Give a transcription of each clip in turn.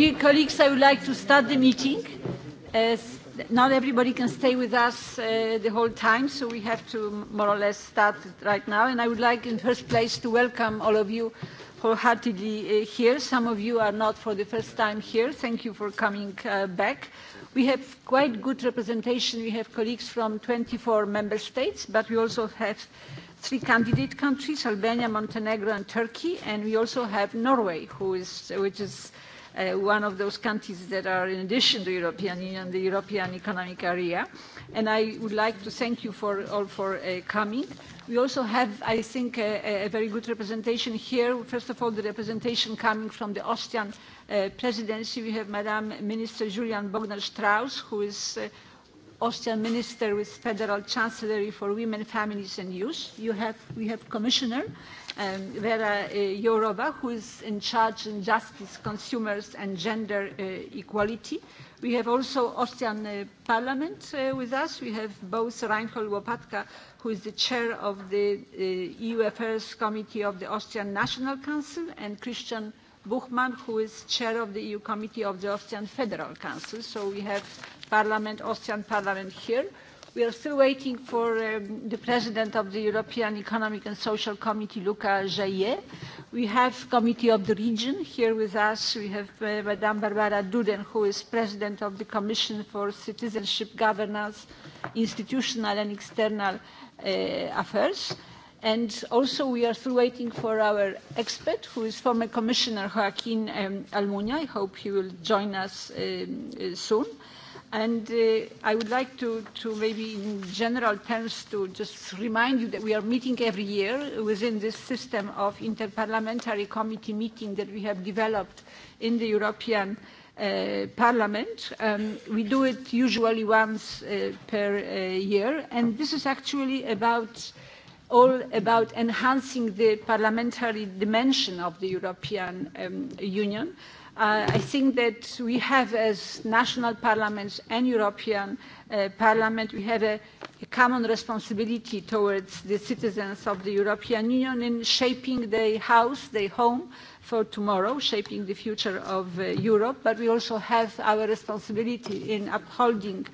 Dear colleagues, I would like to start the meeting. As not everybody can stay with us uh, the whole time, so we have to more or less start right now. And I would like in the first place to welcome all of you wholeheartedly uh, here. Some of you are not for the first time here. Thank you for coming uh, back. We have quite good representation. We have colleagues from 24 member states, but we also have three candidate countries, Albania, Montenegro, and Turkey. And we also have Norway, who is, which is Uh, one of those countries that are in addition to european union the european economic area and i would like to thank you for all for uh, coming we also have i think a, a very good representation here first of all the representation coming from the austrian uh, presidency we have madam minister julian bogner strauss who is uh, austrian minister with federal chancellery for women families and youth you have we have commissioner uh, Vera um, Jourova, who is in charge in justice, consumers and gender uh, equality. We have also Austrian uh, Parliament uh, with us. We have both Reinhold Wopatka, who is the chair of the uh, EU Affairs Committee of the Austrian National Council, and Christian Buchmann, who is chair of the EU Committee of the Austrian Federal Council. So we have Parliament, Austrian Parliament here. We are still waiting for um, the president of the European Economic and Social Committee, Luca Jaillet. We have committee of the region here with us. We have uh, Madame Barbara Duden, who is president of the Commission for Citizenship Governance, Institutional and External uh, Affairs. And also we are still waiting for our expert, who is former commissioner Joaquin um, Almunia. I hope he will join us um, soon and uh, i would like to to maybe in general terms to just remind you that we are meeting every year within this system of interparliamentary committee meeting that we have developed in the european uh, parliament. Um, we do it usually once uh, per uh, year and this is actually about all about enhancing the parliamentary dimension of the European um, Union. Uh, Uh, i think that we have as national parliaments and european uh, parliament we have a, a common responsibility towards the citizens of the european union in shaping their house their home for tomorrow shaping the future of uh, europe but we also have our responsibility in upholding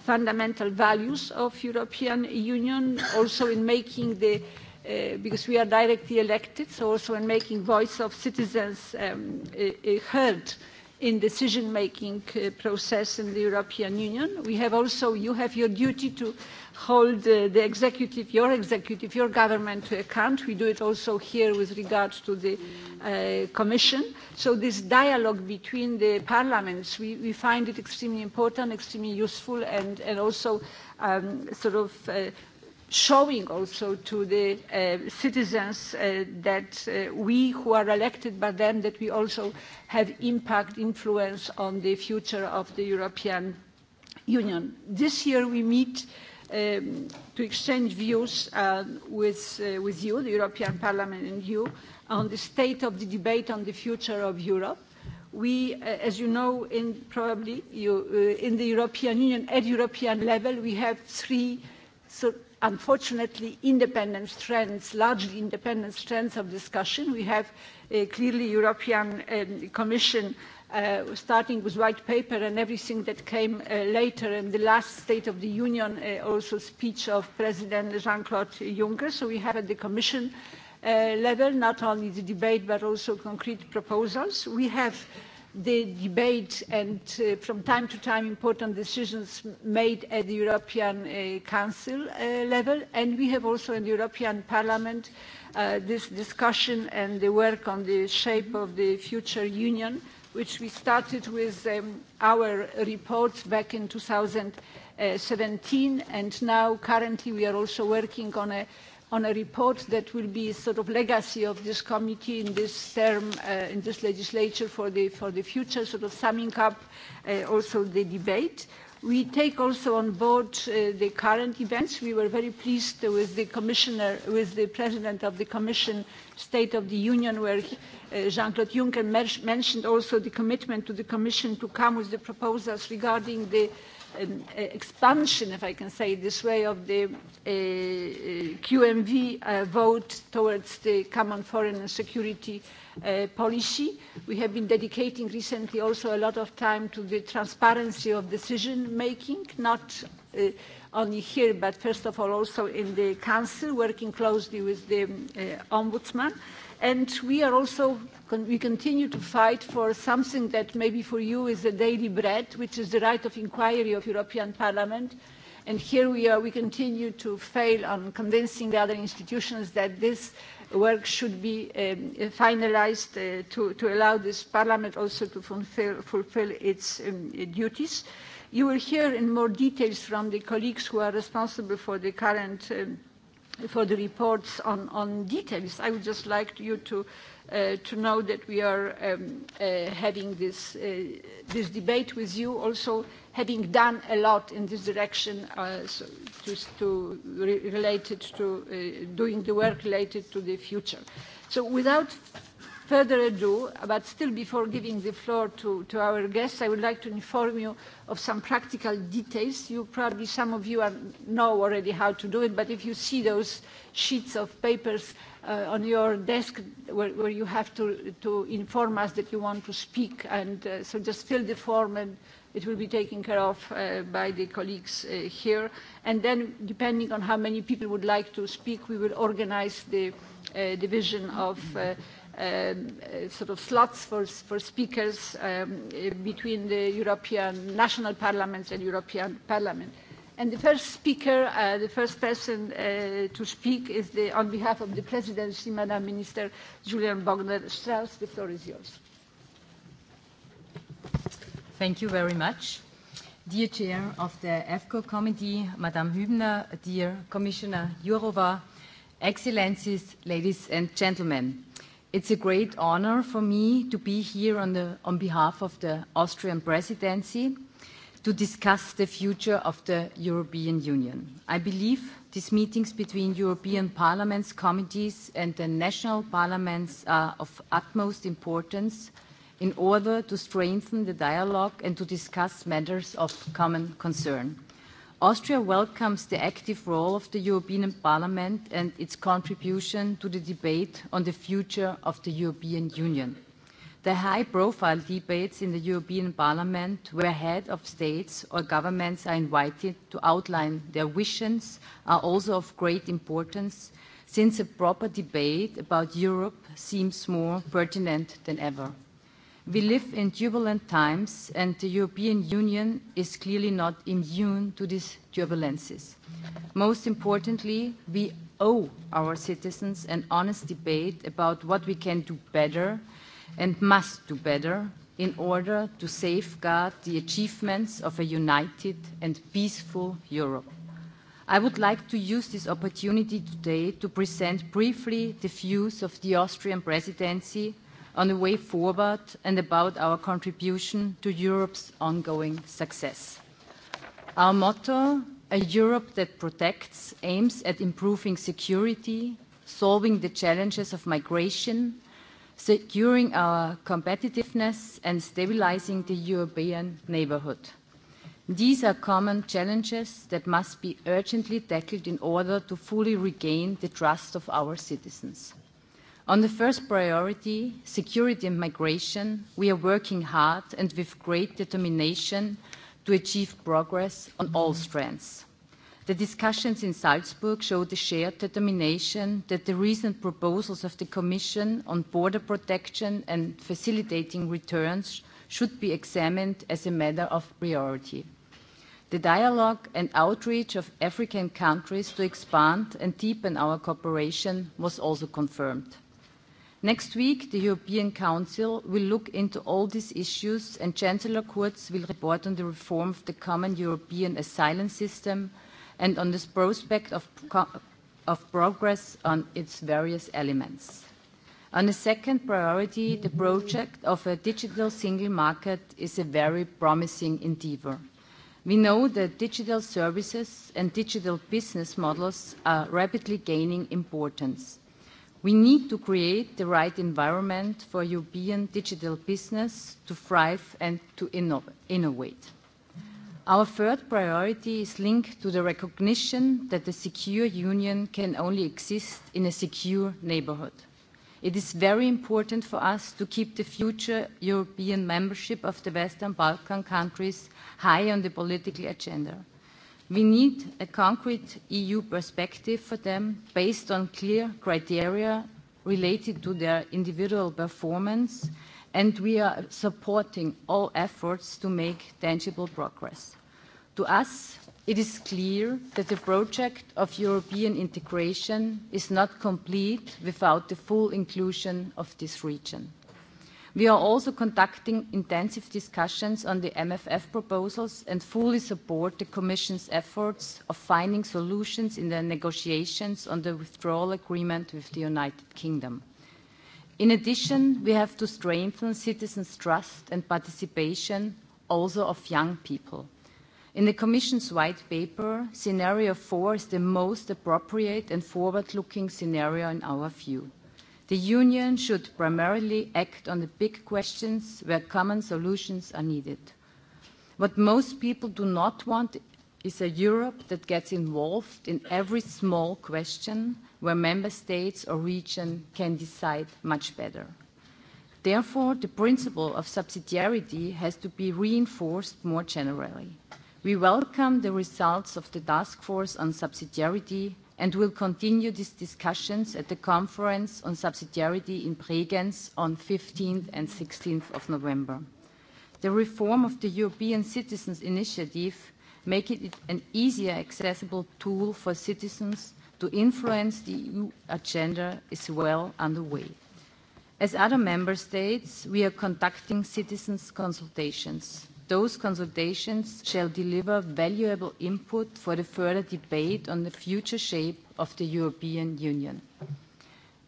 fundamental values of european union also in making the Uh, because we are directly elected, so also in making voice of citizens um, uh, uh, heard in decision-making process in the European Union. We have also, you have your duty to hold uh, the executive, your executive, your government to account. We do it also here with regards to the uh, Commission. So this dialogue between the parliaments, we, we find it extremely important, extremely useful, and, and also um, sort of uh, showing also to the uh, citizens uh, that uh, we who are elected by them that we also have impact influence on the future of the european union this year we meet um, to exchange views uh, with, uh, with you the european parliament and you on the state of the debate on the future of europe we, uh, as you know, in probably you, uh, in the European Union at European level, we have three, so unfortunately independent strands, largely independent strands of discussion. We have a uh, clearly European um, Commission uh, starting with white paper and everything that came uh, later and the last State of the Union uh, also speech of President Jean-Claude Juncker. So we have at the Commission uh, level not only the debate but also concrete proposals. We have uh, the debate and uh, from time to time important decisions made at the european uh, council uh, level and we have also in the european parliament this discussion and the work on the shape of the future union which we started with um, our reports back in two thousand and seventeen and now currently we are also working on a on a report that will be sort of legacy of this committee in this term, uh, in this legislature for the, for the future, sort of summing up uh, also the debate. We take also on board uh, the current events. We were very pleased with the commissioner, with the president of the commission, State of the Union, where uh, Jean-Claude Juncker mentioned also the commitment to the commission to come with the proposals regarding the uh, expansion, if I can say it this way, of the uh, QMV uh, vote towards the common foreign and security uh, policy. We have been dedicating recently also a lot of time to the transparency of decision making, not uh, only here, but first of all also in the Council, working closely with the uh, Ombudsman. And we are also we continue to fight for something that maybe for you is a daily bread, which is the right of inquiry of European Parliament. And here we are, we continue to fail on convincing the other institutions that this work should be um, finalized uh, to, to allow this Parliament also to fulfill, fulfill its um, duties. You will hear in more details from the colleagues who are responsible for the current um, for the reports on, on details. I would just like you to, uh, to know that we are um, uh, having this, uh, this debate with you, also having done a lot in this direction uh, so to, to re related to uh, doing the work related to the future. So without further ado, but still before giving the floor to, to our guests, I would like to inform you of some practical details. You probably, some of you are, know already how to do it, but if you see those sheets of papers uh, on your desk where, where you have to, to inform us that you want to speak, and uh, so just fill the form and it will be taken care of uh, by the colleagues uh, here. And then, depending on how many people would like to speak, we will organize the uh, division of uh, Um, uh, sort of slots for, for speakers um, uh, between the European national parliaments and European Parliament. And the first speaker, uh, the first person uh, to speak is the, on behalf of the presidency, Madam Minister Julian Bogner-Strauss. The floor is yours. Thank you very much. Dear Chair of the EFCO Committee, Madam Hübner, dear Commissioner Jourova, Excellencies, ladies and gentlemen. It's a great honor for me to be here on, the, on behalf of the Austrian presidency to discuss the future of the European Union. I believe these meetings between European Parliament's committees and the national parliaments are of utmost importance in order to strengthen the dialogue and to discuss matters of common concern. Austria welcomes the active role of the European Parliament and its contribution to the debate on the future of the European Union. The high-profile debates in the European Parliament, where heads of states or governments are invited to outline their visions, are also of great importance, since a proper debate about Europe seems more pertinent than ever. We live in turbulent times, and the European Union is clearly not immune to these turbulences. Most importantly, we owe our citizens an honest debate about what we can do better and must do better in order to safeguard the achievements of a united and peaceful Europe. I would like to use this opportunity today to present briefly the views of the Austrian presidency on the way forward and about our contribution to Europe's ongoing success. Our motto, a Europe that protects, aims at improving security, solving the challenges of migration, securing our competitiveness and stabilizing the European neighborhood. These are common challenges that must be urgently tackled in order to fully regain the trust of our citizens. On the first priority, security and migration, we are working hard and with great determination to achieve progress on all strands. The discussions in Salzburg show the shared determination that the recent proposals of the Commission on border protection and facilitating returns should be examined as a matter of priority. The dialogue and outreach of African countries to expand and deepen our cooperation was also confirmed. Next week, the European Council will look into all these issues and Chancellor Kurz will report on the reform of the common European asylum system and on this prospect of, of progress on its various elements. On the second priority, the project of a digital single market is a very promising endeavor. We know that digital services and digital business models are rapidly gaining importance. We need to create the right environment for European digital business to thrive and to innovate. Our third priority is linked to the recognition that a secure union can only exist in a secure neighborhood. It is very important for us to keep the future European membership of the Western Balkan countries high on the political agenda. We need a concrete EU perspective for them based on clear criteria related to their individual performance, and we are supporting all efforts to make tangible progress. To us, it is clear that the project of European integration is not complete without the full inclusion of this region. We are also conducting intensive discussions on the MFF proposals and fully support the Commission's efforts of finding solutions in the negotiations on the withdrawal agreement with the United Kingdom. In addition, we have to strengthen citizens' trust and participation, also of young people. In the Commission's white paper, scenario four is the most appropriate and forward-looking scenario in our view. The union should primarily act on the big questions where common solutions are needed. What most people do not want is a Europe that gets involved in every small question where member states or region can decide much better. Therefore, the principle of subsidiarity has to be reinforced more generally. We welcome the results of the task force on subsidiarity and will continue these discussions at the conference on subsidiarity in Bregenz on 15th and 16th of November. The reform of the European Citizens Initiative makes it an easier accessible tool for citizens to influence the EU agenda is well underway. As other member states, we are conducting citizens' consultations. Those consultations shall deliver valuable input for the further debate on the future shape of the European Union.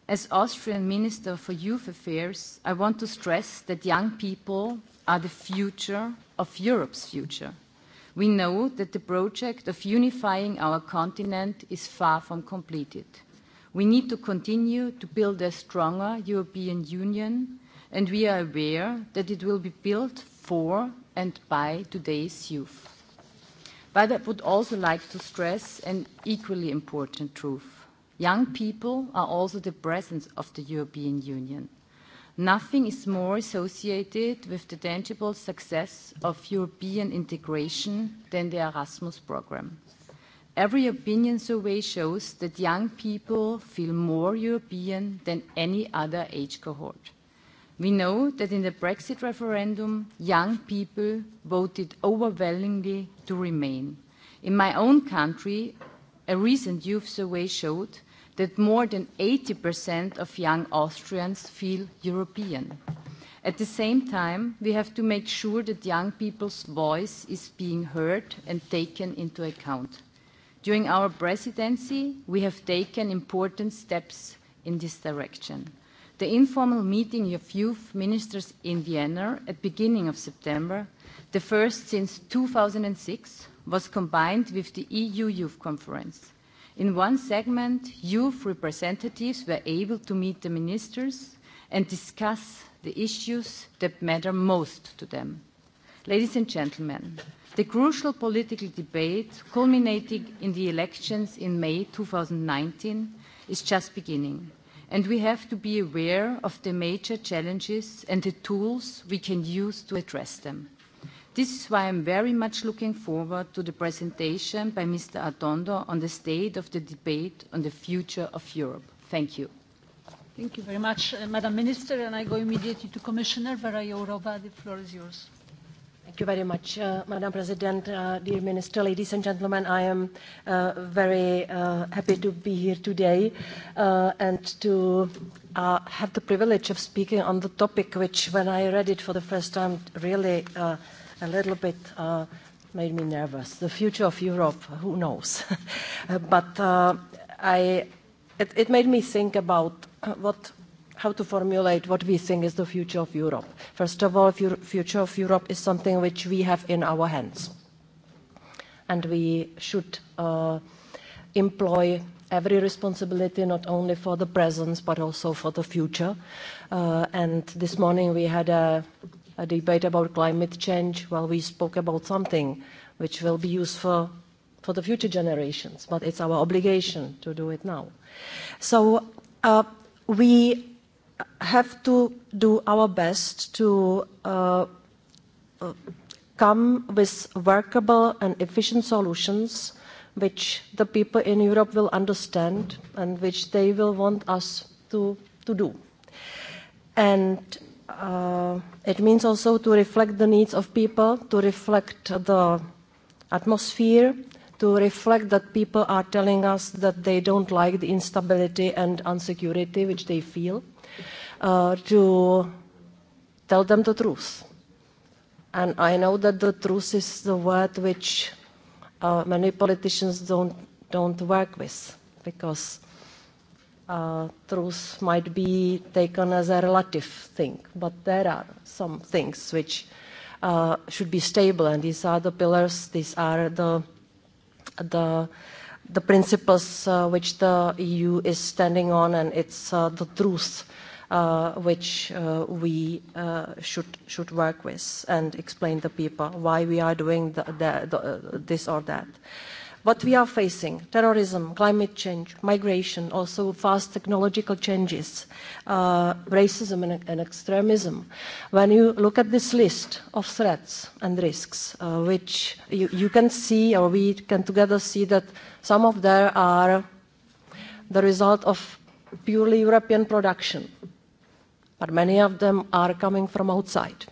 As Austrian Minister for Youth Affairs, I want to stress that young people are the future of Europe's future. We know that the project of unifying our continent is far from completed. We need to continue to build a stronger European Union, and we are aware that it will be built for and by today's youth. But I would also like to stress an equally important truth. Young people are also the presence of the European Union. Nothing is more associated with the tangible success of European integration than the Erasmus programme. Every opinion survey shows that young people feel more European than any other age cohort. We know that in the Brexit referendum, young people voted overwhelmingly to remain. In my own country, a recent youth survey showed that more than 80% of young Austrians feel European. At the same time, we have to make sure that young people's voice is being heard and taken into account. During our presidency, we have taken important steps in this direction. The informal meeting of youth ministers in Vienna at beginning of September, the first since 2006, was combined with the EU Youth Conference. In one segment, youth representatives were able to meet the ministers and discuss the issues that matter most to them. Ladies and gentlemen, the crucial political debate culminating in the elections in May 2019 is just beginning and we have to be aware of the major challenges and the tools we can use to address them. This is why I'm very much looking forward to the presentation by Mr. Atondo on the state of the debate on the future of Europe. Thank you. Thank you very much, uh, Madam Minister, and I go immediately to Commissioner Vera Jourova. The floor is yours. Thank you very much, uh, Madam President. Uh, dear Minister, ladies and gentlemen, I am uh, very uh, happy to be here today uh, and to uh, have the privilege of speaking on the topic which, when I read it for the first time, really uh, a little bit uh, made me nervous. The future of Europe, who knows? but uh, I, it, it made me think about what how to formulate what we think is the future of Europe. First of all, the future of Europe is something which we have in our hands. And we should uh, employ every responsibility, not only for the present, but also for the future. Uh, and this morning we had a, a debate about climate change. Well, we spoke about something which will be useful for the future generations, but it's our obligation to do it now. So uh, we have to do our best to uh, uh, come with workable and efficient solutions which the people in Europe will understand and which they will want us to, to do. And uh, it means also to reflect the needs of people, to reflect the atmosphere, to reflect that people are telling us that they don't like the instability and insecurity which they feel uh, to tell them the truth. And I know that the truth is the word which uh, many politicians don't, don't work with, because uh, truth might be taken as a relative thing, but there are some things which uh, should be stable, and these are the pillars, these are the, the, the principles uh, which the EU is standing on, and it's uh, the truth uh, Uh, which uh, we uh, should should work with and explain to people why we are doing the, the, the, uh, this or that. What we are facing, terrorism, climate change, migration, also fast technological changes, uh, racism and, and extremism. When you look at this list of threats and risks, uh, which you, you can see or we can together see that some of them are the result of purely European production, but many of them are coming from outside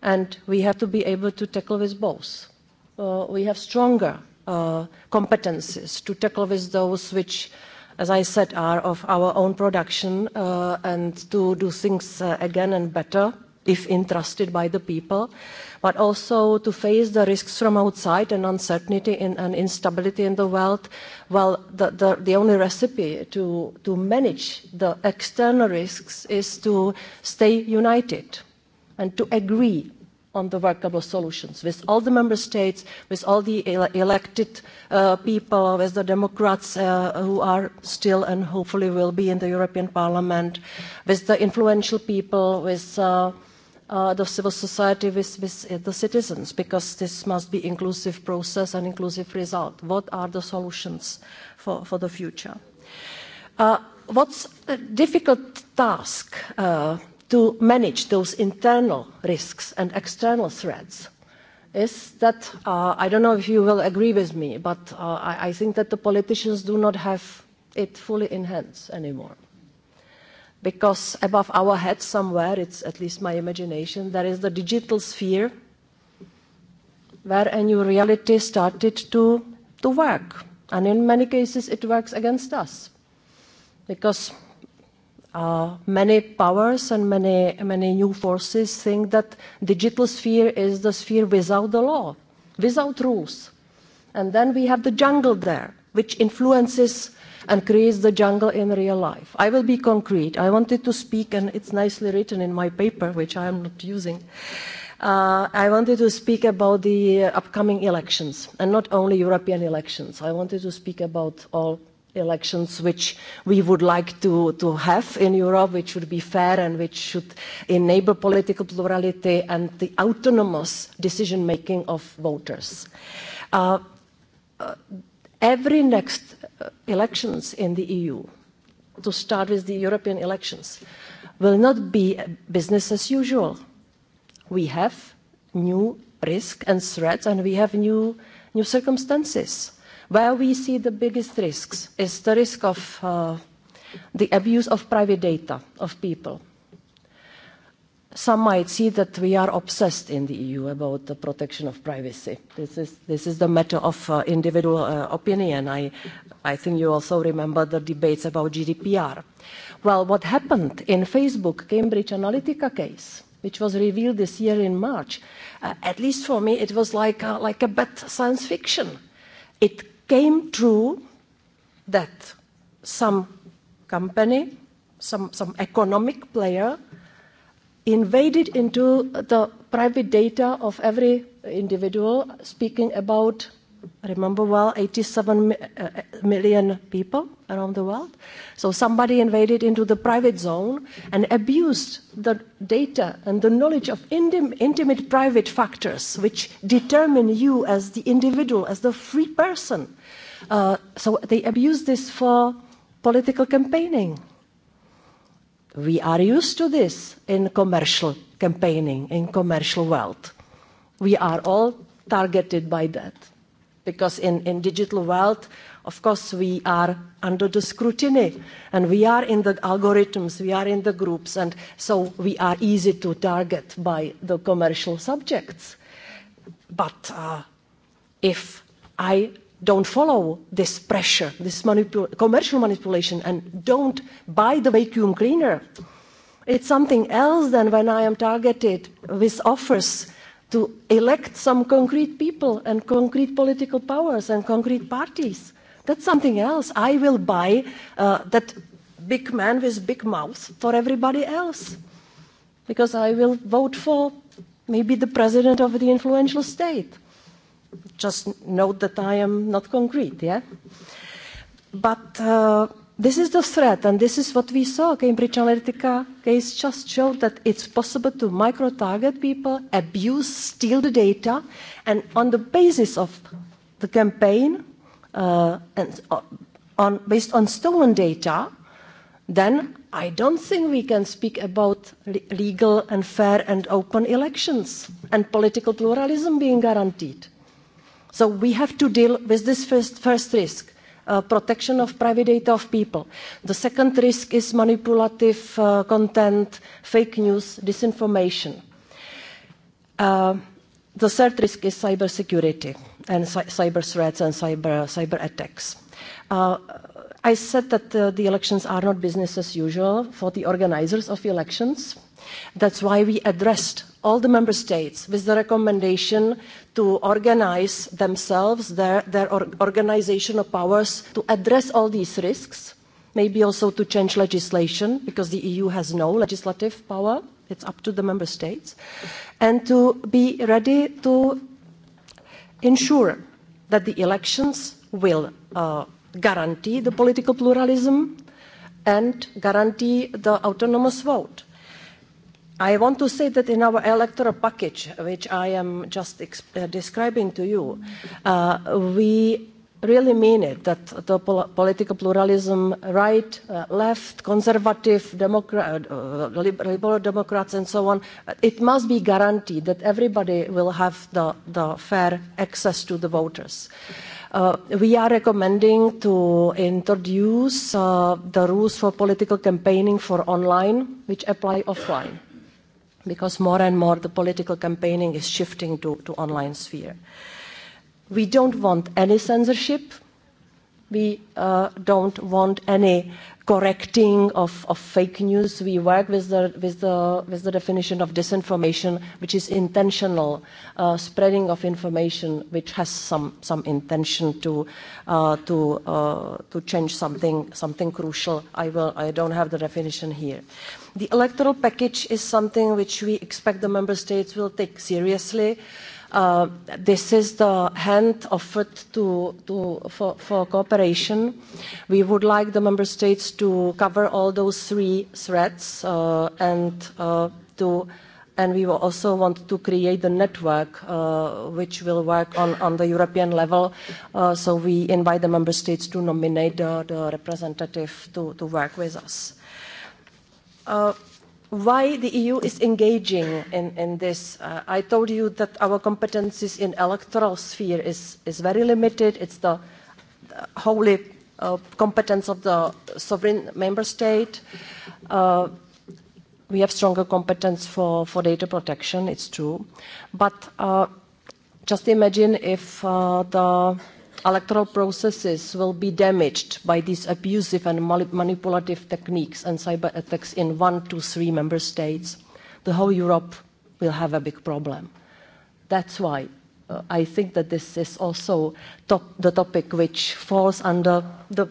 and we have to be able to tackle with both. Uh, we have stronger uh, competences to tackle with those which, as I said, are of our own production uh, and to do things uh, again and better if entrusted by the people but also to face the risks from outside and uncertainty and instability in the world well the only recipe to manage the external risks is to stay united and to agree on the workable solutions with all the member states with all the elected uh, people with the democrats uh, who are still and hopefully will be in the european parliament with the influential people with uh, uh, the civil society with, with uh, the citizens, because this must be inclusive process and inclusive result. What are the solutions for, for the future? Uh, what's a difficult task uh, to manage those internal risks and external threats is that, uh, I don't know if you will agree with me, but uh, I, I think that the politicians do not have it fully in hands anymore because above our heads somewhere, it's at least my imagination, there is the digital sphere where a new reality started to, to work. And in many cases, it works against us because uh, many powers and many, many new forces think that digital sphere is the sphere without the law, without rules. And then we have the jungle there, which influences and creates the jungle in real life. I will be concrete. I wanted to speak, and it's nicely written in my paper, which I am not using. Uh, I wanted to speak about the upcoming elections, and not only European elections. I wanted to speak about all elections which we would like to, to have in Europe, which would be fair and which should enable political plurality and the autonomous decision-making of voters. Uh, uh every next Uh, elections in the eu to start with the european elections will not be business as usual. we have new risks and threats and we have new circumstances. where we see the biggest risks is the risk of uh, the abuse of private data of people some might see that we are obsessed in the eu about the protection of privacy. this is, this is the matter of uh, individual uh, opinion. I, I think you also remember the debates about gdpr. well, what happened in facebook cambridge analytica case, which was revealed this year in march, uh, at least for me, it was like a, uh, like a bad science fiction. it came true that some company, some, some economic player, invaded into the private data of every individual speaking about remember well 87 uh, million people around the world so somebody invaded into the private zone and abused the data and the knowledge of intim intimate private factors which determine you as the individual as the free person uh, so they abused this for political campaigning we are used to this in commercial campaigning in commercial world we are all targeted by that because in, in digital world of course we are under the scrutiny and we are in the algorithms we are in the groups and so we are easy to target by the commercial subjects but uh, if i don't follow this pressure this manipul commercial manipulation and don't buy the vacuum cleaner it's something else than when i am targeted with offers to elect some concrete people and concrete political powers and concrete parties that's something else i will buy uh, that big man with big mouth for everybody else because i will vote for maybe the president of the influential state just note that i am not concrete yeah but uh, this is the threat and this is what we saw cambridge analytica case just showed that it's possible to micro target people abuse steal the data and on the basis of the campaign uh, and uh, on based on stolen data then I don't think we can speak about legal and fair and open elections and political pluralism being guaranteed so we have to deal with this first risk uh, protection of private data of people. the second risk is manipulative uh, content fake news disinformation. Uh, the third risk is cybersecurity and cyber threats and cyber attacks. i said that the elections are not business as usual for the organisers of elections. that's why we addressed all the member states with the recommendation to organise themselves, their, their organisational powers to address all these risks, maybe also to change legislation, because the EU has no legislative power, it's up to the member states, and to be ready to ensure that the elections will uh, guarantee the political pluralism and guarantee the autonomous vote. I want to say that in our electoral package, which I am just uh, describing to you, uh, we really mean it, that the pol political pluralism, right, uh, left, conservative, democra uh, uh liber liberal democrats and so on, uh, it must be guaranteed that everybody will have the, the fair access to the voters. Uh, we are recommending to introduce uh, the rules for political campaigning for online, which apply offline because more and more the political campaigning is shifting to the online sphere. We don't want any censorship. We uh, don't want any correcting of, of fake news. We work with the, with, the, with the definition of disinformation, which is intentional uh, spreading of information which has some, some intention to, uh, to, uh, to change something, something crucial. I, will, I don't have the definition here. Uh, the electoral package is something which we expect the member states will take seriously. Uh, this is the hand offered to, to, for, for cooperation. We would like the member states to cover all those three threats uh, and uh, to and we will also want to create the network uh, which will work on, on the European level. Uh, so we invite the member states to nominate the, the representative to, to work with us. Uh, uh, why the EU is engaging in, in this. Uh, I told you that our competences in electoral sphere is, is very limited. It's the, the holy uh, competence of the sovereign member state. Uh, we have stronger competence for, for data protection, it's true. But uh, just imagine if uh, the electoral processes will be damaged by these abusive and manipulative techniques and cyber attacks in one to three member states the whole of europe will have a big problem. that's why uh, i think that this is also top, the topic which falls under the,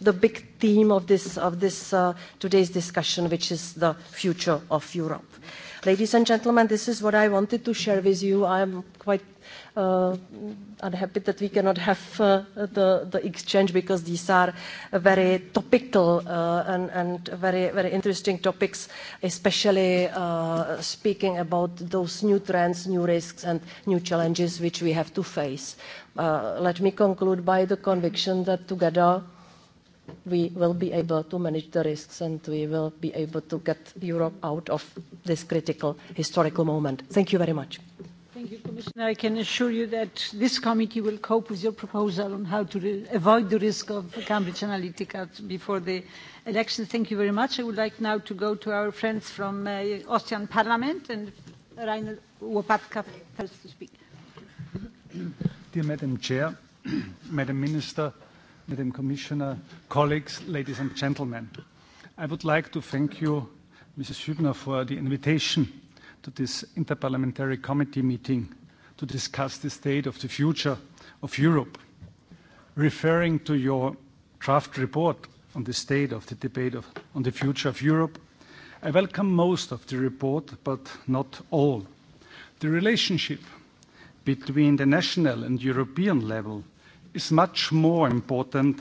the big theme of this, of this uh, today's discussion which is the future of europe. ladies and gentlemen this is what i wanted to share with you. i'm quite uh, unhappy that we cannot have uh, the the exchange because these are very topical uh, and and very very interesting topics, especially uh, speaking about those new trends, new risks, and new challenges which we have to face. Uh, let me conclude by the conviction that together we will be able to manage the risks and we will be able to get Europe out of this critical historical moment. Thank you very much commissioner i can assure you that this committee will cope with your proposal on how to avoid the risk of cambridge analytica before the election. thank you very much. i would like now to go to our friends from the uh, austrian parliament and rainer łopatka first to speak. dear madam chair, madam minister, madam commissioner, colleagues, ladies and gentlemen, i would like to thank you, mrs. hübner, for the invitation to this interparliamentary committee meeting to discuss the state of the future of Europe. Referring to your draft report on the state of the debate of, on the future of Europe, I welcome most of the report, but not all. The relationship between the national and European level is much more important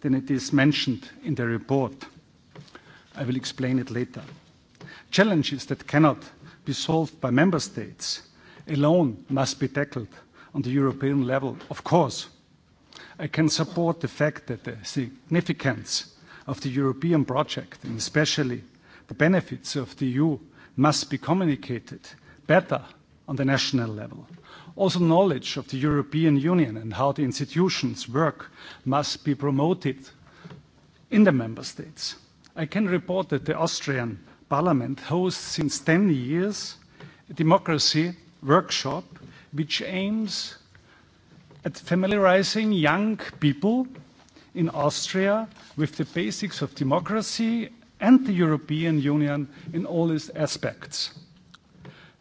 than it is mentioned in the report. I will explain it later. Challenges that cannot be solved by member states alone must be tackled on the European level. Of course, I can support the fact that the significance of the European project, and especially the benefits of the EU, must be communicated better on the national level. Also, knowledge of the European Union and how the institutions work must be promoted in the member states. I can report that the Austrian Parliament hosts since 10 years a democracy workshop which aims at familiarizing young people in Austria with the basics of democracy and the European Union in all its aspects.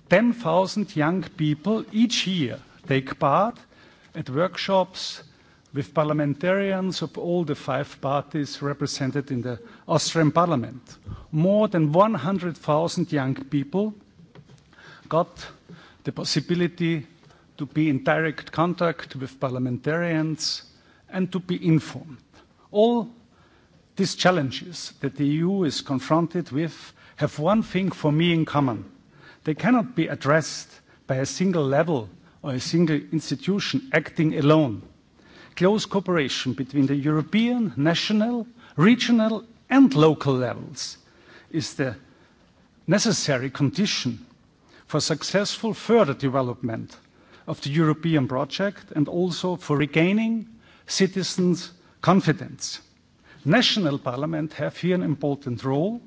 10,000 young people each year take part at workshops with parliamentarians of all the five parties represented in the Austrian parliament. More than 100,000 young people got the possibility to be in direct contact with parliamentarians and to be informed. All these challenges that the EU is confronted with have one thing for me in common. They cannot be addressed by a single level or a single institution acting alone close cooperation between the European, national, regional, and local levels is the necessary condition for successful further development of the European project and also for regaining citizens' confidence. National parliament have here an important role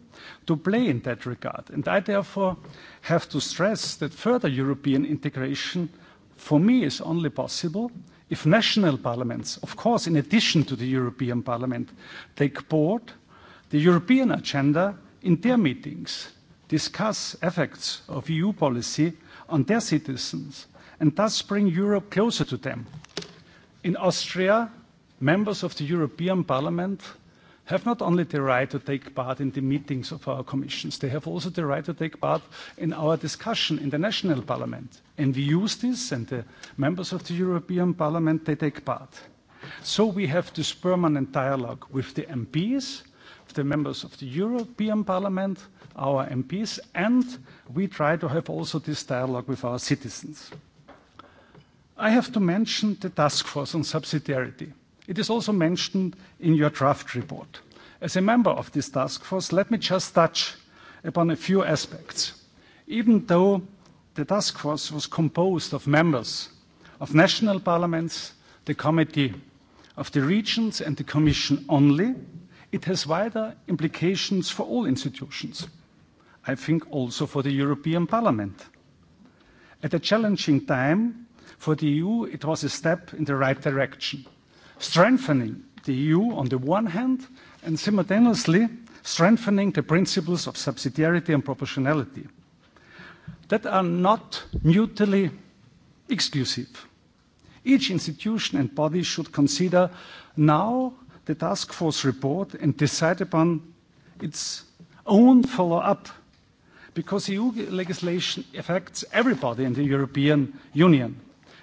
to play in that regard, and I therefore have to stress that further European integration, for me, is only possible if national parliaments, of course, in addition to the European Parliament, take board, the European agenda in their meetings, discuss effects of EU policy on their citizens, and thus bring Europe closer to them. In Austria, members of the European Parliament have not only the right to take part in the meetings of our commissions, they have also the right to take part in our discussion in the national parliament. And we use this, and the members of the European Parliament, they take part. So we have this permanent dialogue with the MPs, with the members of the European Parliament, our MPs, and we try to have also this dialogue with our citizens. I have to mention the task force on subsidiarity. It is also mentioned in your draft report. As a member of this task force, let me just touch upon a few aspects. Even though the task force was composed of members of national parliaments, the committee of the regions, and the commission only, it has wider implications for all institutions. I think also for the European Parliament. At a challenging time for the EU, it was a step in the right direction strengthening the EU on the one hand and simultaneously strengthening the principles of subsidiarity and proportionality that are not mutually exclusive. Each institution and body should consider now the task force report and decide upon its own follow-up because EU legislation affects everybody in the European Union.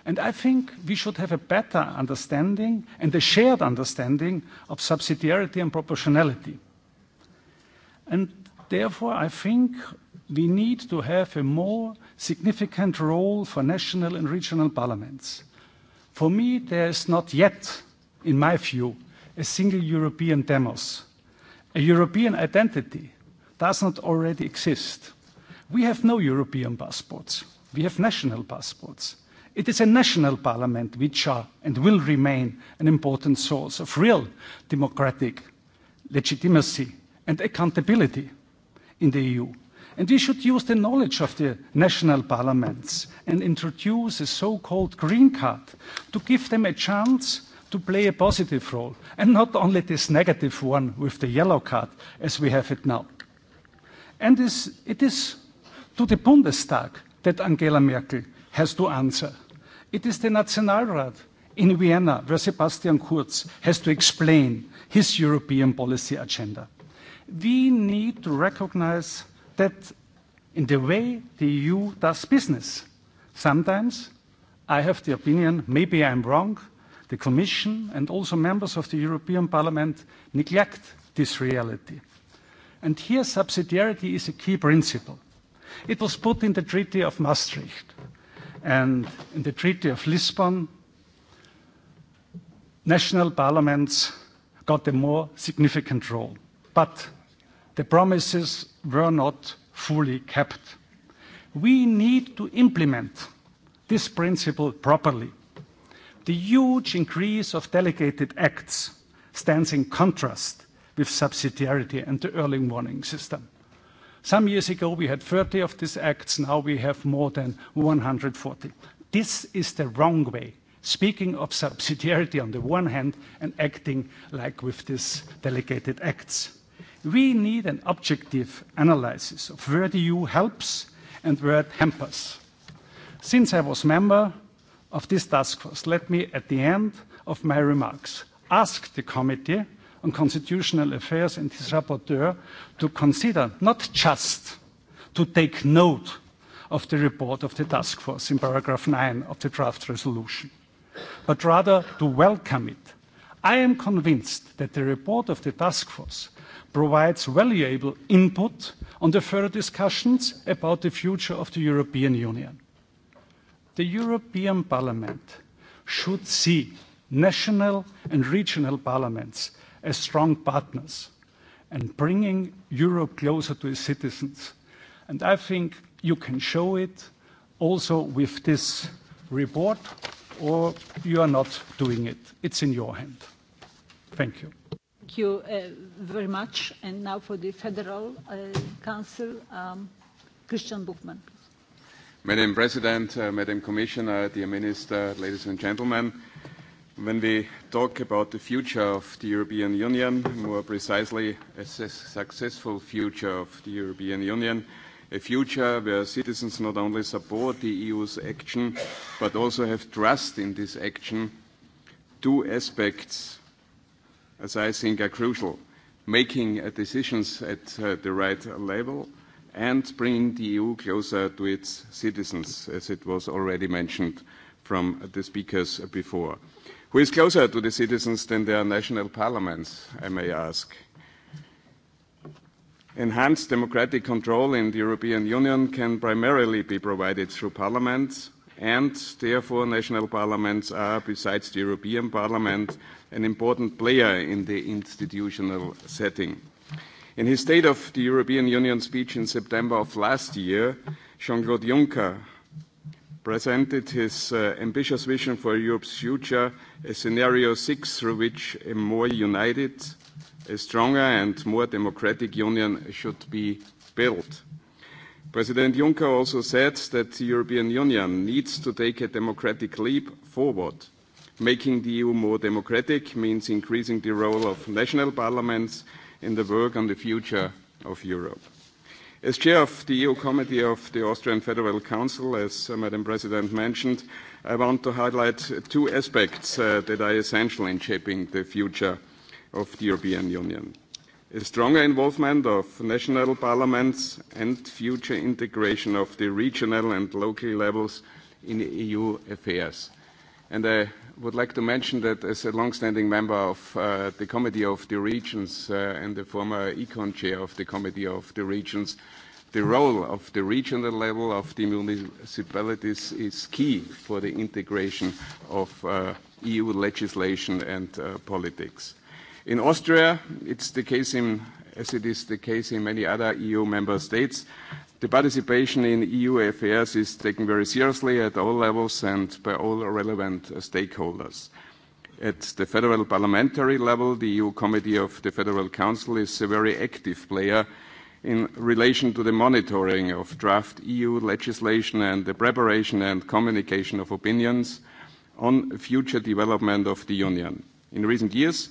And I think we should have a better understanding and a shared understanding of subsidiarity and proportionality. And therefore, I think we need to have a more significant role for national and regional parliaments. For me, there is not yet, in my view, a single European demos. A European identity does not already exist. We have no European passports. We have national passports. It is a national parliament which are and will remain an important source of real democratic legitimacy and accountability in the EU. And we should use the knowledge of the national parliaments and introduce a so called green card to give them a chance to play a positive role and not only this negative one with the yellow card as we have it now. And it is to the Bundestag that Angela Merkel has to answer. It is the Nationalrat in Vienna where Sebastian Kurz has to explain his European policy agenda. We need to recognize that in the way the EU does business, sometimes I have the opinion, maybe I'm wrong, the Commission and also members of the European Parliament neglect this reality. And here subsidiarity is a key principle. It was put in the Treaty of Maastricht and in the Treaty of Lisbon, national parliaments got a more significant role. But the promises were not fully kept. We need to implement this principle properly. The huge increase of delegated acts stands in contrast with subsidiarity and the early warning system. Some years ago, we had 30 of these acts. Now we have more than 140. This is the wrong way, speaking of subsidiarity on the one hand and acting like with these delegated acts. We need an objective analysis of where the EU helps and where it hampers. Since I was a member of this task force, let me, at the end of my remarks, ask the committee and Constitutional Affairs and his rapporteur to consider, not just to take note of the report of the task force in paragraph 9 of the draft resolution, but rather to welcome it. I am convinced that the report of the task force provides valuable input on the further discussions about the future of the European Union. The European Parliament should see national and regional parliaments as strong partners and bringing Europe closer to its citizens. I think you can show it also with this report, or you are not doing it. It's in your hand. Thank you. Thank you, uh, very much. Now for the Federal uh, Council, um, Christian Buchmann, please. Madam President, uh, Madam Commissioner, dear Minister, ladies and gentlemen, When we talk about the future of the European Union, more precisely, a su successful future of the European Union, a future where citizens not only support the EU's action, but also have trust in this action, two aspects, as I think, are crucial. Making uh, decisions at uh, the right level and bringing the EU closer to its citizens, as it was already mentioned from the speakers before. Who is closer to the citizens than their national parliaments, I may ask? Enhanced democratic control in the European Union can primarily be provided through parliaments, and therefore, national parliaments are, besides the European Parliament, an important player in the institutional setting. In his State of the European Union speech in September of last year, Jean Claude Juncker presented his uh, ambitious vision for Europe's future, a scenario six through which a more united, a stronger and more democratic union should be built. President Juncker also said that the European Union needs to take a democratic leap forward. Making the EU more democratic means increasing the role of national parliaments in the work on the future of Europe. As chair of the EU Committee of the Austrian Federal Council, as uh, Madam President mentioned, I want to highlight two aspects uh, that are essential in shaping the future of the European Union. A stronger involvement of national parliaments and future integration of the regional and local levels in EU affairs. And I would like to mention that as a long-standing member of uh, the Committee of the Regions uh, and the former Econ Chair of the Committee of the Regions, the role of the regional level of the municipalities is key for the integration of uh, EU legislation and uh, politics. In Austria, it's the case in as it is the case in many other EU member states. The participation in EU affairs is taken very seriously at all levels and by all relevant stakeholders. At the federal parliamentary level, the EU Committee of the Federal Council is a very active player in relation to the monitoring of draft EU legislation and the preparation and communication of opinions on future development of the Union. In recent years,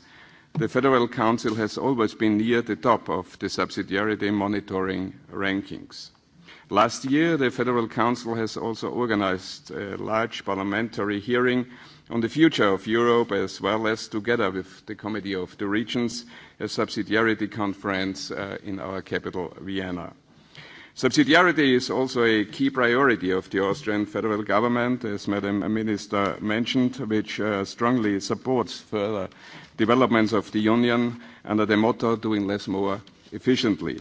The Federal Council has always been near the top of the subsidiarity monitoring rankings. Last year, the Federal Council has also organized a large parliamentary hearing on the future of Europe, as well as together with the Committee of the Regions, a subsidiarity conference uh, in our capital, Vienna. Subsidiarity is also a key priority of the Austrian federal government, as Madam Minister mentioned, which uh, strongly supports further developments of the union under the motto, "Doing less, more efficiently."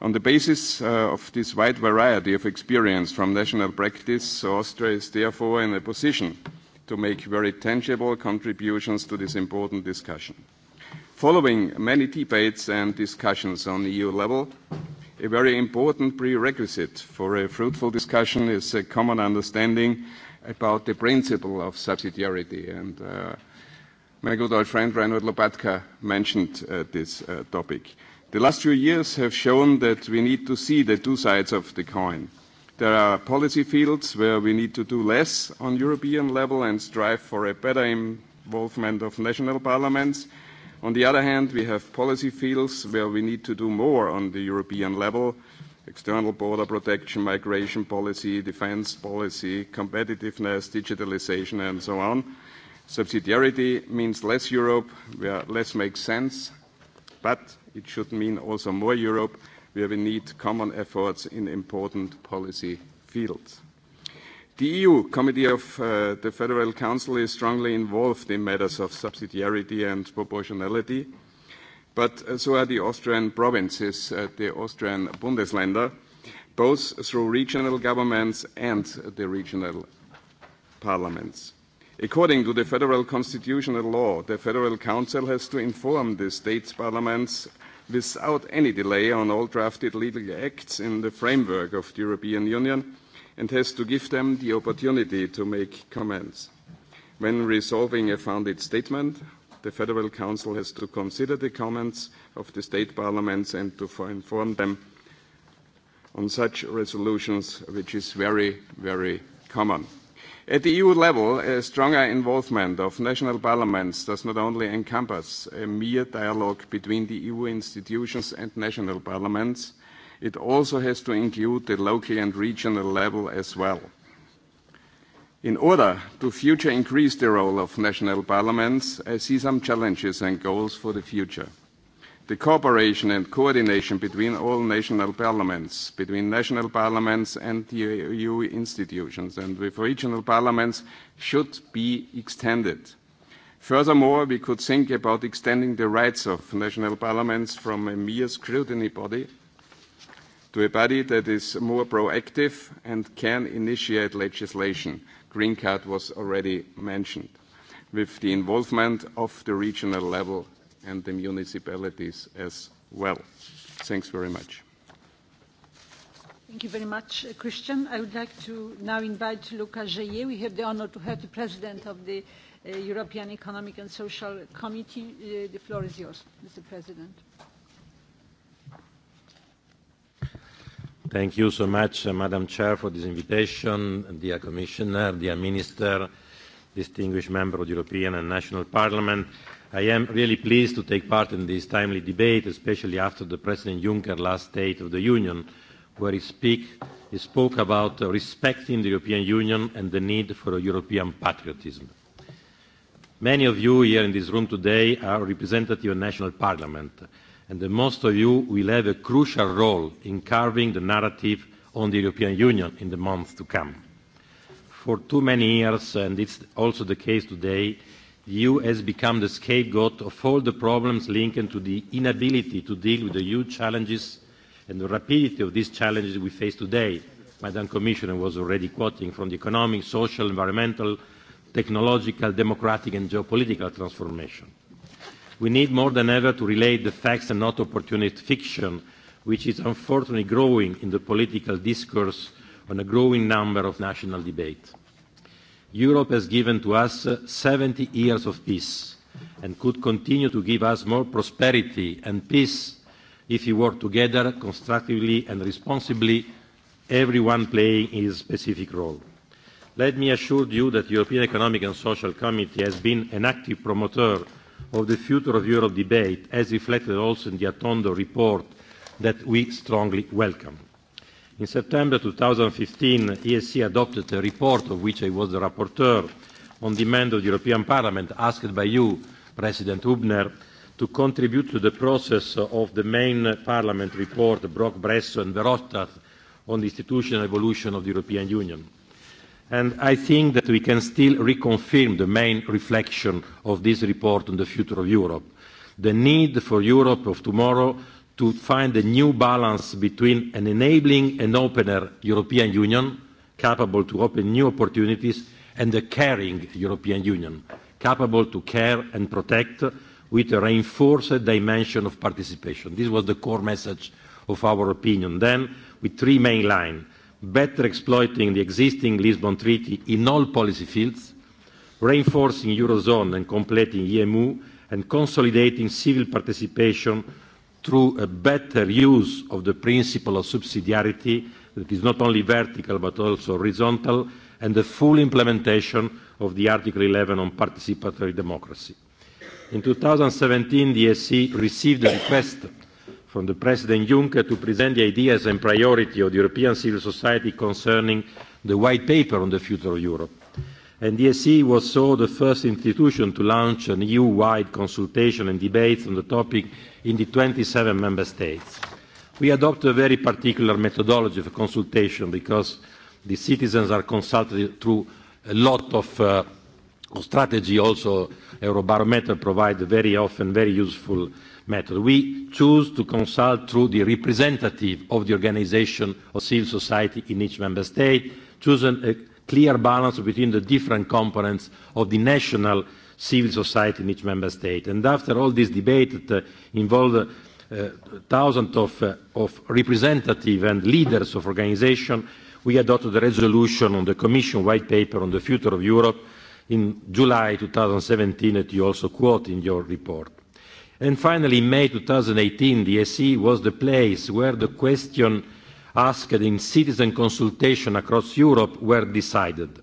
On the basis uh, of this wide variety of experience from national practice, Austria is therefore in a position to make very tangible contributions to this important discussion. Following many debates and discussions on EU level, a very important prerequisite for a fruitful discussion is a common understanding about the principle of subsidiarity. Uh, My good old friend Reinhard Lobatka mentioned uh, this uh, topic. The last few years have shown that we need to see the two sides of the coin. There are policy fields where we need to do less on European level and strive for a better involvement of national parliaments. On the other hand, we have policy fields where we need to do more on the European level, external border protection, migration policy, defense policy, competitiveness, digitalization, and so on. Subsidiarity means less Europe, where less makes sense, but it should mean also more Europe, where we need common efforts in important policy fields. The EU Committee of uh, the Federal Council is strongly involved in matters of subsidiarity and proportionality, but uh, so are the Austrian provinces, uh, the Austrian Bundesländer, both through regional governments and the regional parliaments. According to the federal constitutional law, the Federal Council has to inform the state's parliaments without any delay on all drafted legal acts in the framework of the European Union and has to give them the opportunity to make comments. When resolving a founded statement, the Federal Council has to consider the comments of the state parliaments and to inform them on such resolutions, which is very, very common. At the EU level, a stronger involvement of national parliaments does not only encompass a mere dialogue between the EU institutions and national parliaments, it also has to include the local and regional level as well. In order to future increase the role of national parliaments, I see some challenges and goals for the future the cooperation and coordination between all national parliaments, between national parliaments and the EU institutions and with regional parliaments should be extended. Furthermore, we could think about extending the rights of national parliaments from a mere scrutiny body to a body that is more proactive and can initiate legislation. Green card was already mentioned, with the involvement of the regional level and the municipalities as well. Thanks very much. Thank you very much, uh, Christian. I would like to now invite Luca Jaye. We have the honor to have the President of the uh, European Economic and Social Committee. Uh, the floor is yours, Mr. President. Thank you so much, uh, Madam Chair, for this invitation, dear Commissioner, dear Minister, distinguished member of the European and National Parliament. I am really pleased to take part in this timely debate, especially after the President Juncker last State of the Union, where he, speak, he spoke about respecting the European Union and the need for a European patriotism. Many of you here in this room today are representative of national parliament, and the most of you will have a crucial role in carving the narrative on the European Union in the months to come. For too many years, and it's also the case today, the EU has become the scapegoat of all the problems linked to the inability to deal with the huge challenges and the rapidity of these challenges we face today. Madam Commissioner was already quoting from the economic, social, environmental, technological, democratic and geopolitical transformation. We need more than ever to relate the facts and not opportunist fiction, which is unfortunately growing in the political discourse on a growing number of national debates. Europe has given to us 70 uh, years of peace and could continue to give us more prosperity and peace if we work together constructively and responsibly, everyone playing his specific role. Let me assure you that the European Economic and Social Committee has been an active promoter of the future of Europe debate, as reflected also in the Atondo report that we strongly welcome. In September 2015, ESC adopted a report of which I was the rapporteur on demand of the European Parliament, asked by you, President Hubner, to contribute to the process of the main Parliament report, Brock, Bresso and Verhofstadt, on the institutional evolution of the European Union. And I think that we can still reconfirm the main reflection of this report on the future of Europe. The need for Europe of tomorrow to find a new balance between an enabling and opener European Union capable to open new opportunities and a caring European Union capable to care and protect with a reinforced dimension of participation. This was the core message of our opinion then with three main lines. Better exploiting the existing Lisbon Treaty in all policy fields, reinforcing Eurozone and completing EMU, and consolidating civil participation through a better use of the principle of subsidiarity that is not only vertical but also horizontal and the full implementation of the Article 11 on participatory democracy. In 2017, the SE received a request from the President Juncker to present the ideas and priority of the European civil society concerning the white paper on the future of Europe. And the SE was so the first institution to launch an EU-wide consultation and debate on the topic in the 27 member states. We adopt a very particular methodology of consultation because the citizens are consulted through a lot of uh, strategy. Also, Eurobarometer provides very often very useful method. We choose to consult through the representative of the organization of civil society in each member state, choosing a clear balance between the different components of the national civil society in each member state. And after all this debate that uh, involved uh, thousands of, uh, of representatives and leaders of organizations, we adopted a resolution on the Commission white paper on the future of Europe in July 2017 that you also quote in your report. And finally, in May 2018, the SE was the place where the question asked in citizen consultation across Europe were decided.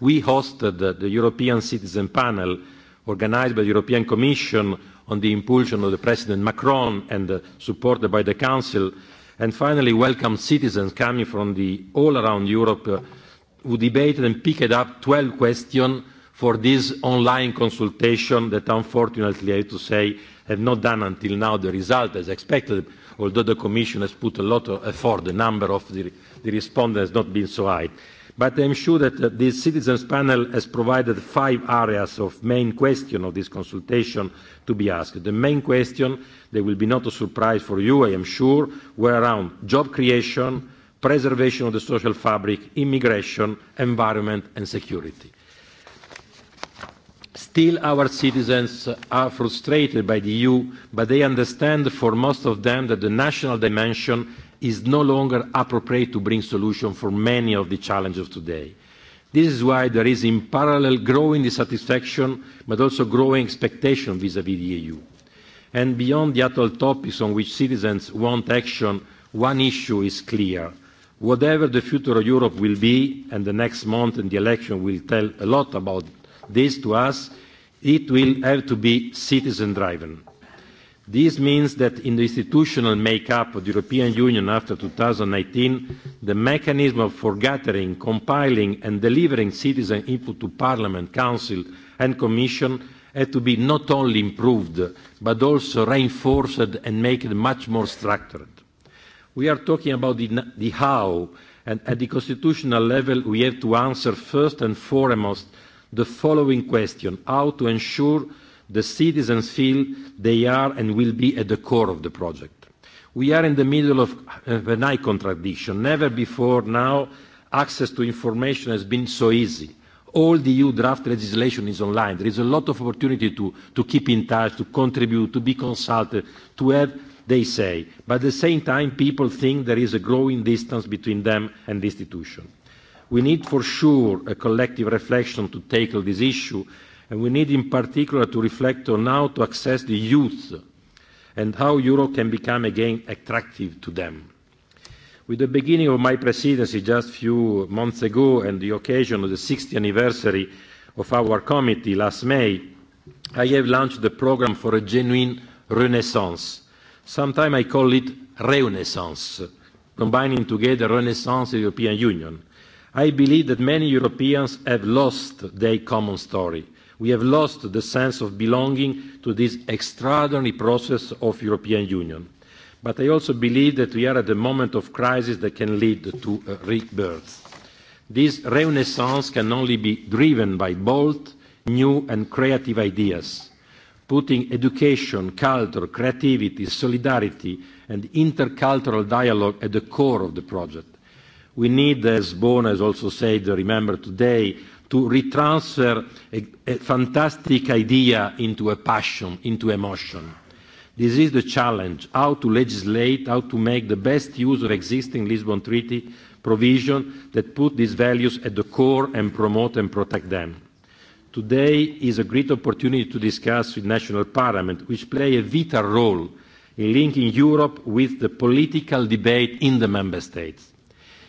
We hosted the European Citizen Panel organized by the European Commission on the impulsion of the President Macron and uh, supported by the Council, and finally welcome citizens coming from the, all around Europe uh, who debated and picked up 12 questions for this online consultation that unfortunately, I have to say, have not done until now the result as expected, although the Commission has put a lot of effort, the number of the, the respondents has not been so high. But I'm sure that uh, this citizens panel has provided five areas of main question of this consultation to be asked. The main question, they will be not a surprise for you, I am sure, were around job creation, preservation of the social fabric, immigration, environment and security. Still our citizens uh, are frustrated by the EU, but they understand for most of them that the national dimension is no longer appropriate to bring solution for many of the challenge of today. This is why there is in parallel growing dissatisfaction, but also growing expectation vis-à-vis the EU. Beyond the actual topics on which citizens want action, one issue is clear. Whatever the future of Europe will be, and the next month in the election will tell a lot about this to us, it will have to be citizen-driven this means that in the institutional makeup of the european union after 2019, the mechanism for gathering, compiling and delivering citizen input to parliament, council and commission had to be not only improved but also reinforced and made much more structured. we are talking about the, the how and at the constitutional level we have to answer first and foremost the following question, how to ensure the citizens feel they are and will be at the core of the project. We are in the middle of a high contradiction. Never before now access to information has been so easy. All the EU draft legislation is online. There is a lot of opportunity to, to keep in touch, to contribute, to be consulted, to have they say. But at the same time, people think there is a growing distance between them and the institution. We need for sure a collective reflection to tackle this issue and we need in particular to reflect on how to access the youth and how Europe can become again attractive to them. With the beginning of my presidency just a few months ago and the occasion of the 60th anniversary of our committee last May, I have launched the program for a genuine renaissance. Sometimes I call it renaissance, combining together renaissance and European Union. I believe that many Europeans have lost their common story we have lost the sense of belonging to this extraordinary process of European Union. But I also believe that we are at a moment of crisis that can lead to a rebirth. This renaissance can only be driven by bold, new and creative ideas, putting education, culture, creativity, solidarity and intercultural dialogue at the core of the project. We need, as Bona has also said, remember today, retransfer a fantastic idea into a passion, into emotion. This is the challenge, how to legislate, how to make the best use of existing Lisbon Treaty provision that put these values at the core and promote and protect them. Today is a great opportunity to discuss with national parliament, which play a vital role in linking Europe with the political debate in the member states.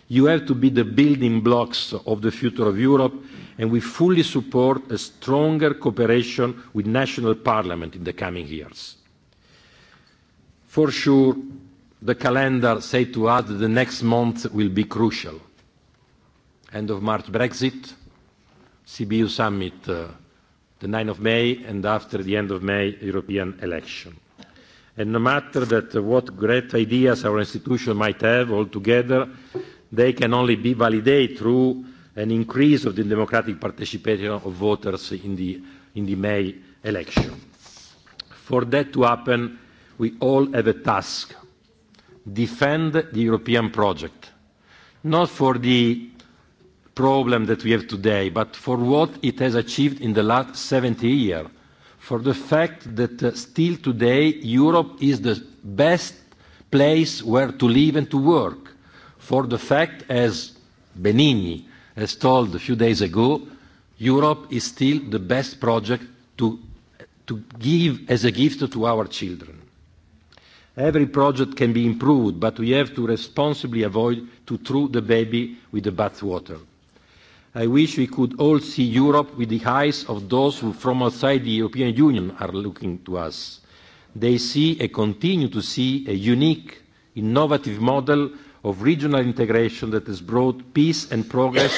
You have to be the building blocks of the future of Europe, and we fully support a stronger cooperation with national parliament in the coming years. For sure, the calendar said to us that the next month will be crucial. End of March Brexit, CBU summit uh, the 9th of May, and after the end of May, European election. And no matter that uh, what great ideas our institution might have all together, they can only be validated through an increase of the democratic participation of voters in the, in the May election. For that to happen, we all have a task. Defend the European project. Not for the problem that we have today, but for what it has achieved in the last 70 years. For the fact that uh, still today, Europe is the best place where to live and to work for the fact, as Benigni has told a few days ago, Europe is still the best project to, to give as a gift to our children. Every project can be improved, but we have to responsibly avoid to throw the baby with the bathwater. I wish we could all see Europe with the eyes of those who from outside the European Union are looking to us. They see and continue to see a unique, innovative model of regional integration that has brought peace and progress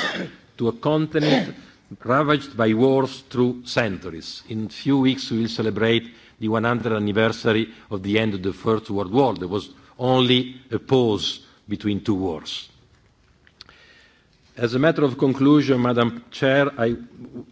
to a continent ravaged by wars through centuries. In a few weeks, we will celebrate the 100th anniversary of the end of the First World War. There was only a pause between two wars. As a matter of conclusion, Madam Chair, I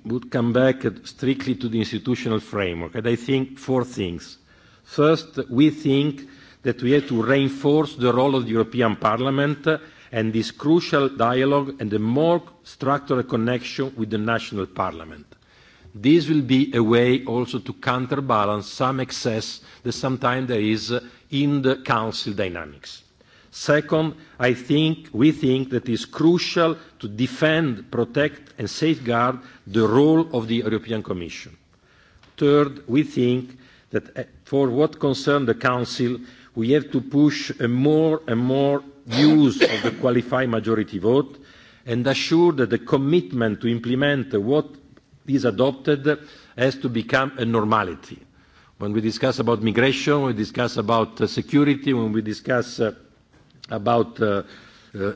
would come back strictly to the institutional framework, and I think four things. First, we think that we have to reinforce the role of the European Parliament and this crucial dialogue and a more structural connection with the national parliament. This will be a way also to counterbalance some excess that sometimes there is in the council dynamics. Second, I think, we think that it is crucial to defend, protect and safeguard the role of the European Commission. Third, we think that eh, for what concerns the council, we have to push a more and more use of the qualified majority vote and assure that the commitment to implement what is adopted has to become a normality. When we discuss about migration, when we discuss about uh, security, when we discuss uh, about uh, uh,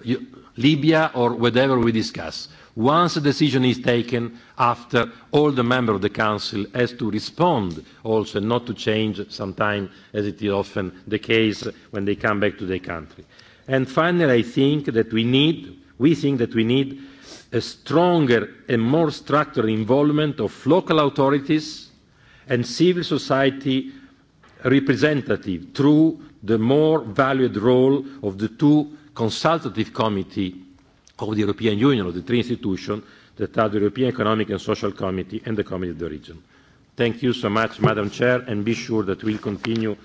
Libya or whatever we discuss once a decision is taken after all the members of the council has to respond also not to change sometimes as it is often the case when they come back to their country. And finally I think that we need we think that we need a stronger and more structured involvement of local authorities and civil society representatives through the more valued role of the two consultative committees of the European Union, of the three institutions that are the European Economic and Social Committee and the Committee of the Region. Thank you so much, Madam Chair, and be sure that we'll continue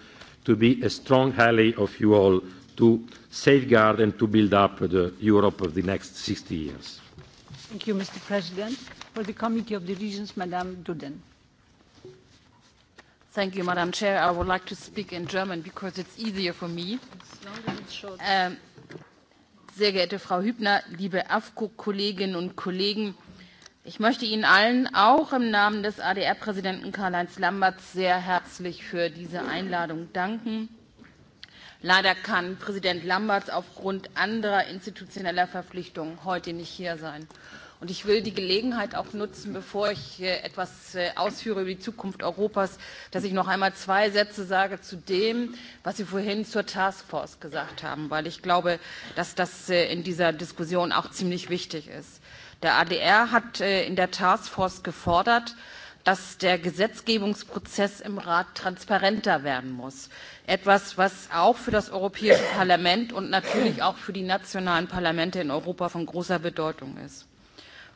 to be a strong ally of you all to safeguard and to build up the Europe of the next 60 years. Thank you, Mr. President. For the Committee of the Regions, Madam Duden. Thank you, Madam Chair. I would like to speak in German because it's easier for me. It's longer, it's short. Um, Sehr geehrte Frau Hübner, liebe AFCO-Kolleginnen und Kollegen, ich möchte Ihnen allen auch im Namen des ADR-Präsidenten Karl-Heinz Lamberts sehr herzlich für diese Einladung danken. Leider kann Präsident Lamberts aufgrund anderer institutioneller Verpflichtungen heute nicht hier sein. Und ich will die Gelegenheit auch nutzen, bevor ich etwas äh, ausführe über die Zukunft Europas, dass ich noch einmal zwei Sätze sage zu dem, was Sie vorhin zur Taskforce gesagt haben, weil ich glaube, dass das äh, in dieser Diskussion auch ziemlich wichtig ist. Der ADR hat äh, in der Taskforce gefordert, dass der Gesetzgebungsprozess im Rat transparenter werden muss. Etwas, was auch für das Europäische Parlament und natürlich auch für die nationalen Parlamente in Europa von großer Bedeutung ist.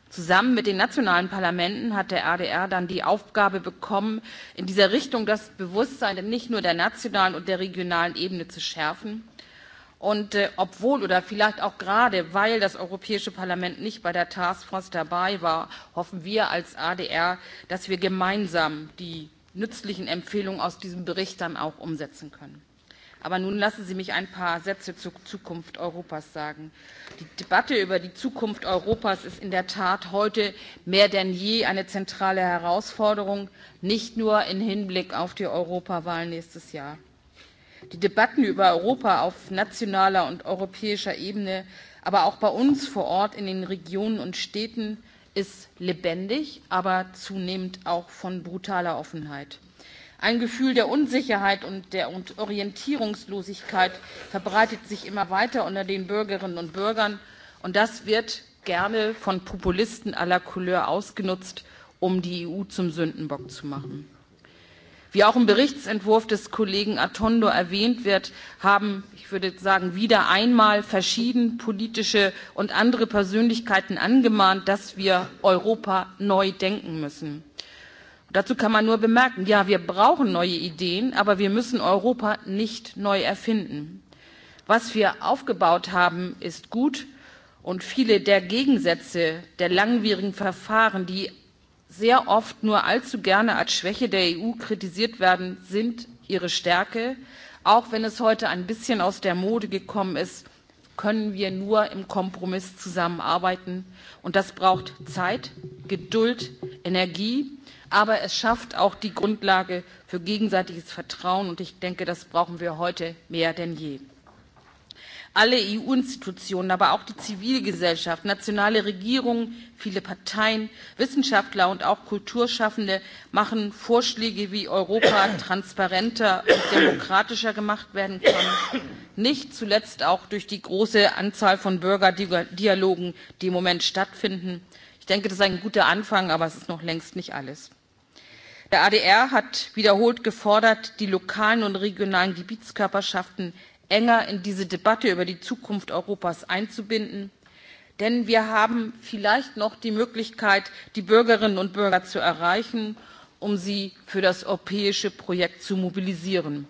Zusammen mit den nationalen Parlamenten hat der ADR dann die Aufgabe bekommen, in dieser Richtung das Bewusstsein nicht nur der nationalen und der regionalen Ebene zu schärfen. Und äh, obwohl oder vielleicht auch gerade, weil das Europäische Parlament nicht bei der Taskforce dabei war, hoffen wir als ADR, dass wir gemeinsam die nützlichen Empfehlungen aus diesem Bericht dann auch umsetzen können. Aber nun lassen Sie mich ein paar Sätze zur Zukunft Europas sagen. Die Debatte über die Zukunft Europas ist in der Tat heute mehr denn je eine zentrale Herausforderung, nicht nur im Hinblick auf die Europawahl nächstes Jahr. Die Debatten über Europa auf nationaler und europäischer Ebene, aber auch bei uns vor Ort in den Regionen und Städten, ist lebendig, aber zunehmend auch von brutaler Offenheit. Ein Gefühl der Unsicherheit und der Orientierungslosigkeit verbreitet sich immer weiter unter den Bürgerinnen und Bürgern. Und das wird gerne von Populisten aller Couleur ausgenutzt, um die EU zum Sündenbock zu machen. Wie auch im Berichtsentwurf des Kollegen Atondo erwähnt wird, haben, ich würde sagen, wieder einmal verschieden politische und andere Persönlichkeiten angemahnt, dass wir Europa neu denken müssen. Dazu kann man nur bemerken, ja, wir brauchen neue Ideen, aber wir müssen Europa nicht neu erfinden. Was wir aufgebaut haben, ist gut und viele der Gegensätze der langwierigen Verfahren, die sehr oft nur allzu gerne als Schwäche der EU kritisiert werden, sind ihre Stärke. Auch wenn es heute ein bisschen aus der Mode gekommen ist, können wir nur im Kompromiss zusammenarbeiten. Und das braucht Zeit, Geduld, Energie aber es schafft auch die Grundlage für gegenseitiges Vertrauen und ich denke, das brauchen wir heute mehr denn je. Alle EU-Institutionen, aber auch die Zivilgesellschaft, nationale Regierungen, viele Parteien, Wissenschaftler und auch Kulturschaffende machen Vorschläge, wie Europa transparenter und demokratischer gemacht werden kann. Nicht zuletzt auch durch die große Anzahl von Bürgerdialogen, die im Moment stattfinden. Ich denke, das ist ein guter Anfang, aber es ist noch längst nicht alles. Der ADR hat wiederholt gefordert, die lokalen und regionalen Gebietskörperschaften enger in diese Debatte über die Zukunft Europas einzubinden. Denn wir haben vielleicht noch die Möglichkeit, die Bürgerinnen und Bürger zu erreichen, um sie für das europäische Projekt zu mobilisieren.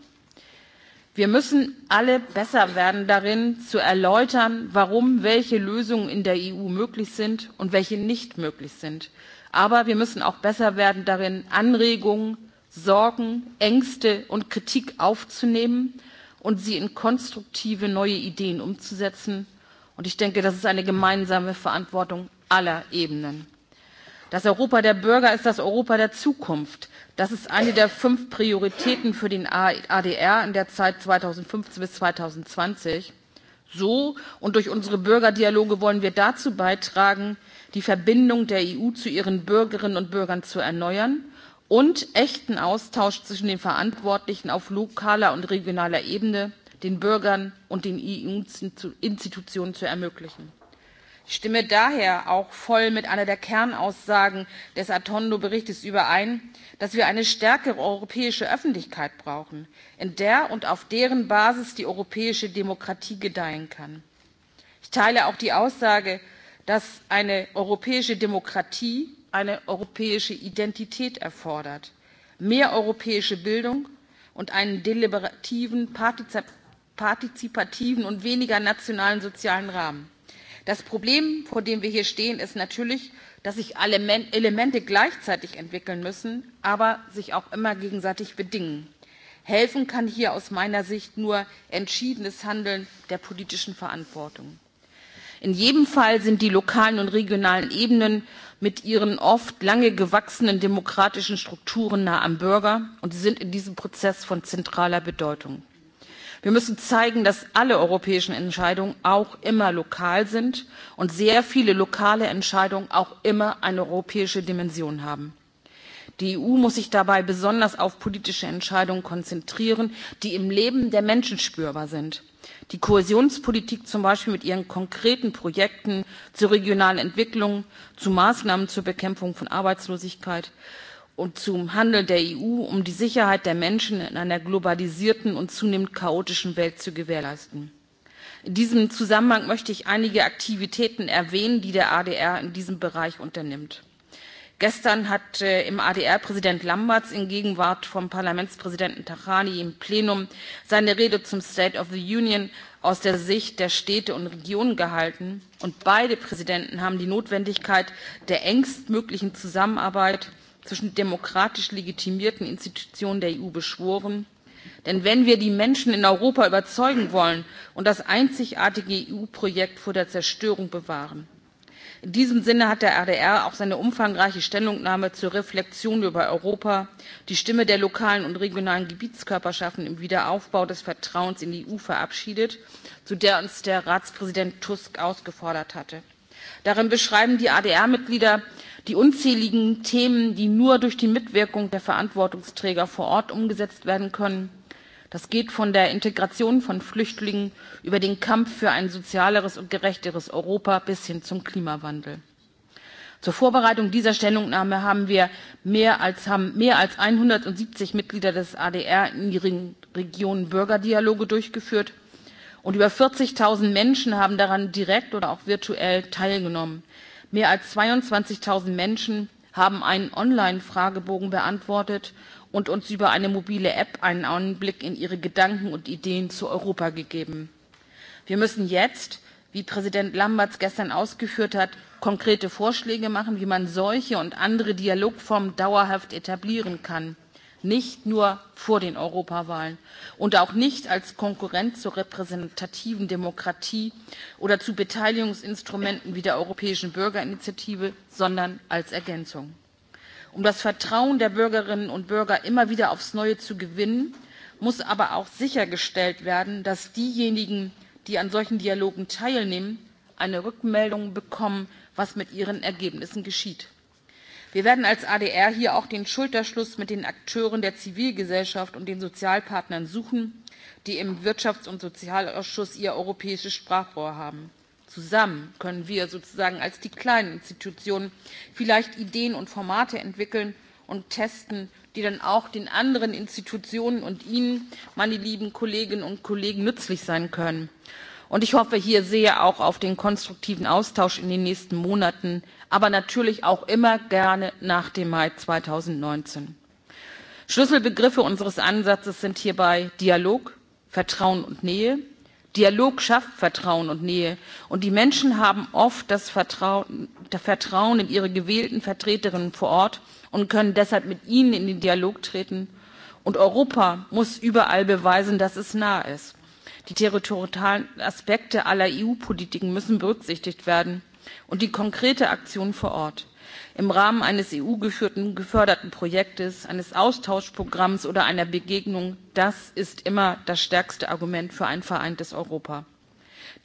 Wir müssen alle besser werden darin, zu erläutern, warum welche Lösungen in der EU möglich sind und welche nicht möglich sind aber wir müssen auch besser werden darin, Anregungen, Sorgen, Ängste und Kritik aufzunehmen und sie in konstruktive neue Ideen umzusetzen. Und ich denke, das ist eine gemeinsame Verantwortung aller Ebenen. Das Europa der Bürger ist das Europa der Zukunft. Das ist eine der fünf Prioritäten für den ADR in der Zeit 2015 bis 2020. So und durch unsere Bürgerdialoge wollen wir dazu beitragen, die Verbindung der EU zu ihren Bürgerinnen und Bürgern zu erneuern und echten Austausch zwischen den Verantwortlichen auf lokaler und regionaler Ebene, den Bürgern und den EU-Institutionen zu ermöglichen. Ich stimme daher auch voll mit einer der Kernaussagen des Atondo-Berichtes überein, dass wir eine stärkere europäische Öffentlichkeit brauchen, in der und auf deren Basis die europäische Demokratie gedeihen kann. Ich teile auch die Aussage, das eine europäische demokratie eine europäische identität erfordert mehr europäische bildung und einen deliberativen partizipativen und weniger nationalen sozialen rahmen. das problem vor dem wir hier stehen ist natürlich dass sich alle elemente gleichzeitig entwickeln müssen aber sich auch immer gegenseitig bedingen. helfen kann hier aus meiner sicht nur entschiedenes handeln der politischen verantwortung. In jedem Fall sind die lokalen und regionalen Ebenen mit ihren oft lange gewachsenen demokratischen Strukturen nah am Bürger und sie sind in diesem Prozess von zentraler Bedeutung. Wir müssen zeigen, dass alle europäischen Entscheidungen auch immer lokal sind und sehr viele lokale Entscheidungen auch immer eine europäische Dimension haben. Die EU muss sich dabei besonders auf politische Entscheidungen konzentrieren, die im Leben der Menschen spürbar sind die kohäsionspolitik zum beispiel mit ihren konkreten projekten zur regionalen entwicklung zu maßnahmen zur bekämpfung von arbeitslosigkeit und zum handel der eu um die sicherheit der menschen in einer globalisierten und zunehmend chaotischen welt zu gewährleisten. in diesem zusammenhang möchte ich einige aktivitäten erwähnen die der adr in diesem bereich unternimmt. Gestern hat äh, im ADR Präsident Lamberts in Gegenwart vom Parlamentspräsidenten Tajani im Plenum seine Rede zum State of the Union aus der Sicht der Städte und Regionen gehalten. Und beide Präsidenten haben die Notwendigkeit der engstmöglichen Zusammenarbeit zwischen demokratisch legitimierten Institutionen der EU beschworen. Denn wenn wir die Menschen in Europa überzeugen wollen und das einzigartige EU-Projekt vor der Zerstörung bewahren, In diesem Sinne hat der RDR auch seine umfangreiche Stellungnahme zur Reflexion über Europa, die Stimme der lokalen und regionalen Gebietskörperschaften im Wiederaufbau des Vertrauens in die EU verabschiedet, zu der uns der Ratspräsident Tusk ausgefordert hatte. Darin beschreiben die ADR-Mitglieder die unzähligen Themen, die nur durch die Mitwirkung der Verantwortungsträger vor Ort umgesetzt werden können. Das geht von der Integration von Flüchtlingen über den Kampf für ein sozialeres und gerechteres Europa bis hin zum Klimawandel. Zur Vorbereitung dieser Stellungnahme haben wir mehr als, haben mehr als 170 Mitglieder des ADR in ihren Regionen Bürgerdialoge durchgeführt und über 40.000 Menschen haben daran direkt oder auch virtuell teilgenommen. Mehr als 22.000 Menschen haben einen Online-Fragebogen beantwortet und uns über eine mobile App einen Augenblick in ihre Gedanken und Ideen zu Europa gegeben. Wir müssen jetzt, wie Präsident Lamberts gestern ausgeführt hat, konkrete Vorschläge machen, wie man solche und andere Dialogformen dauerhaft etablieren kann. Nicht nur vor den Europawahlen und auch nicht als Konkurrent zur repräsentativen Demokratie oder zu Beteiligungsinstrumenten wie der Europäischen Bürgerinitiative, sondern als Ergänzung. Um das Vertrauen der Bürgerinnen und Bürger immer wieder aufs Neue zu gewinnen, muss aber auch sichergestellt werden, dass diejenigen, die an solchen Dialogen teilnehmen, eine Rückmeldung bekommen, was mit ihren Ergebnissen geschieht. Wir werden als ADR hier auch den Schulterschluss mit den Akteuren der Zivilgesellschaft und den Sozialpartnern suchen, die im Wirtschafts- und Sozialausschuss ihr europäisches Sprachrohr haben zusammen können wir sozusagen als die kleinen Institutionen vielleicht Ideen und Formate entwickeln und testen, die dann auch den anderen Institutionen und Ihnen, meine lieben Kolleginnen und Kollegen, nützlich sein können. Und ich hoffe hier sehr auch auf den konstruktiven Austausch in den nächsten Monaten, aber natürlich auch immer gerne nach dem Mai 2019. Schlüsselbegriffe unseres Ansatzes sind hierbei Dialog, Vertrauen und Nähe, dialog schafft vertrauen und nähe und die menschen haben oft das vertrauen, das vertrauen in ihre gewählten vertreterinnen vor ort und können deshalb mit ihnen in den dialog treten. und europa muss überall beweisen dass es nah ist. die territorialen aspekte aller eu politiken müssen berücksichtigt werden und die konkrete aktion vor ort im rahmen eines eu geförderten projektes eines austauschprogramms oder einer begegnung das ist immer das stärkste argument für ein vereintes europa.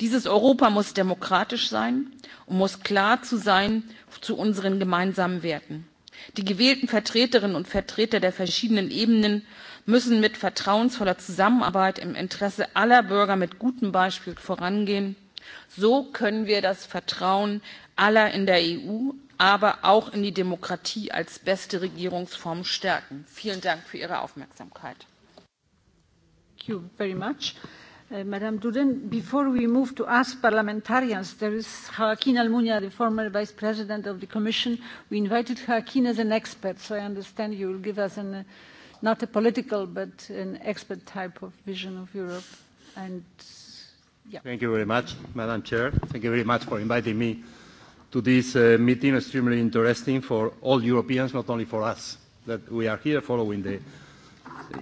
dieses europa muss demokratisch sein und muss klar zu sein zu unseren gemeinsamen werten. die gewählten vertreterinnen und vertreter der verschiedenen ebenen müssen mit vertrauensvoller zusammenarbeit im interesse aller bürger mit gutem beispiel vorangehen. so können wir das vertrauen aller in der eu aber auch in die Demokratie als beste Regierungsform stärken. Vielen Dank für Ihre Aufmerksamkeit. Thank you very much. Uh, Madame Duden, before we move to us parliamentarians, there is Joaquin Almunia, the former vice president of the Commission. We invited Joaquin as an expert, so I understand you will give us an, uh, not a political, but an expert type of vision of Europe. And, yeah. Thank you very much, Madam Chair. Thank you very much for inviting me uh, to this uh, meeting extremely interesting for all Europeans, not only for us, that we are here following the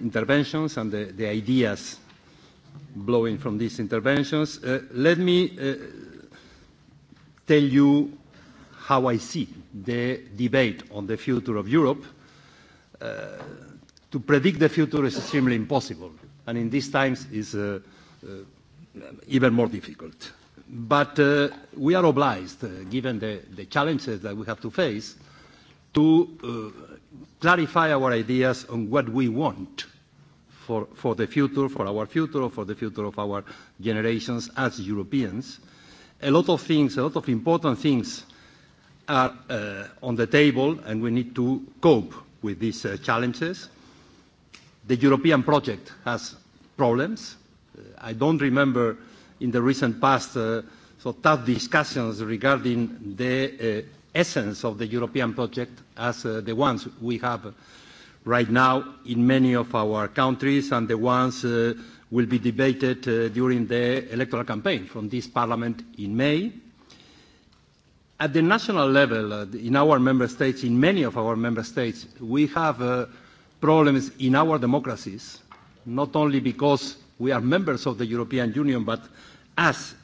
interventions and the, the ideas blowing from these interventions. Uh, let me uh, tell you how I see the debate on the future of Europe. Uh, to predict the future is extremely impossible, and in these times is uh, uh, even more difficult. But uh, we are obliged, uh, given the challenges that we have to face, to uh, clarify our ideas on what we want for the future, for our future, for the future of our generations as Europeans. A lot of things, a lot of important things are on the table, and we need to cope with these challenges. The European project has problems. I don't remember in the recent past uh, so tough discussions regarding the uh, essence of the European project as uh, the ones we have right now in many of our countries and the ones uh, will be debated uh, during the electoral campaign from this parliament in May. At the national level, uh, in our member states, in many of our member states, we have uh, problems in our democracies, not only because we are members of the European Union, but uh, as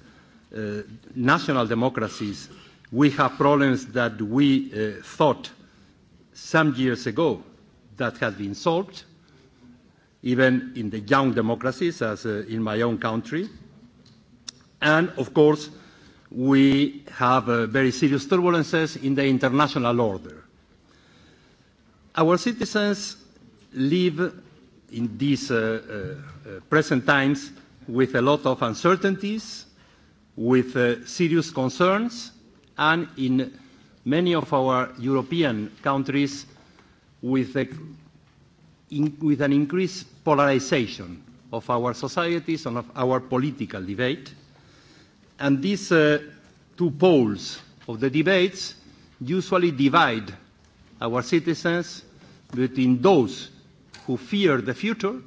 uh, national democracies, we have problems that we uh, thought some years ago that had been solved, even in the young democracies, as uh, in my own country. And of course, we have uh, very serious turbulences in the international order. Our citizens live in these uh, uh, uh, present times with a lot of uncertainties, with uh, serious concerns, and in many of our European countries, with an increased polarization of our societies and of our political debate. These uh, two poles of the debates usually divide our citizens between those who fear the future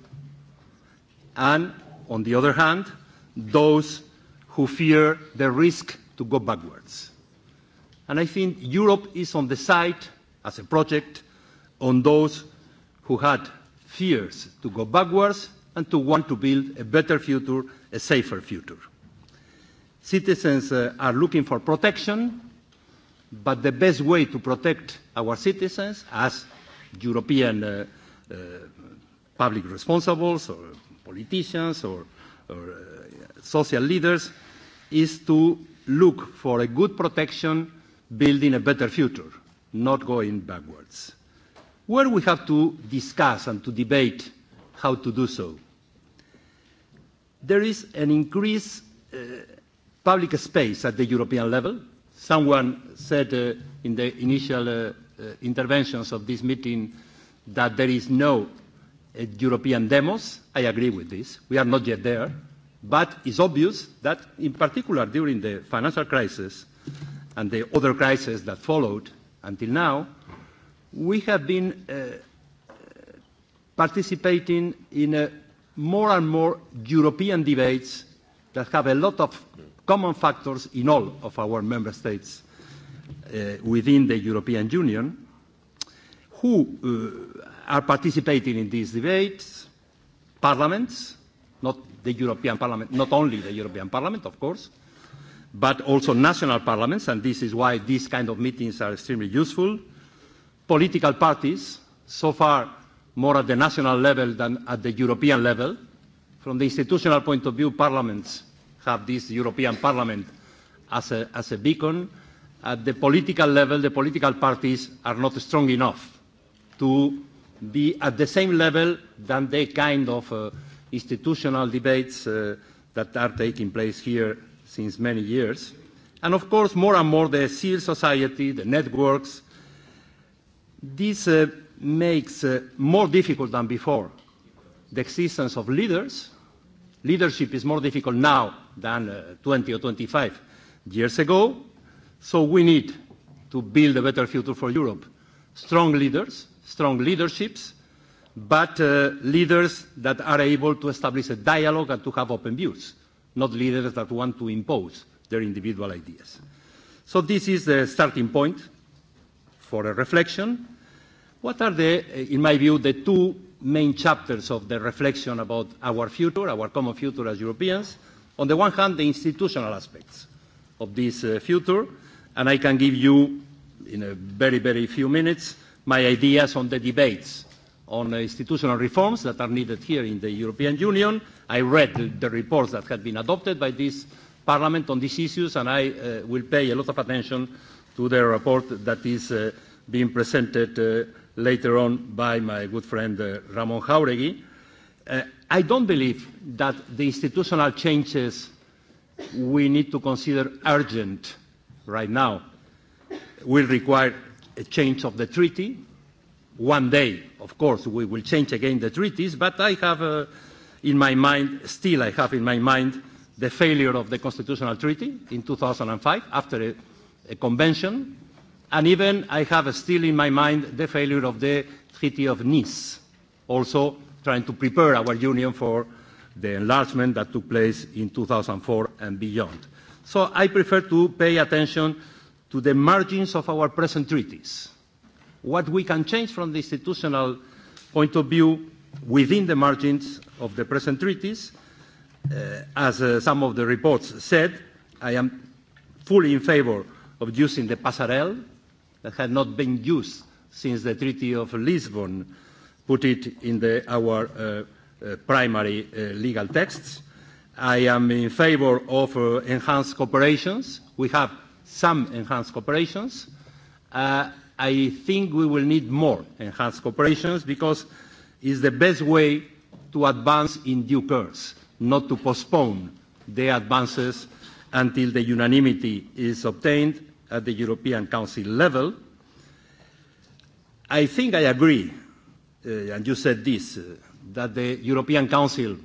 and on the other hand, those who fear the risk to go backwards. And I think Europe is on the side, as a project, on those who had fears to go backwards and to want to build a better future, a safer future. Citizens uh, are looking for protection, but the best way to protect our citizens as European uh, uh, public responsibles or politicians or, or uh, social leaders is to look for a good protection building a better future, not going backwards. Where we have to discuss and to debate how to do so, there is an increased uh, public space at the European level. Someone said uh, in the initial uh, uh, interventions of this meeting that there is no European demos. I agree with this. We are not yet there, but it's obvious that in particular during the financial crisis and the other crisis that followed until now, we have been uh, participating in uh, more and more European debates that have a lot of common factors in all of our member states uh, within the European Union, who are participating in these debates, parliaments, not the European Parliament, not only the European Parliament, of course, but also national parliaments, and this is why these kind of meetings are extremely useful. Political parties, so far more at the national level than at the European level. From the institutional point of view, parliaments have this European Parliament as a, as a beacon. At the political level, the political parties are not strong enough to be at the same level than the kind of uh, institutional debates uh, that are taking place here since many years. And of course, more and more the civil society, the networks. This uh, makes uh, more difficult than before the existence of leaders. Leadership is more difficult now than uh, 20 or 25 years ago. So we need to build a better future for Europe. Strong leaders, strong leaderships, but uh, leaders that are able to establish a dialogue and to have open views, not leaders that want to impose their individual ideas. So this is the starting point for a reflection. What are the, uh, in my view, the two main chapters of the reflection about our future, our common future as Europeans? On the one hand, the institutional aspects of this uh, future, and I can give you, in a very, very few minutes, my ideas on the debates on institutional reforms that are needed here in the European Union. I read the reports that had been adopted by this Parliament on these issues, and I uh, will pay a lot of attention to the report that is uh, being presented uh, later on by my good friend uh, Ramon Jauregui. Uh, I don't believe that the institutional changes we need to consider urgent right now will require a change of the treaty. One day, of course, we will change again the treaties, but I have uh, in my mind, still I have in my mind, the failure of the constitutional treaty in 2005 after a, a convention, and even I have still in my mind the failure of the Treaty of Nice, also trying to prepare our union for the enlargement that took place in 2004 and beyond. So I prefer to pay attention to the margins of our present treaties. What we can change from the institutional point of view within the margins of the present treaties, uh, as uh, some of the reports said, I am fully in favor of using the passerelle that had not been used since the Treaty of Lisbon put it in the, our uh, uh, primary uh, legal texts. I am in favor of uh, enhanced cooperations. We have some enhanced cooperations. Uh, I think we will need more enhanced cooperations because it's the best way to advance in due course, not to postpone the advances until the unanimity is obtained at the European Council level. I think I agree, uh, and you said this, uh, that the European Council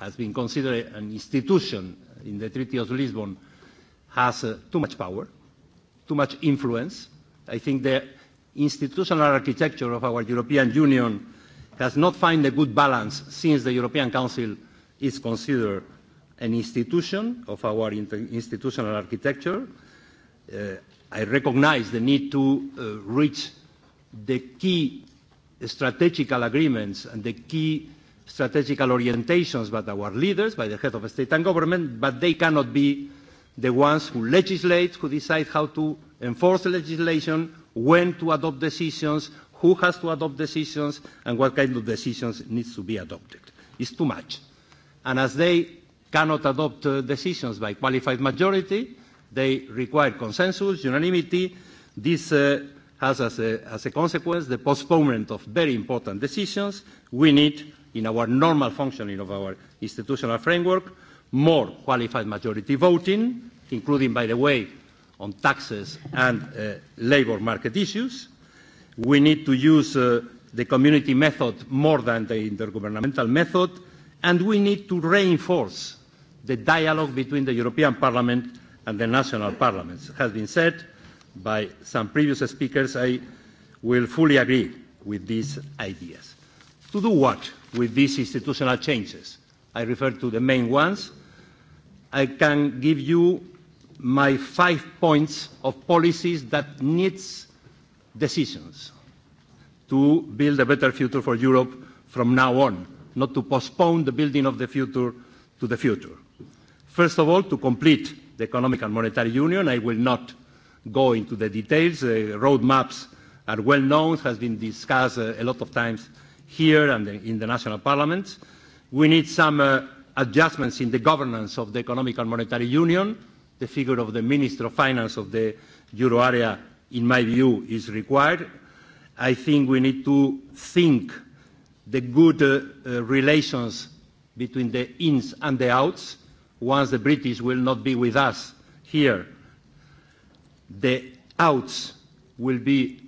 has been considered an institution in the Treaty of Lisbon has uh, too much power, too much influence. I think the institutional architecture of our European Union has not found a good balance since the European Council is considered an institution of our inter- institutional architecture. Uh, I recognize the need to uh, reach the key strategical agreements and the key strategical orientations by our leaders, by the head of state and government, but they cannot be uh, the ones who legislate, who decide how to enforce the legislation, when to adopt decisions, who has to adopt decisions, and what kind of decisions needs to be adopted. It's too much. And as they cannot adopt uh, decisions by qualified majority, they require consensus, unanimity. This uh, has as a, as a consequence the postponement of very important decisions. We need, in our normal functioning of our institutional framework, uh, more qualified majority voting, including, by the way, on taxes and uh, labor market issues. We need to use uh, the community method more than the intergovernmental method, and we need to reinforce the dialogue between the European Parliament and the national parliaments. It has been said by some previous speakers, I will fully agree with these ideas. To do what with these institutional changes? I refer to the main ones. I can give you my five points of policies that needs decisions to build a better future for Europe from now on, not to postpone the building of the future to the future. First of all, to complete the economic and monetary union. I will not go into the details. The roadmaps are well known, has been discussed uh, a lot of times here and in the national parliaments. We need some uh, adjustments in the governance of the Economic and Monetary Union. The figure of the Minister of Finance of the Euro area, in my view, is required. I think we need to think the good uh, uh, relations between the ins and the outs. Once the British will not be with us here, the outs will be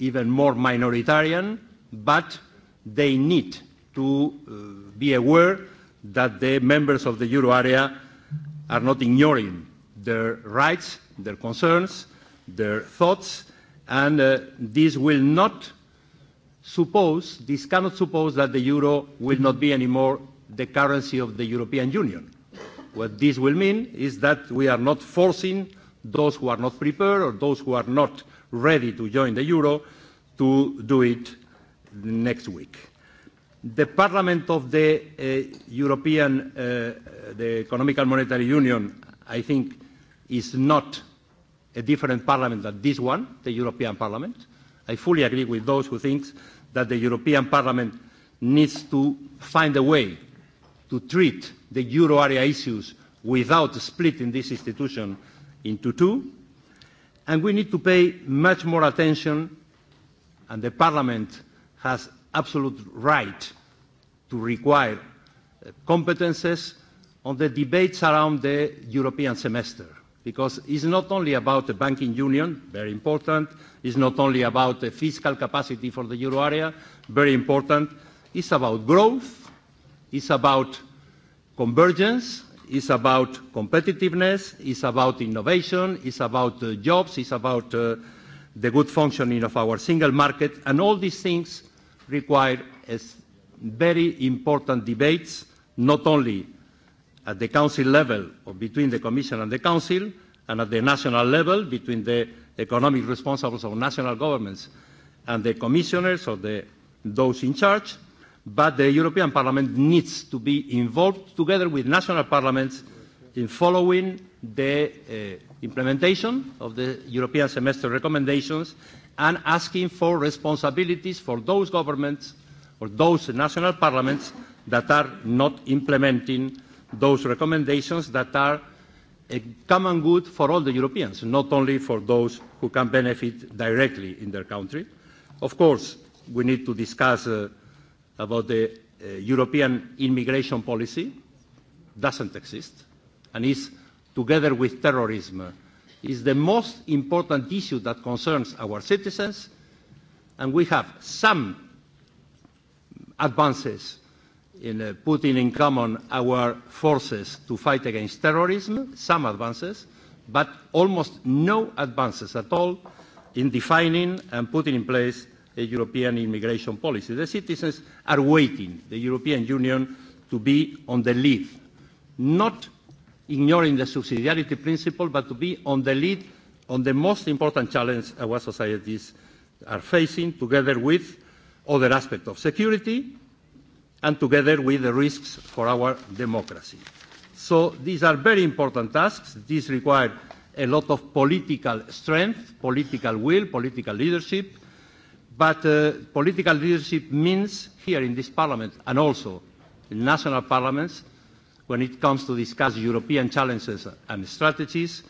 even more minoritarian, but they need to uh, be aware that the members of the euro area are not ignoring their rights, their concerns, their thoughts, and uh, this will not suppose, this cannot suppose that the euro will not be anymore the currency of the European Union. What this will mean is that we are not forcing those who are not prepared or those who are not ready to join the euro to do it next week the Parliament of the uh, European uh, the Economic and Monetary Union, I think, is not a different parliament than this one, the European Parliament. I fully agree with those who think that the European Parliament needs to find a way to treat the euro area issues without splitting this institution into two. And we need to pay much more attention, and the Parliament has absolute right to require uh, competences on the debates around the European semester. Because it's not only about the banking union, very important, it's not only about the fiscal capacity for the euro area, very important, it's about growth, it's about convergence, it's about competitiveness, it's about innovation, it's about uh, jobs, it's about uh, the good functioning of our single market, and all these things require very important debates, not only at the council level or between the commission and the council, and at the national level between the economic responsibles of national governments and the commissioners or the, those in charge, but the European Parliament needs to be involved together with national parliaments in following the uh, implementation of the European semester recommendations and asking for responsibilities for those governments or those national parliaments that are not implementing those recommendations that are a common good for all the Europeans, not only for those who can benefit directly in their country. Of course, we need to discuss uh, about the uh, European immigration policy. doesn't exist and is, together with terrorism, uh, is the most important issue that concerns our citizens, and we have some advances in uh, putting in common our forces to fight against terrorism, some advances, but almost no advances at all in defining and putting in place a European immigration policy. The citizens are waiting the European Union to be on the lead, not ignoring the subsidiarity principle, but to be on the lead on the most important challenge our societies are facing, together with other aspects of security and together with the risks for our democracy. So these are very important tasks. This requires a lot of political strength, political will, political leadership. But uh, political leadership means here in this parliament and also in national parliaments when it comes to discuss European challenges and strategies,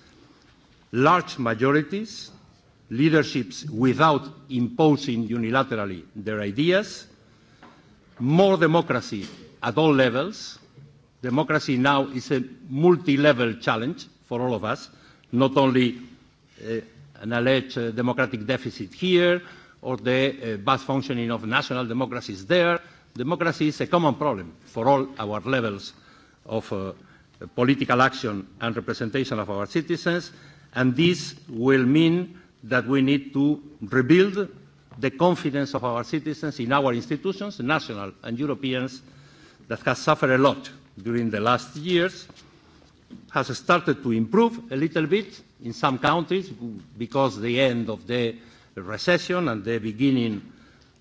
large majorities, leaderships without imposing unilaterally their ideas, more democracy at all levels. Democracy now is a multi-level challenge for all of us, not only uh, an alleged uh, democratic deficit here or the uh, bad functioning of national democracies there. Democracy is a common problem for all our levels of uh, political action and representation of our citizens. And this will mean that we need to rebuild the confidence of our citizens in our institutions, national and Europeans, that has suffered a lot during the last years, has started to improve a little bit in some countries because the end of the recession and the beginning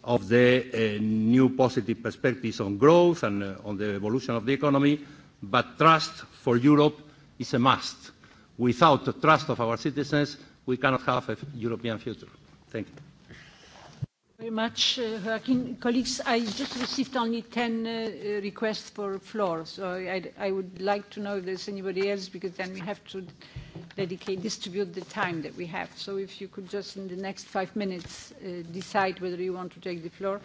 of the uh, new positive perspectives on growth and uh, on the evolution of the economy uh, but trust for Europe is a must. Without the trust of our citizens, we cannot have a European future. Thank you. Uh, colleagues i just received only 10 uh, uh, requests for floor so I'd, i would like to know if there's anybody else because then we have to dedicate distribute the time that we have so if you could just in the next five minutes uh, decide whether you want to take the floor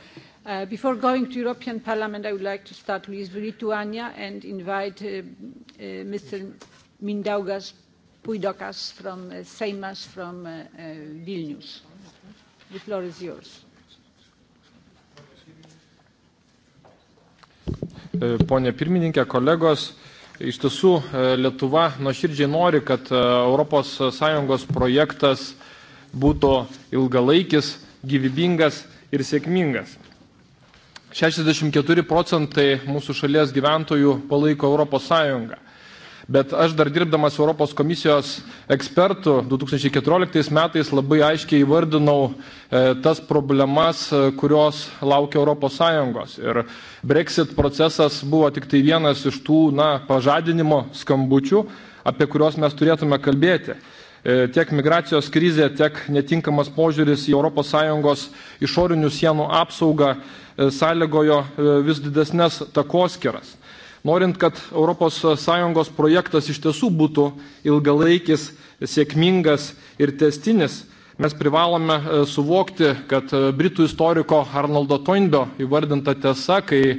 uh, before going to european parliament i would like to start with lithuania and invite uh, uh, mr mindaugas puidokas from uh, seimas from uh, uh, vilnius the floor is yours E, ponė pirmininkė, kolegos. Iš tiesų, e, Lietuva nuoširdžiai nori, kad ES projektas būtų ilgalaikis, gyvybingas ir sėkmingas. 64 procentai mūsų šalies gyventojų palaiko ES bet aš dar dirbdamas Europos komisijos ekspertų 2014 metais labai aiškiai įvardinau e, tas problemas, e, kurios laukia Europos Sąjungos. Ir Brexit procesas buvo tik tai vienas iš tų na, pažadinimo skambučių, apie kuriuos mes turėtume kalbėti. E, tiek migracijos krizė, tiek netinkamas požiūris į ES išorinių sienų apsaugą sąlygojo vis didesnės takoskiras. Norint, kad ES projektas iš tiesų būtų ilgalaikis, sėkmingas ir testinis, mes privalome e, suvokti, kad e, Britų istoriko Arnoldo Toinbio įvardinta tiesa, kai e,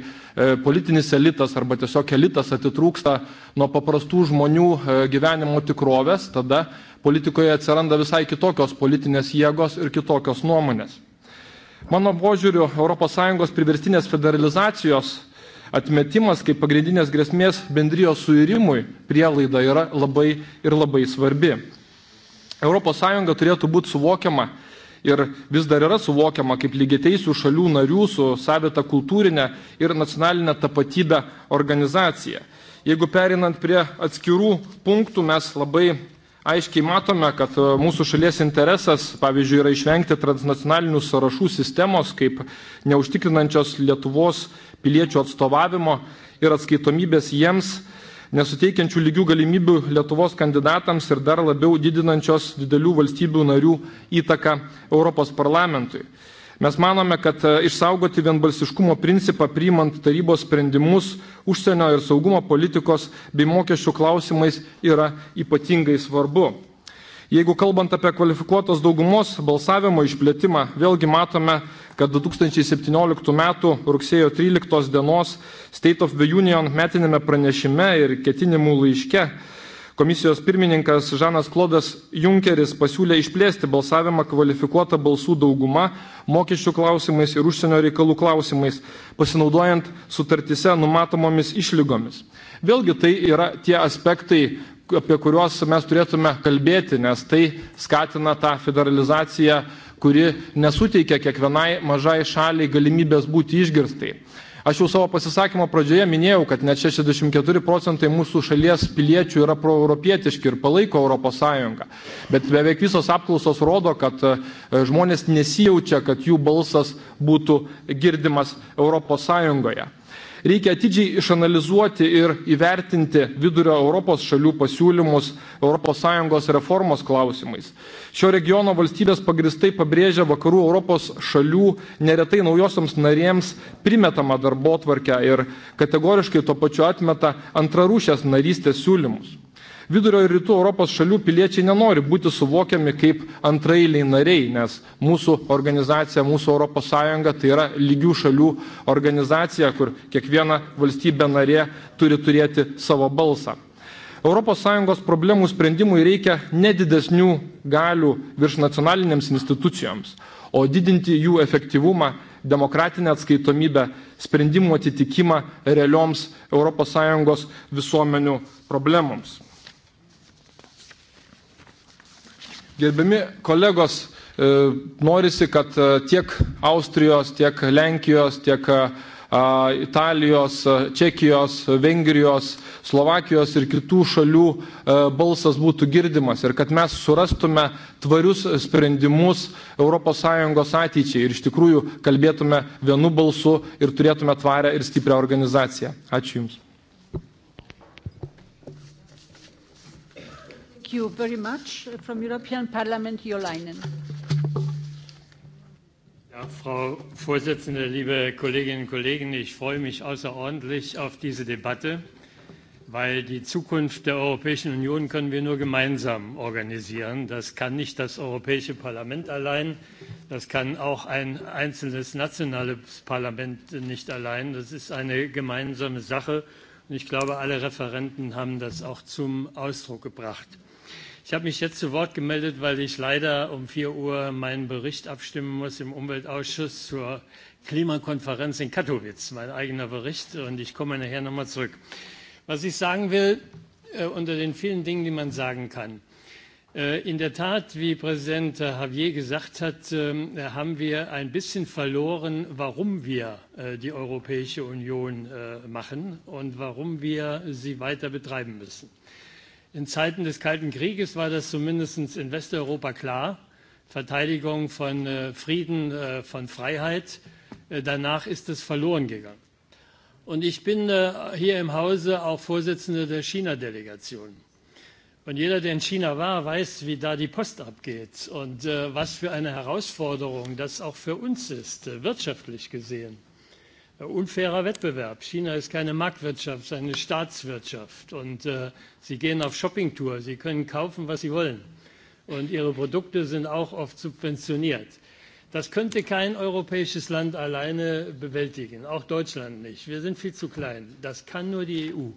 politinis elitas arba tiesiog elitas atitrūksta nuo paprastų žmonių gyvenimo tikrovės, tada politikoje atsiranda visai kitokios politinės jėgos ir kitokios nuomonės. Mano požiūriu, ES priverstinės federalizacijos atmetimas kaip pagrindinės grėsmės bendrijos suirimui prielaida yra labai ir labai svarbi. ES turėtų būti suvokiama ir vis dar yra suvokiama kaip lygiteisių šalių narių su savita kultūrinė ir nacionalinė tapatybė organizacija. Jeigu perinant prie atskirų punktų, mes labai aiškiai matome kad e, mūsų šalies interesas pavyzdžiui yra išvengti transnacionalinių sąrašų sistemos kaip neužtikrinančios lietuvos piliečių atstovavimo ir atskaitomybės jiems nesuteikiančių lygių galimybių lietuvos kandidatams ir dar labiau didinančios didelių valstybių narių įtaką europos parlamentui mes manome kad e, išsaugoti vienbalsiškumo principą priimant tarybos sprendimus užsienio ir saugumo politikos bei mokesčių klausimais yra ypatingai svarbu jeigu kalbant apie kvalifikuotos daugumos balsavimo išplėtimą vėlgi matome kad du tūkstančiai septynioliktų metų rugsėjo tryliktos dienos state of the union metiniame pranešime ir ketinimų laiške komisijos pirmininkas žanas klodas junkeris pasiūlė išplėsti balsavimą kvalifikuota balsų dauguma mokesčių klausimais ir užsienio reikalų klausimais pasinaudojant sutartise numatomomis išlygomis vėlgi tai yra tie aspektai apie kuriuos mes turėtume kalbėti nes tai skatina tą federalizaciją kuri nesuteikia kiekvienai mažai šaliai galimybės būti išgirstai aš jau savo pasisakymo pradžioje minėjau kad net šešiasdešimt keturi procentai mūsų šalies piliečių yra proeuropietiški ir palaiko europos sąjungą bet beveik visos apklausos rodo kad e, žmonės nesijaučia kad jų balsas būtų girdimas europos sąjungoje reikia atidžiai išanalizuoti ir įvertinti vidurio Europos šalių pasiūlymus ES reformos klausimais. Šio regiono valstybės pagristai pabrėžia vakarų Europos šalių neretai naujosioms narėms primetama darbo tvarkę ir kategoriškai to pačiu atmeta antrarūšės narystės siūlymus. Vidurio ir rytų Europos šalių piliečiai nenori būti suvokiami kaip antrailiai nariai, nes mūsų organizacija, mūsų Europos Sąjunga tai yra lygių šalių organizacija, kur kiekviena valstybė narė turi turėti savo balsą. Europos Sąjungos problemų sprendimui reikia nedidesnių galių virš nacionalinėms institucijoms, o didinti jų efektyvumą, demokratinę atskaitomybę, sprendimų atitikimą realioms ES visuomenių problemoms. Gerbiami kolegos, e, norisi, kad e, tiek Austrijos, tiek Lenkijos, tiek e, Italijos, Čekijos, Vengrijos, Slovakijos ir kitų šalių balsas būtų girdimas ir kad mes surastume tvarius sprendimus ES ateičiai ir iš tikrųjų kalbėtume vienu balsu ir turėtume tvarę ir stiprią organizaciją. Ačiū Jums. Ja, Frau Präsidentin, liebe Kolleginnen und Kollegen! Ich freue mich außerordentlich auf diese Debatte, weil die Zukunft der Europäischen Union können wir nur gemeinsam organisieren. Das kann nicht das Europäische Parlament allein. Das kann auch ein einzelnes nationales Parlament nicht allein. Das ist eine gemeinsame Sache. Und ich glaube, alle Referenten haben das auch zum Ausdruck gebracht. Ich habe mich jetzt zu Wort gemeldet, weil ich leider um 4 Uhr meinen Bericht abstimmen muss im Umweltausschuss zur Klimakonferenz in Katowice, mein eigener Bericht, und ich komme nachher nochmal zurück. Was ich sagen will, äh, unter den vielen Dingen, die man sagen kann, äh, in der Tat, wie Präsident äh, Javier gesagt hat, äh, haben wir ein bisschen verloren, warum wir äh, die Europäische Union äh, machen und warum wir sie weiter betreiben müssen. In Zeiten des Kalten Krieges war das zumindest in Westeuropa klar. Verteidigung von äh, Frieden, äh, von Freiheit. Äh, danach ist es verloren gegangen. Und ich bin äh, hier im Hause auch Vorsitzender der China-Delegation. Und jeder, der in China war, weiß, wie da die Post abgeht und äh, was für eine Herausforderung das auch für uns ist, äh, wirtschaftlich gesehen. Äh, unfairer Wettbewerb. China ist keine Marktwirtschaft, sondern eine Staatswirtschaft. Und äh, sie gehen auf Shoppingtour. Sie können kaufen, was sie wollen. Und ihre Produkte sind auch oft subventioniert. Das könnte kein europäisches Land alleine bewältigen, auch Deutschland nicht. Wir sind viel zu klein. Das kann nur die EU.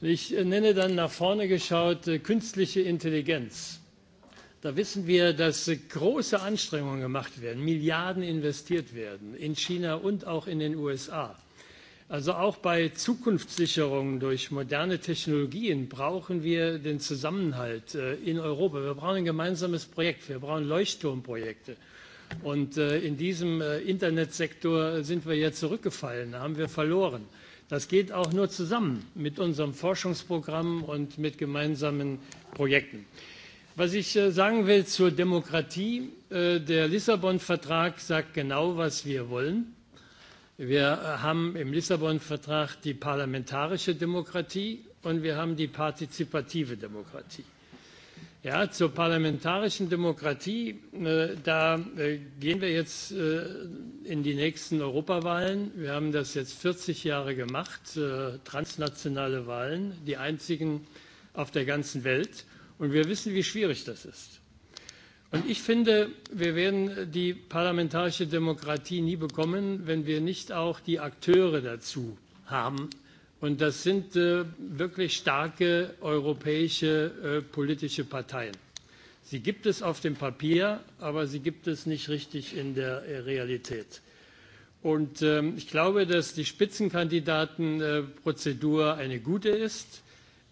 Ich äh, nenne dann nach vorne geschaut äh, künstliche Intelligenz. Da wissen wir, dass große Anstrengungen gemacht werden, Milliarden investiert werden in China und auch in den USA. Also auch bei Zukunftssicherungen durch moderne Technologien brauchen wir den Zusammenhalt äh, in Europa. Wir brauchen ein gemeinsames Projekt. Wir brauchen Leuchtturmprojekte. Und äh, in diesem äh, Internetsektor sind wir ja zurückgefallen, haben wir verloren. Das geht auch nur zusammen mit unserem Forschungsprogramm und mit gemeinsamen Projekten. Was ich äh, sagen will zur Demokratie, äh, der Lissabon-Vertrag sagt genau, was wir wollen. Wir äh, haben im Lissabon-Vertrag die parlamentarische Demokratie und wir haben die partizipative Demokratie. Ja, zur parlamentarischen Demokratie, da gehen wir jetzt in die nächsten Europawahlen. Wir haben das jetzt 40 Jahre gemacht, transnationale Wahlen, die einzigen auf der ganzen Welt. Und wir wissen, wie schwierig das ist. Und ich finde, wir werden die parlamentarische Demokratie nie bekommen, wenn wir nicht auch die Akteure dazu haben. Und das sind äh, wirklich starke europäische äh, politische Parteien. Sie gibt es auf dem Papier, aber sie gibt es nicht richtig in der äh, Realität. Und äh, ich glaube, dass die Spitzenkandidatenprozedur äh, eine gute ist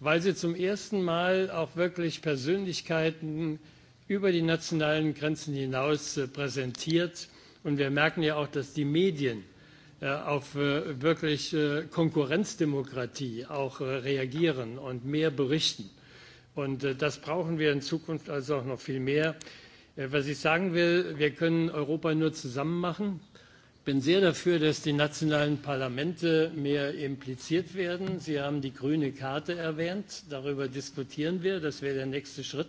weil sie zum ersten Mal auch wirklich Persönlichkeiten über die nationalen Grenzen hinaus äh, präsentiert. Und wir merken ja auch, dass die Medien äh, auf äh, wirklich Konkurrenzdemokratie auch reagieren und mehr berichten. Und das brauchen wir in Zukunft also auch noch viel mehr. Was ich sagen will, wir können Europa nur zusammen machen bin sehr dafür, dass die nationalen Parlamente mehr impliziert werden. Sie haben die grüne Karte erwähnt. Darüber diskutieren wir. Das wäre der nächste Schritt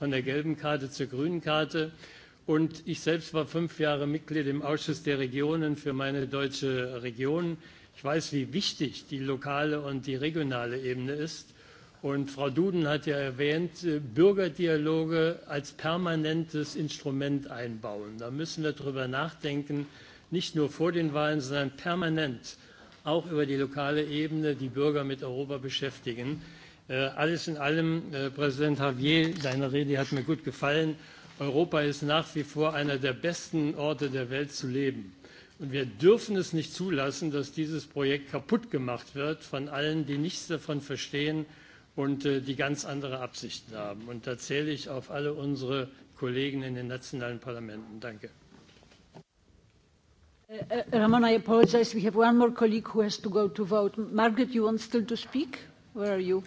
von der gelben Karte zur grünen Karte. Und ich selbst war fünf Jahre Mitglied im Ausschuss der Regionen für meine deutsche Region. Ich weiß, wie wichtig die lokale und die regionale Ebene ist. Und Frau Duden hat ja erwähnt, äh, Bürgerdialoge als permanentes Instrument einbauen. Da müssen wir darüber nachdenken, nicht nur vor den Wahlen, sondern permanent auch über die lokale Ebene die Bürger mit Europa beschäftigen. Äh, alles in allem, äh, Präsident Javier, deine Rede hat mir gut gefallen. Europa ist nach wie vor einer der besten Orte der Welt zu leben. Und wir dürfen es nicht zulassen, dass dieses Projekt kaputt gemacht wird von allen, die nichts davon verstehen und äh, die ganz andere Absichten haben. Und da zähle ich auf alle unsere Kollegen in den nationalen Parlamenten. Danke. Uh, uh, ramona i apologise we have one more colleague who has to go to vote margaret you want still to speak where are you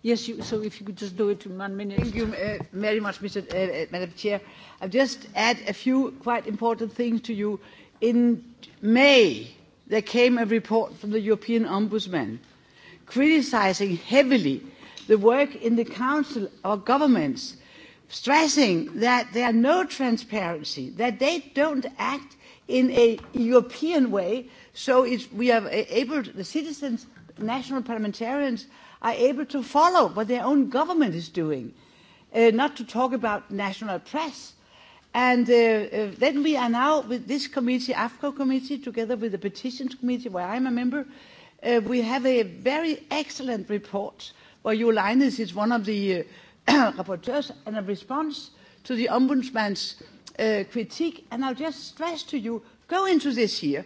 yes you so if you could just do it in one minute thank you uh, very much mr uh, uh, madam chair i just add a few quite important things to you in may there came a report from the european ombudsman criticizing heavily the work in the council or governments stressing that there are no transparency that they don't act in a European way. So it's, we are able, the citizens, national parliamentarians, are able to follow what their own government is doing, uh, not to talk about national press. And uh, uh, then we are now with this committee, AFCO committee, together with the petitions committee, where I'm a member, uh, we have a very excellent report where well, Ulinus is one of the uh, rapporteurs and a response to the Ombudsman's uh, critique, and I'll just stress to you go into this year,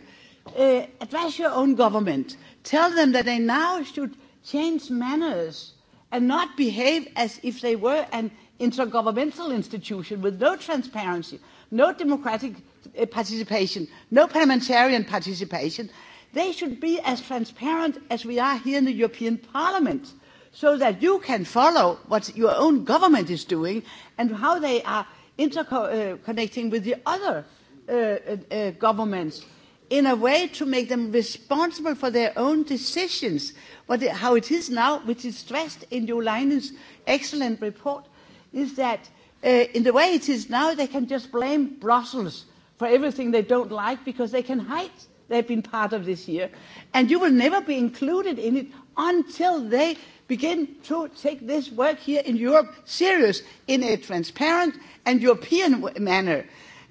uh, address your own government, tell them that they now should change manners and not behave as if they were an intergovernmental institution with no transparency, no democratic uh, participation, no parliamentarian participation. They should be as transparent as we are here in the European Parliament so that you can follow what your own government is doing and how they are interconnecting uh, with the other uh, uh, uh, governments in a way to make them responsible for their own decisions. But how it is now, which is stressed in Jo Leinen's excellent report, is that uh, in the way it is now, they can just blame Brussels for everything they don't like because they can hide they've been part of this year. And you will never be included in it until they begin to take this work here in Europe serious in a transparent and European manner.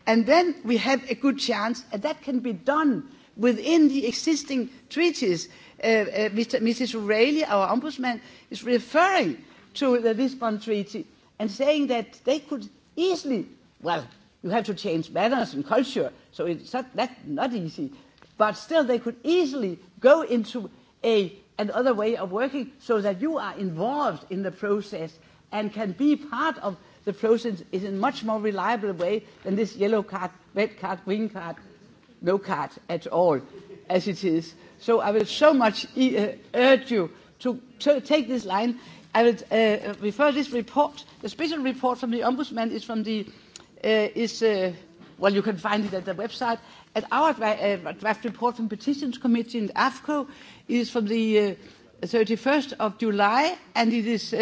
And then we have a good chance, and that can be done within the existing treaties. Uh, uh, Mr. Mrs. O'Reilly, our ombudsman, is referring to the Lisbon Treaty and saying that they could easily, well, you have to change manners and culture, so it's not, that, not easy, but still they could easily go into a another way of working so that you are involved in the process and can be part of the process is in a much more reliable way than this yellow card, red card, green card, no card at all, as it is. So I will so much e- uh, urge you to t- take this line. I will uh, refer this report, the special report from the Ombudsman is from the, uh, is, uh, well, you can find it at the website, at our øh, draft report from petitions committee and AFCO is from the uh, 31st of July and it is uh,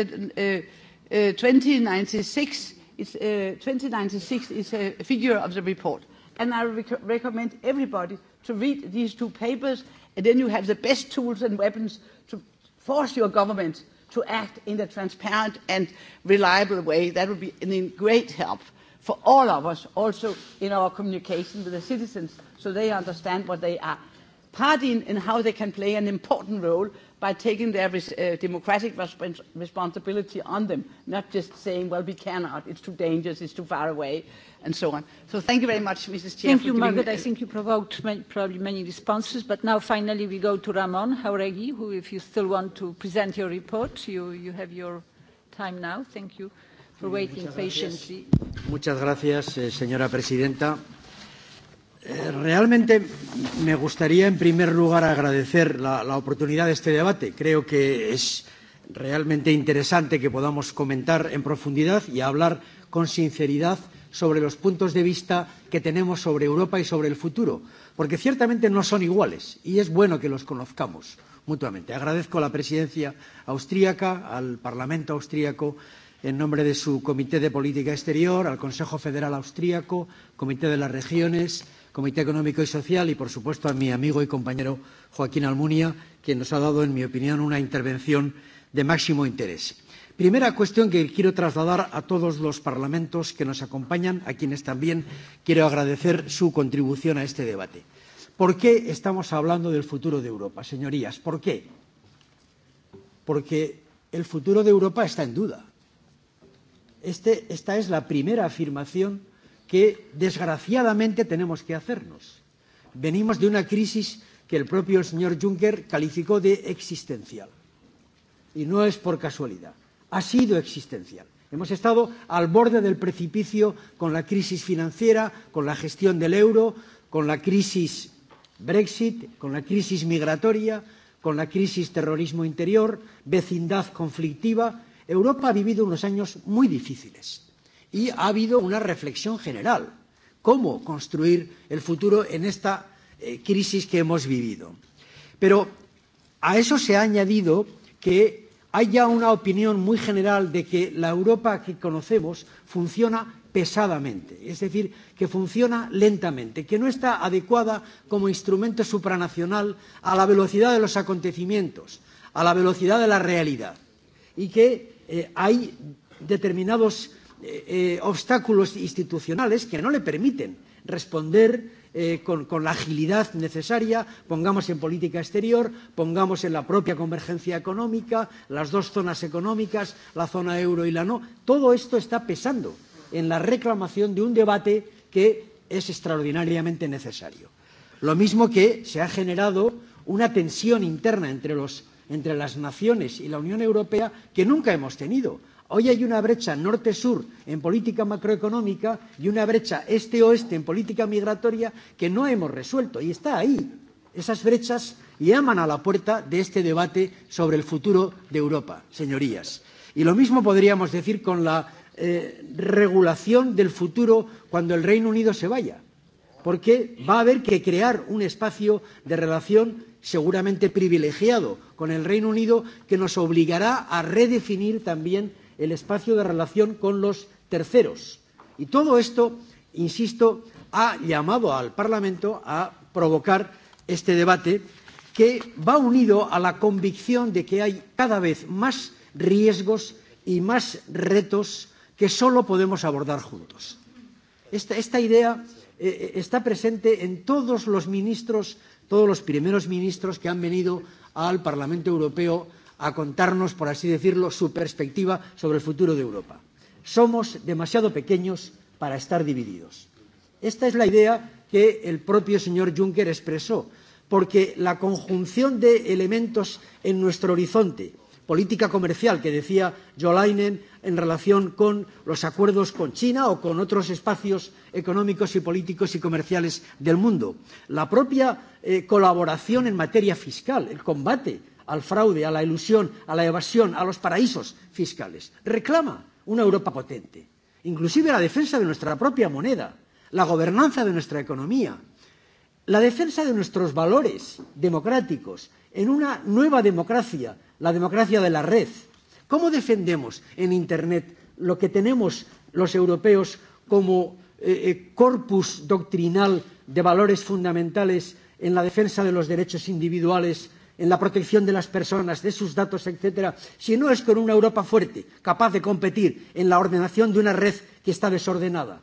uh, 2096. Uh, it's, uh, 2096 is a figure of the report. And I rec- recommend everybody to read these two papers and then you have the best tools and weapons to force your government to act in a transparent and reliable way. That would be a great help for all of us, also in our communication with the citizens, so they understand what they are part in and how they can play an important role by taking their res- uh, democratic resp- responsibility on them, not just saying, well, we cannot, it's too dangerous, it's too far away, and so on. So thank you very much, Mrs. Chair. Thank for you, Margaret. I think you provoked many, probably many responses, but now finally we go to Ramon Hauregui, who, if you still want to present your report, you, you have your time now. Thank you. Eh, señora presidenta. Eh, realmente me gustaría, en primer lugar, agradecer la, la oportunidad de este debate. Creo que es realmente interesante que podamos comentar en profundidad y hablar con sinceridad sobre los puntos de vista que tenemos sobre Europa y sobre el futuro, porque ciertamente no son iguales y es bueno que los conozcamos mutuamente. Agradezco a la presidencia austríaca, al Parlamento austríaco, en nombre de su Comité de Política Exterior, al Consejo Federal Austríaco, Comité de las Regiones, Comité Económico y Social y, por supuesto, a mi amigo y compañero Joaquín Almunia, quien nos ha dado, en mi opinión, una intervención de máximo interés. Primera cuestión que quiero trasladar a todos los parlamentos que nos acompañan, a quienes también quiero agradecer su contribución a este debate. ¿Por qué estamos hablando del futuro de Europa, señorías? ¿Por qué? Porque el futuro de Europa está en duda. Este, esta es la primera afirmación que, desgraciadamente, tenemos que hacernos. Venimos de una crisis que el propio señor Juncker calificó de existencial. Y no es por casualidad. Ha sido existencial. Hemos estado al borde del precipicio con la crisis financiera, con la gestión del euro, con la crisis Brexit, con la crisis migratoria, con la crisis terrorismo interior, vecindad conflictiva. Europa ha vivido unos años muy difíciles y ha habido una reflexión general. ¿Cómo construir el futuro en esta eh, crisis que hemos vivido? Pero a eso se ha añadido que hay ya una opinión muy general de que la Europa que conocemos funciona pesadamente, es decir, que funciona lentamente, que no está adecuada como instrumento supranacional a la velocidad de los acontecimientos, a la velocidad de la realidad y que eh, hay determinados eh, eh, obstáculos institucionales que no le permiten responder eh, con, con la agilidad necesaria, pongamos en política exterior, pongamos en la propia convergencia económica, las dos zonas económicas, la zona euro y la no. Todo esto está pesando en la reclamación de un debate que es extraordinariamente necesario. Lo mismo que se ha generado una tensión interna entre los entre las naciones y la Unión Europea que nunca hemos tenido. Hoy hay una brecha norte-sur en política macroeconómica y una brecha este-oeste en política migratoria que no hemos resuelto. Y está ahí. Esas brechas llaman a la puerta de este debate sobre el futuro de Europa, señorías. Y lo mismo podríamos decir con la eh, regulación del futuro cuando el Reino Unido se vaya. Porque va a haber que crear un espacio de relación seguramente privilegiado con el Reino Unido que nos obligará a redefinir también el espacio de relación con los terceros. Y todo esto, insisto, ha llamado al Parlamento a provocar este debate que va unido a la convicción de que hay cada vez más riesgos y más retos que solo podemos abordar juntos. Esta, esta idea eh, eh está presente en todos los ministros todos los primeros ministros que han venido al Parlamento Europeo a contarnos, por así decirlo, su perspectiva sobre el futuro de Europa. Somos demasiado pequeños para estar divididos. Esta es la idea que el propio señor Juncker expresó, porque la conjunción de elementos en nuestro horizonte política comercial que decía Jolainen en relación con los acuerdos con China o con otros espacios económicos y políticos y comerciales del mundo. La propia eh, colaboración en materia fiscal, el combate al fraude, a la ilusión, a la evasión, a los paraísos fiscales, reclama una Europa potente. Inclusive la defensa de nuestra propia moneda, la gobernanza de nuestra economía, la defensa de nuestros valores democráticos en una nueva democracia la democracia de la red. ¿Cómo defendemos en Internet lo que tenemos los europeos como eh, eh, corpus doctrinal de valores fundamentales en la defensa de los derechos individuales, en la protección de las personas, de sus datos, etcétera, si no es con una Europa fuerte, capaz de competir en la ordenación de una red que está desordenada?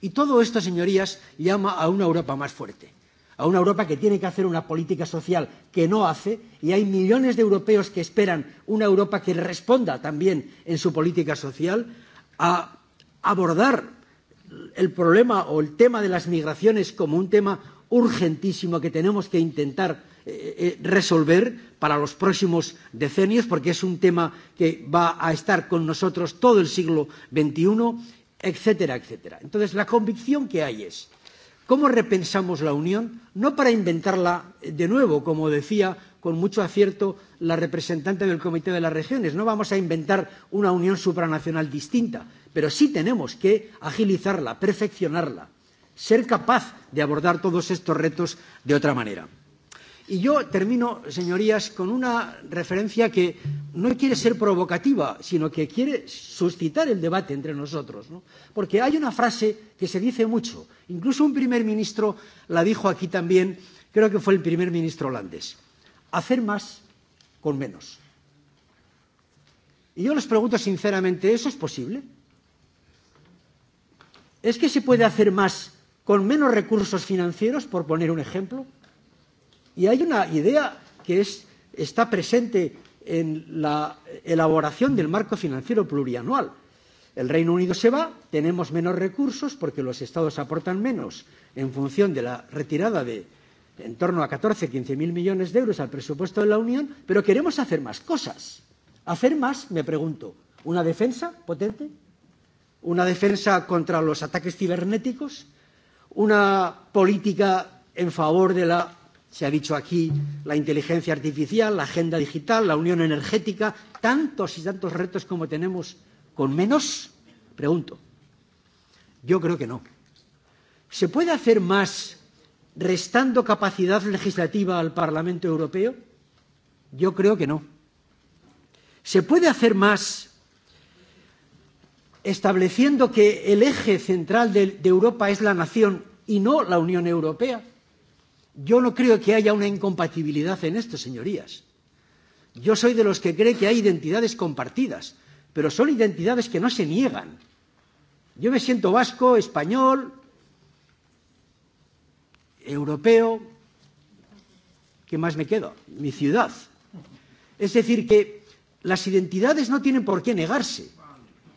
Y todo esto, señorías, llama a una Europa más fuerte a una Europa que tiene que hacer una política social que no hace y hay millones de europeos que esperan una Europa que responda también en su política social a abordar el problema o el tema de las migraciones como un tema urgentísimo que tenemos que intentar eh, eh, resolver para los próximos decenios porque es un tema que va a estar con nosotros todo el siglo XXI, etcétera, etcétera. Entonces, la convicción que hay es que ¿Cómo repensamos la unión? No para inventarla de nuevo, como decía con mucho acierto la representante del Comité de las Regiones. No vamos a inventar una unión supranacional distinta, pero sí tenemos que agilizarla, perfeccionarla, ser capaz de abordar todos estos retos de otra manera. Y yo termino, señorías, con una referencia que no quiere ser provocativa, sino que quiere suscitar el debate entre nosotros. ¿no? Porque hay una frase que se dice mucho, incluso un primer ministro la dijo aquí también, creo que fue el primer ministro holandés, hacer más con menos. Y yo les pregunto sinceramente, ¿eso es posible? ¿Es que se puede hacer más con menos recursos financieros, por poner un ejemplo? Y hay una idea que es, está presente en la elaboración del marco financiero plurianual. El Reino Unido se va, tenemos menos recursos porque los Estados aportan menos en función de la retirada de en torno a 14, 15 mil millones de euros al presupuesto de la Unión, pero queremos hacer más cosas. Hacer más, me pregunto, una defensa potente, una defensa contra los ataques cibernéticos, una política en favor de la Se ha dicho aquí la inteligencia artificial, la agenda digital, la unión energética, tantos y tantos retos como tenemos con menos. Pregunto. Yo creo que no. ¿Se puede hacer más restando capacidad legislativa al Parlamento Europeo? Yo creo que no. ¿Se puede hacer más estableciendo que el eje central de, de Europa es la nación y no la Unión Europea? Yo no creo que haya una incompatibilidad en esto, señorías. Yo soy de los que cree que hay identidades compartidas, pero son identidades que no se niegan. Yo me siento vasco, español, europeo. ¿Qué más me quedo? Mi ciudad. Es decir, que las identidades no tienen por qué negarse.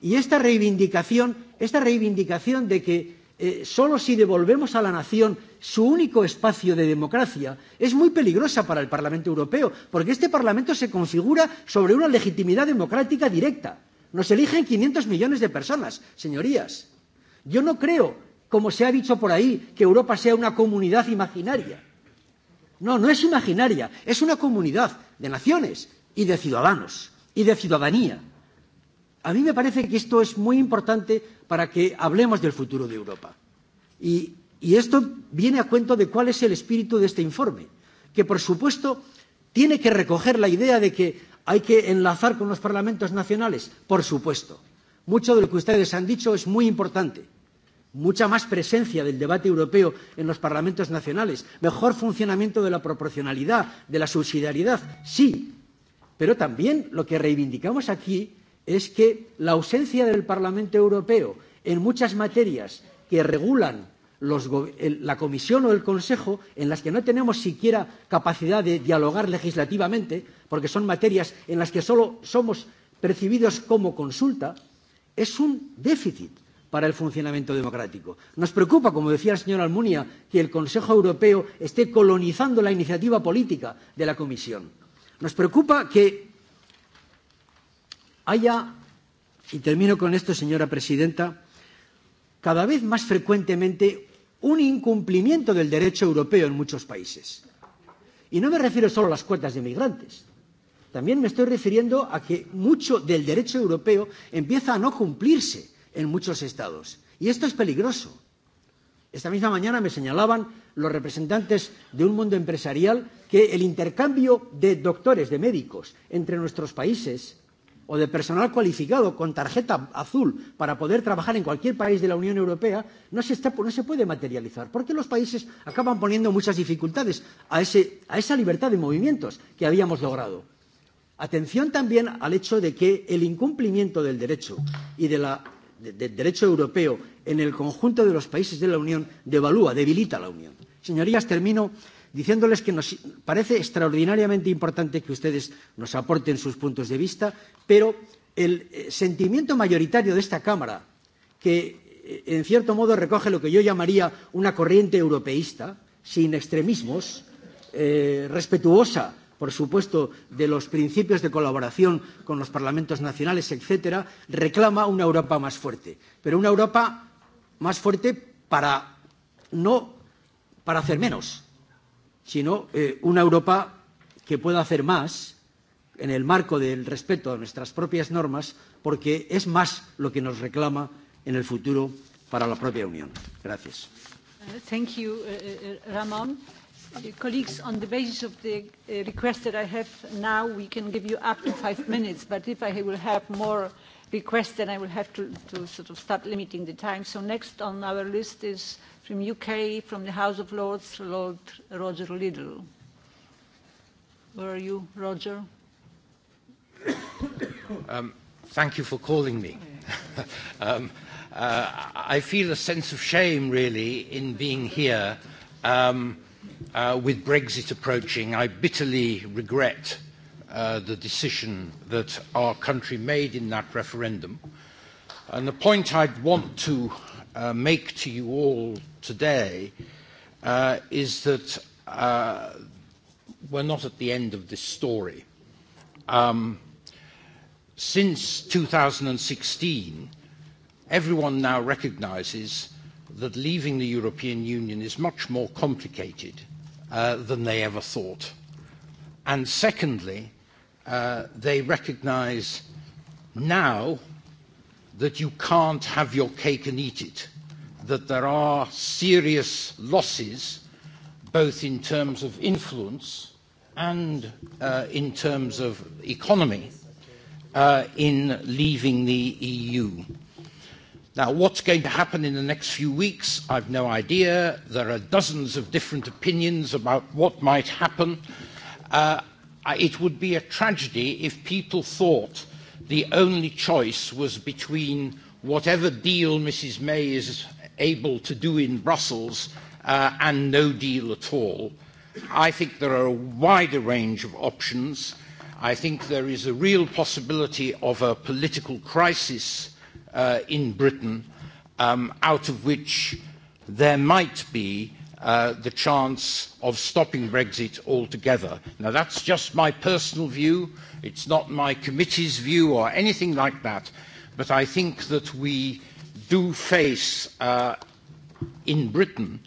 Y esta reivindicación, esta reivindicación de que eh, solo si devolvemos a la nación su único espacio de democracia, es muy peligrosa para el Parlamento Europeo, porque este Parlamento se configura sobre una legitimidad democrática directa. Nos eligen 500 millones de personas, señorías. Yo no creo, como se ha dicho por ahí, que Europa sea una comunidad imaginaria. No, no es imaginaria, es una comunidad de naciones y de ciudadanos y de ciudadanía. A mí me parece que esto es muy importante para que hablemos del futuro de Europa. Y, y esto viene a cuento de cuál es el espíritu de este informe, que por supuesto tiene que recoger la idea de que hay que enlazar con los parlamentos nacionales, por supuesto. Mucho de lo que ustedes han dicho es muy importante. Mucha más presencia del debate europeo en los parlamentos nacionales, mejor funcionamiento de la proporcionalidad, de la subsidiariedad, sí. Pero también lo que reivindicamos aquí es que la ausencia del Parlamento Europeo en muchas materias que regulan los, el, la Comisión o el Consejo, en las que no tenemos siquiera capacidad de dialogar legislativamente, porque son materias en las que solo somos percibidos como consulta, es un déficit para el funcionamiento democrático. Nos preocupa, como decía el señor Almunia, que el Consejo Europeo esté colonizando la iniciativa política de la Comisión. Nos preocupa que haya, y termino con esto, señora presidenta, cada vez más frecuentemente un incumplimiento del derecho europeo en muchos países. Y no me refiero solo a las cuotas de migrantes. También me estoy refiriendo a que mucho del derecho europeo empieza a no cumplirse en muchos estados. Y esto es peligroso. Esta misma mañana me señalaban los representantes de un mundo empresarial que el intercambio de doctores, de médicos, entre nuestros países o de personal cualificado con tarjeta azul para poder trabajar en cualquier país de la Unión Europea no se, está, no se puede materializar. Porque los países acaban poniendo muchas dificultades a, ese, a esa libertad de movimientos que habíamos logrado. Atención también al hecho de que el incumplimiento del derecho y de la, de, del derecho europeo en el conjunto de los países de la Unión devalúa, debilita a la Unión. Señorías, termino diciéndoles que nos parece extraordinariamente importante que ustedes nos aporten sus puntos de vista, pero el eh, sentimiento mayoritario de esta Cámara, que eh, en cierto modo recoge lo que yo llamaría una corriente europeísta, sin extremismos, eh, respetuosa, por supuesto, de los principios de colaboración con los parlamentos nacionales, etcétera, reclama una Europa más fuerte. Pero una Europa más fuerte para no para hacer menos, sino eh, una Europa que pueda hacer más en el marco del respeto a nuestras propias normas, porque es más lo que nos reclama en el futuro para la propia Unión. Gracias. Thank you, uh, Ramón. Eh, colleagues, on the basis of the request that I have now, we can give you up to five minutes, but if I will have more requests, then I will have to, to sort of start limiting the time. So next on our list is from UK, from the House of Lords, Lord Roger Liddell. Where are you, Roger? um, thank you for calling me. um, uh, I feel a sense of shame, really, in being here um, uh, with Brexit approaching. I bitterly regret uh, the decision that our country made in that referendum. And the point I'd want to Uh, make to you all today uh, is that uh, we're not at the end of this story. Um, since 2016, everyone now recognizes that leaving the European Union is much more complicated uh, than they ever thought. And secondly, uh, they recognize now that you can't have your cake and eat it, that there are serious losses, both in terms of influence and uh, in terms of economy, uh, in leaving the EU. Now, what's going to happen in the next few weeks, I've no idea. There are dozens of different opinions about what might happen. Uh, it would be a tragedy if people thought the only choice was between whatever deal Mrs. May is able to do in Brussels uh, and no deal at all. I think there are a wider range of options. I think there is a real possibility of a political crisis uh, in Britain um, out of which there might be uh, the chance of stopping Brexit altogether. Now, that's just my personal view. It's not my committee's view or anything like that. But I think that we do face uh, in Britain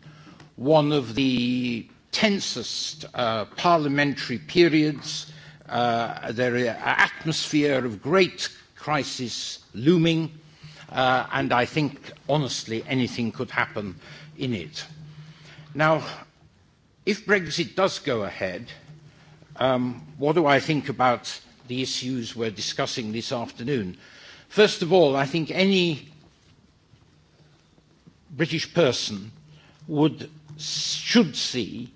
one of the tensest uh, parliamentary periods. Uh, there is an atmosphere of great crisis looming, uh, and I think, honestly, anything could happen in it. Now, if Brexit does go ahead, um, what do I think about the issues we're discussing this afternoon? First of all, I think any British person would, should see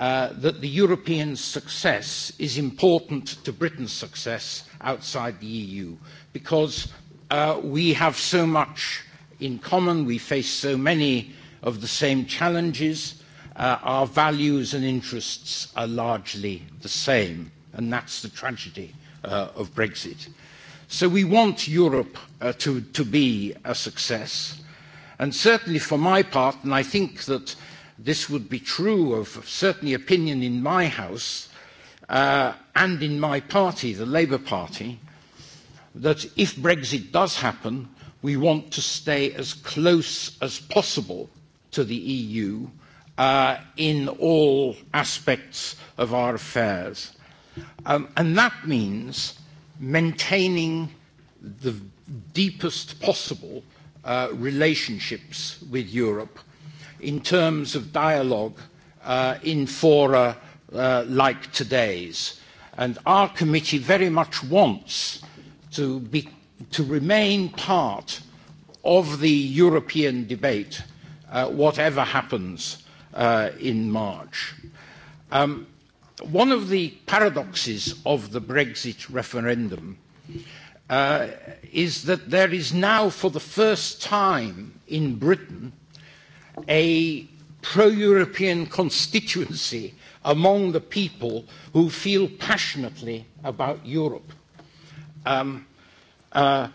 uh, that the European success is important to Britain's success outside the EU because uh, we have so much in common, we face so many uh, of the same challenges, uh, our values and interests are largely the same. And that's the tragedy uh, of Brexit. So we want Europe uh, to, to be a success. And certainly for my part, and I think that this would be true of certainly opinion in my house uh, and in my party, the Labour Party, that if Brexit does happen, we want to stay as close as possible to the EU uh, in all aspects of our affairs. Um, and that means maintaining the deepest possible uh, relationships with Europe in terms of dialogue uh, in fora uh, like today's. And our committee very much wants to, be, to remain part of the European debate. Uh, whatever happens uh, in March. Um, one of the paradoxes of the Brexit referendum uh, is that there is now, for the first time in Britain, a pro European constituency among the people who feel passionately about Europe. Um, uh,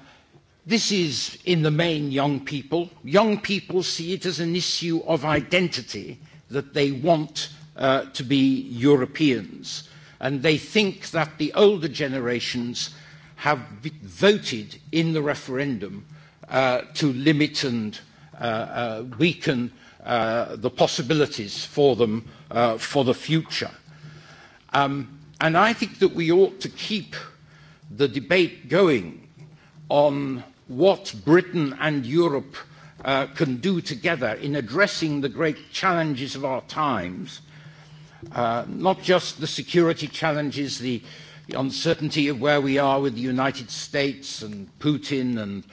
This is in the main young people. Young people see it as an issue of identity that they want uh, to be Europeans. And they think that the older generations have voted in the referendum uh, to limit and uh, uh, weaken uh, the possibilities for them uh, for the future. Um, and I think that we ought to keep the debate going on what Britain and Europe uh, can do together in addressing the great challenges of our times, uh, not just the security challenges, the, the uncertainty of where we are with the United States and Putin and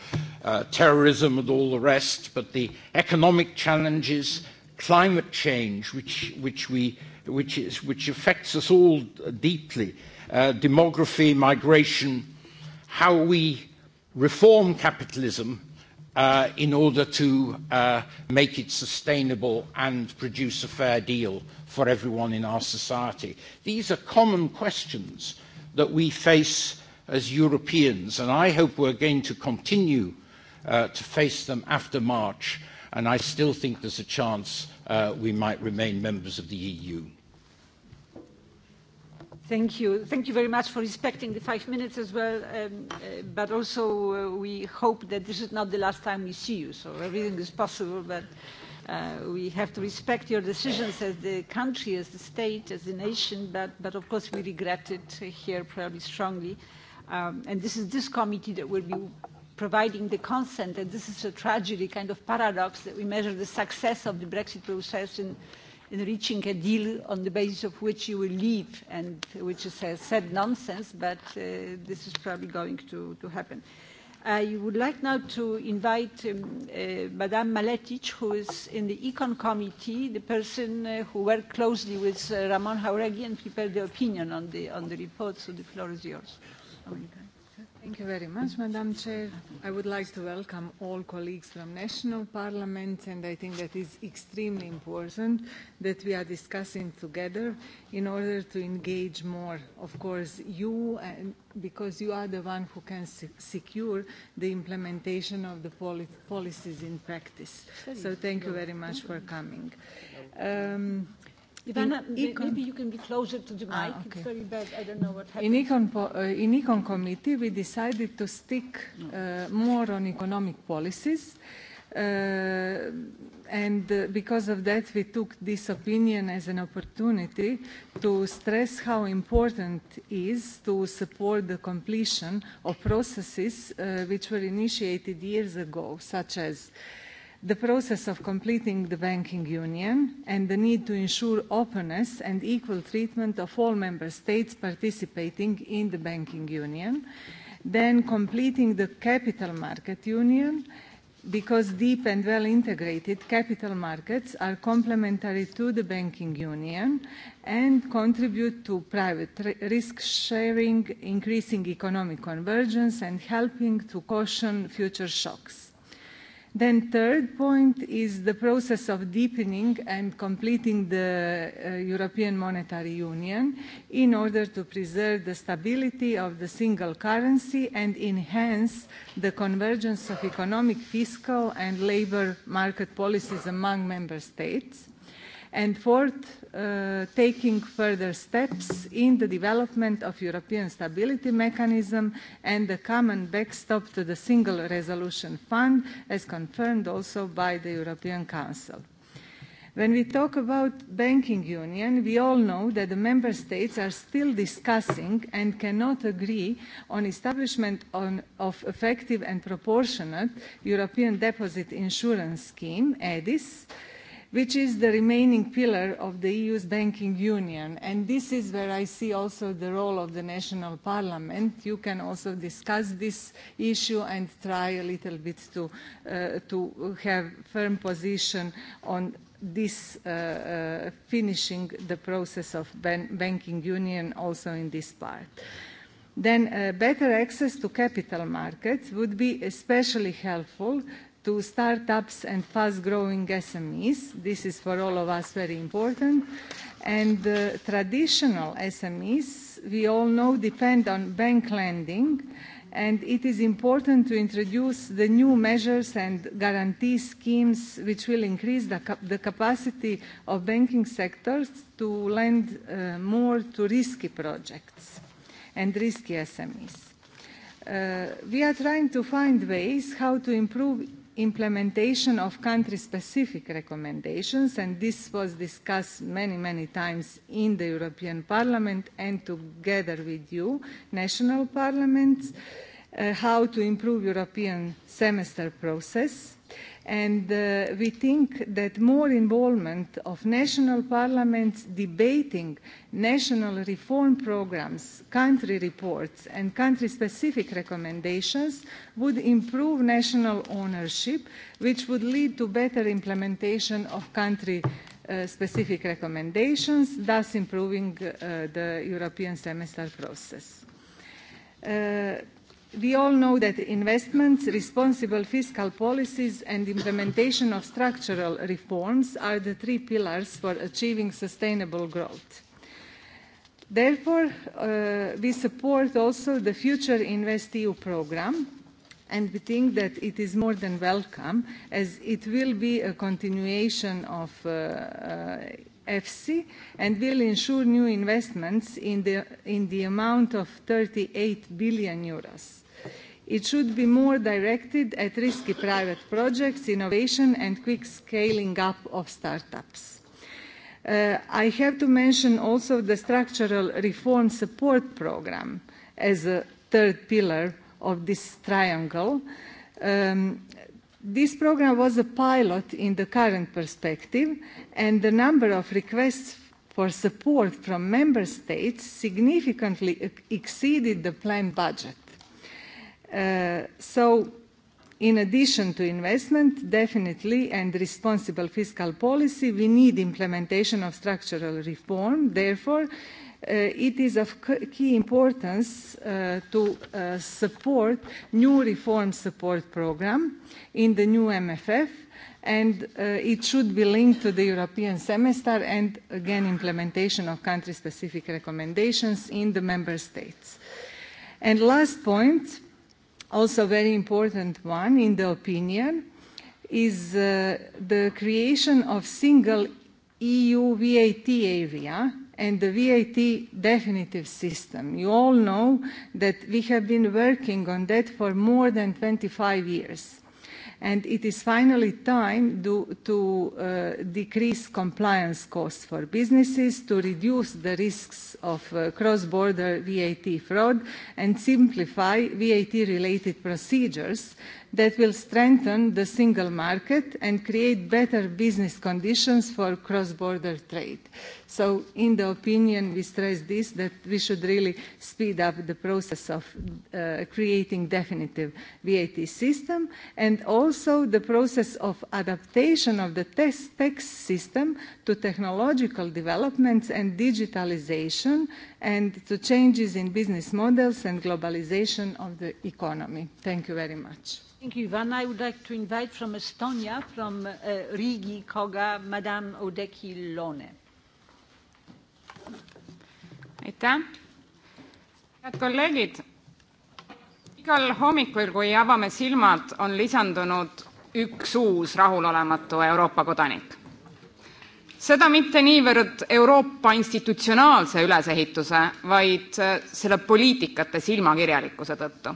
uh, terrorism and all the rest, but the economic challenges, climate change, which, which, we, which, is, which affects us all deeply, uh, demography, migration, how we reform capitalism uh, in order to uh, make it sustainable and produce a fair deal for everyone in our society. These are common questions that we face as Europeans, and I hope we're going to continue uh, to face them after March, and I still think there's a chance uh, we might remain members of the EU thank you thank you very much for respecting the five minutes as well um, uh, but also uh, we hope that this is not the last time we see you so everything is possible but uh, we have to respect your decisions as the country as the state as the nation but but of course we regret it here probably strongly um, and this is this committee that will be providing the consent and this is a tragedy kind of paradox that we measure the success of the brexit process in in reaching a deal on the basis of which you will leave and which is a sad nonsense, but uh, this is probably going to, to happen. I would like now to invite um, uh, Madame Maletic, who is in the Econ Committee, the person uh, who worked closely with uh, Ramon Jauregui and prepared the opinion on the, on the report, so the floor is yours. Okay i would like to welcome all colleagues from national parliaments and i think that it is extremely important that we are discussing together in order to engage more of course you uh, because you are the one who can secure the implementation of the policies in practice so thank you very much no. for coming um, In Econ ah, eh, Committee, we decided to stick uh, more on economic policies. Uh, and uh, because of that, we took this opinion as an opportunity to stress how important it is to support the completion of processes uh, which were initiated years ago, such as uh, the process of completing the banking union and the need to ensure openness and equal treatment of all member states participating in the banking union, then completing the capital market union because deep and well integrated capital markets are complementary to the banking union and contribute to private risk sharing, increasing economic convergence and helping to caution future shocks. Third point is the process of deepening and completing the uh, European Monetary Union in order to preserve the stability of the single currency and enhance the convergence of economic, fiscal, and labor market policies among member states. Fourth uh, taking further steps in the development of European stability mechanism and the common backstop to the single resolution fund as confirmed also by the European Council. When we talk about banking union, we all know that the member states are still discussing and cannot agree on establishment on, of effective and proportionate European Deposit Insurance Scheme, EDIS, uh, which is the remaining pillar of the EU's banking union. And this is where I see also the role of the national parliament. You can also discuss this issue and try a little bit to, uh, to have firm position on this uh, uh, finishing the process of ban banking union also in this part. Then uh, better access to capital markets would be especially helpful uh, to startups and fast-growing SMEs. This is for all of us very important. The traditional SMEs, we all know, depend on bank lending, and it is important to introduce the new measures and guarantee schemes which will increase the capacity of banking sectors to lend uh, more to risky projects and risky SMEs. Uh, we are trying to find ways how to improve implementation of country-specific recommendations, and this was discussed many, many times in the European Parliament and together with you, national parliaments, uh, how to improve European semester process, And uh, we think that more involvement of national parliaments debating national reform programs, country reports, and country specific recommendations would improve national ownership, which would lead to better implementation of country uh, specific recommendations, thus improving uh, the European semester process. Uh, We all know that investments, responsible fiscal policies and implementation of structural reforms are the three pillars for achieving sustainable growth. Therefore, uh, we support also the future InvestEU program and we think that it is more than welcome as it will be a continuation of uh, uh, FC and will ensure new investments in the, in the amount of 38 billion euros. It should be more directed at risky private projects, innovation, and quick scaling up of startups. Uh, I have to mention also the structural reform support program as a third pillar of this triangle. Um, this program was a pilot in the current perspective, and the number of requests for support from member states significantly e-, exceeded the planned budget. Uh, so in addition to investment, definitely, and responsible fiscal policy, we need implementation of structural reform. Therefore, uh, it is of key importance uh, to uh, support new reform support program in the new MFF, and uh, it should be linked to the European semester and, again, implementation of country-specific recommendations in the member states. And last point, also a very important one in the opinion, is uh, the creation of single EU VAT area and the VAT definitive system. You all know that we have been working on that for more than 25 years and it is finally time do, to uh, decrease compliance costs for businesses, to reduce the risks of uh, cross-border VAT fraud, and simplify VAT-related procedures, that will strengthen the single market and create better business conditions for cross-border trade. So in the opinion, we stress this, that we should really speed up the process of uh, creating definitive VAT system and also the process of adaptation of the test tax system to technological developments and digitalization and to changes in business models and globalization of the economy. Thank you very much. Thank you, Ivana. I would like to invite from Estonia, from uh, Rigi Koga, Madame Odeki Lone. Head kolleegid, igal hommikul, kui avame silmad, on lisandunud üks uus rahulolematu Euroopa kodanik seda mitte niivõrd euroopa institutsionaalse ülesehituse vaid äh, selle poliitikate silmakirjalikkuse tõttu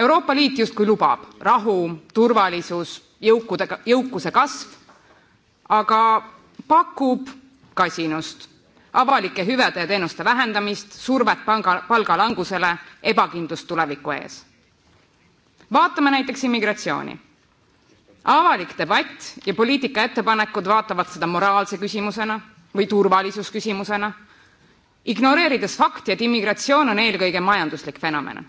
euroopa liit justkui lubab rahu turvalisus jõukude jõukuse kasv aga pakub kasinust avalike hüvede ja teenuste vähendamist survet panga palgalangusele ebakindlust tuleviku ees vaatame näiteks immigratsiooni avalik debatt ja poliitika ettepanekud vaatavad seda moraalse küsimusena või turvalisusküsimusena, ignoreerides fakti, et immigratsioon on eelkõige majanduslik fenomen.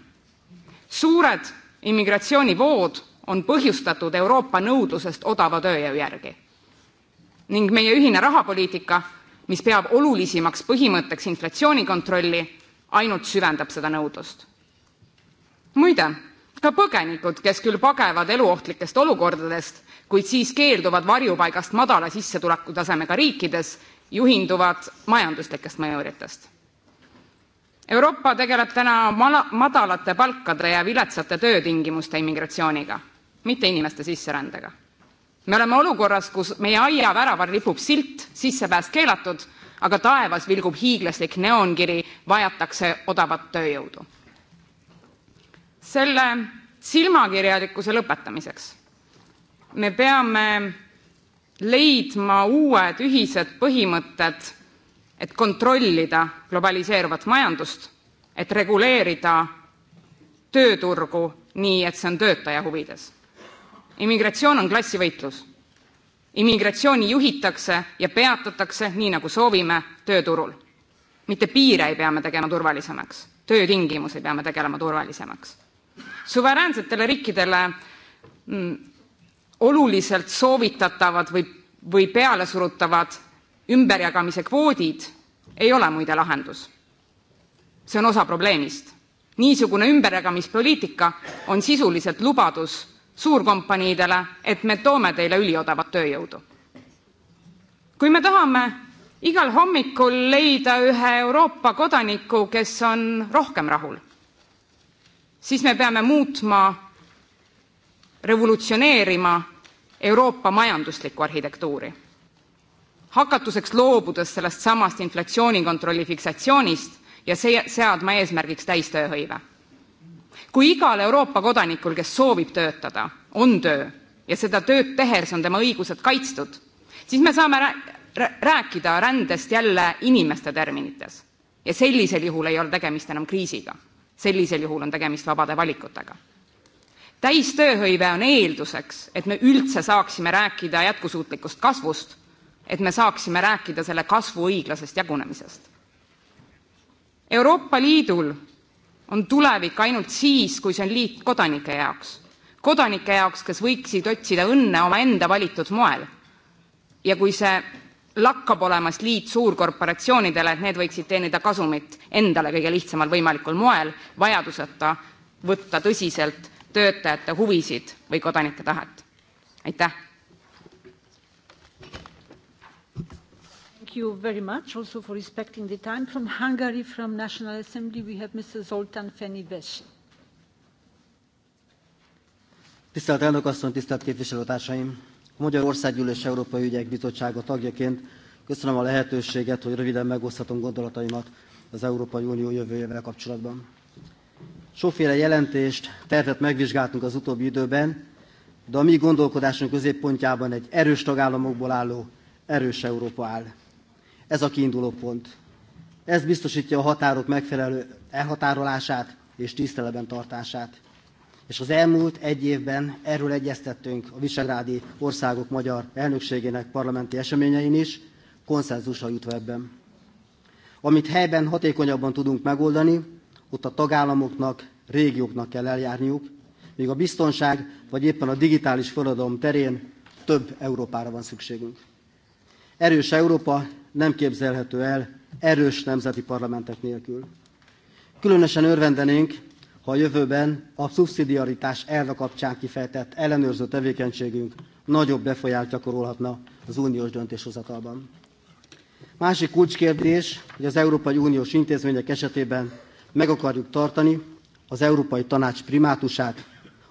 suured immigratsioonivood on põhjustatud Euroopa nõudlusest odava tööjõu järgi. ning meie ühine rahapoliitika, mis peab olulisimaks põhimõtteks inflatsioonikontrolli, ainult süvendab seda nõudlust. muide, ka põgenikud kes küll pagevad eluohtlikest olukordadest kuid siis keelduvad varjupaigast madala sissetulekutasemega riikides juhinduvad majanduslikest mõjuritest. euroopa tegeleb täna madalate palkade ja viletsate töötingimuste immigratsiooniga mitte inimeste sisserändega. me oleme olukorras kus meie aiaväraval ripub silt sissepääs keelatud aga taevas vilgub hiiglaslik neoonkiri vajatakse odavat tööjõudu selle silmakirjalikkuse lõpetamiseks me peame leidma uued ühised põhimõtted, et kontrollida globaliseeruvat majandust, et reguleerida tööturgu nii, et see on töötaja huvides. immigratsioon on klassivõitlus. immigratsiooni juhitakse ja peatatakse nii, nagu soovime, tööturul. mitte piire ei pea me tegema turvalisemaks, töötingimusi peame tegelema turvalisemaks suveräänsetele riikidele mm, oluliselt soovitatavad või, või pealesurutavad ümberjagamise kvoodid ei ole muide lahendus. see on osa probleemist. niisugune ümberjagamispoliitika on sisuliselt lubadus suurkompaniidele, et me toome teile üliodavat tööjõudu. kui me tahame igal hommikul leida ühe Euroopa kodaniku, kes on rohkem rahul siis me peame muutma revolutsioneerima euroopa majanduslikku arhitektuuri hakatuseks loobudes sellest samast inflatsioonikontrolli fiksatsioonist ja see seadma eesmärgiks täistööhõive kui igal euroopa kodanikul kes soovib töötada on töö ja seda tööd tehes on tema õigused kaitstud siis me saame rääkida rändest jälle inimeste terminites ja sellisel juhul ei ole tegemist enam kriisiga. Sellisel juhul on tegemist vabade valikutega. Täistööhõive on eelduseks, et me üldse saaksime rääkida jätkusuutlikust kasvust, et me saaksime rääkida selle kasvu õiglasest jagunemisest. Euroopa Liidul on tulevik ainult siis, kui see on liit kodanike jaoks. Kodanike jaoks, kes võiksid otsida õnne oma enda valitud moel. Ja kui see lakkab olemast liit suurkorporatsioonidele, et need võiksid teenida kasumit endale kõige lihtsamal võimalikul moel, vajaduseta võtta tõsiselt töötajate huvisid või kodanike tahet. Aitäh! Thank you very much also for respecting the time. From Hungary, from National Assembly, we have Mr. Zoltan Fenyvesi. Tisztelt elnök asszony, tisztelt képviselőtársaim! A Magyar Országgyűlés Európai Ügyek Bizottsága tagjaként köszönöm a lehetőséget, hogy röviden megoszthatom gondolataimat az Európai Unió jövőjével kapcsolatban. Sokféle jelentést, tervet megvizsgáltunk az utóbbi időben, de a mi gondolkodásunk középpontjában egy erős tagállamokból álló, erős Európa áll. Ez a kiinduló pont. Ez biztosítja a határok megfelelő elhatárolását és tiszteleben tartását. És az elmúlt egy évben erről egyeztettünk a Visegrádi Országok Magyar Elnökségének parlamenti eseményein is, konszenzusra jutva ebben. Amit helyben hatékonyabban tudunk megoldani, ott a tagállamoknak, régióknak kell eljárniuk, míg a biztonság vagy éppen a digitális forradalom terén több Európára van szükségünk. Erős Európa nem képzelhető el erős nemzeti parlamentek nélkül. Különösen örvendenénk, ha a jövőben a szubszidiaritás elve kapcsán kifejtett ellenőrző tevékenységünk nagyobb befolyást gyakorolhatna az uniós döntéshozatalban. Másik kulcskérdés, hogy az Európai Uniós intézmények esetében meg akarjuk tartani az Európai Tanács primátusát,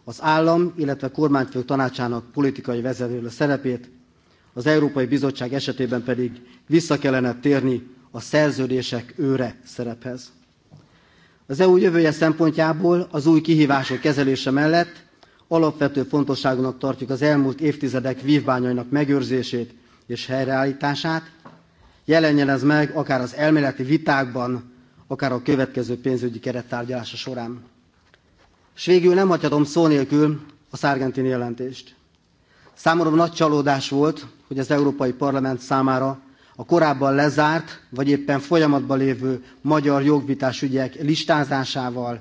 az állam, illetve kormányfők tanácsának politikai vezetőle szerepét, az Európai Bizottság esetében pedig vissza kellene térni a szerződések őre szerephez. Az EU jövője szempontjából az új kihívások kezelése mellett alapvető fontosságnak tartjuk az elmúlt évtizedek vívbányainak megőrzését és helyreállítását. Jelenjen ez meg akár az elméleti vitákban, akár a következő pénzügyi kerettárgyalása során. És végül nem hagyhatom szó nélkül a szárgentin jelentést. Számomra nagy csalódás volt, hogy az Európai Parlament számára a korábban lezárt vagy éppen folyamatban lévő magyar jogvitás ügyek listázásával,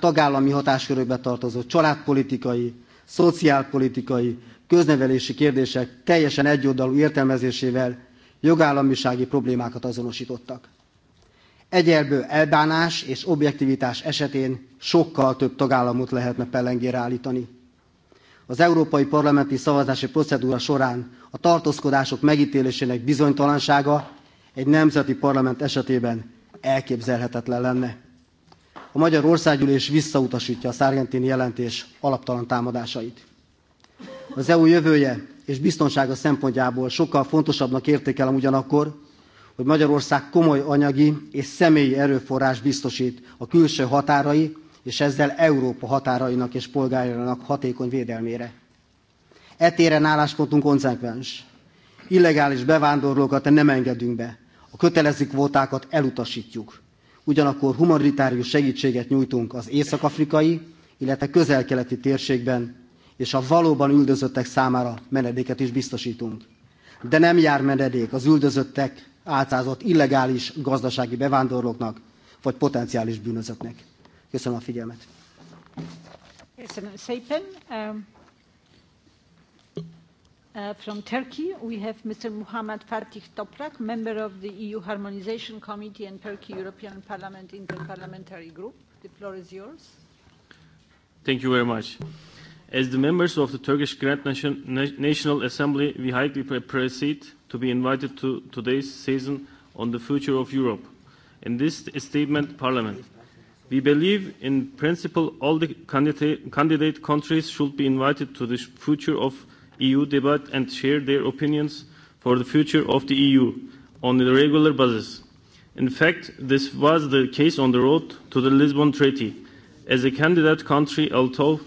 tagállami hatáskörökbe tartozó családpolitikai, szociálpolitikai, köznevelési kérdések teljesen egyoldalú értelmezésével jogállamisági problémákat azonosítottak. Egyelből elbánás és objektivitás esetén sokkal több tagállamot lehetne pellengére állítani az európai parlamenti szavazási procedúra során a tartózkodások megítélésének bizonytalansága egy nemzeti parlament esetében elképzelhetetlen lenne. A Magyar Országgyűlés visszautasítja a szárgentini jelentés alaptalan támadásait. Az EU jövője és biztonsága szempontjából sokkal fontosabbnak értékelem ugyanakkor, hogy Magyarország komoly anyagi és személyi erőforrás biztosít a külső határai és ezzel Európa határainak és polgárainak hatékony védelmére. Etéren álláspontunk konzekvens. Illegális bevándorlókat nem engedünk be. A kötelező kvótákat elutasítjuk. Ugyanakkor humanitárius segítséget nyújtunk az észak-afrikai, illetve közel-keleti térségben, és a valóban üldözöttek számára menedéket is biztosítunk. De nem jár menedék az üldözöttek álcázott illegális gazdasági bevándorlóknak, vagy potenciális bűnözöknek. Köszönöm a figyelmet. Köszönöm szépen. Um, uh, from Turkey we have Mr. Muhammad Fatih Toprak, member of the EU Harmonization Committee and Turkey European Parliament Interparliamentary Group. The floor is yours. Thank you very much. As the members of the Turkish Grand Nation, National Assembly, we highly appreciate to be invited to today's session on the future of Europe. In this statement, Parliament. We believe in principle all the candidate, candidate countries should be invited to the future of EU debate and share their opinions for the future of the EU on a regular basis. In fact, this was the case on the road to the Lisbon Treaty. As a candidate country, although,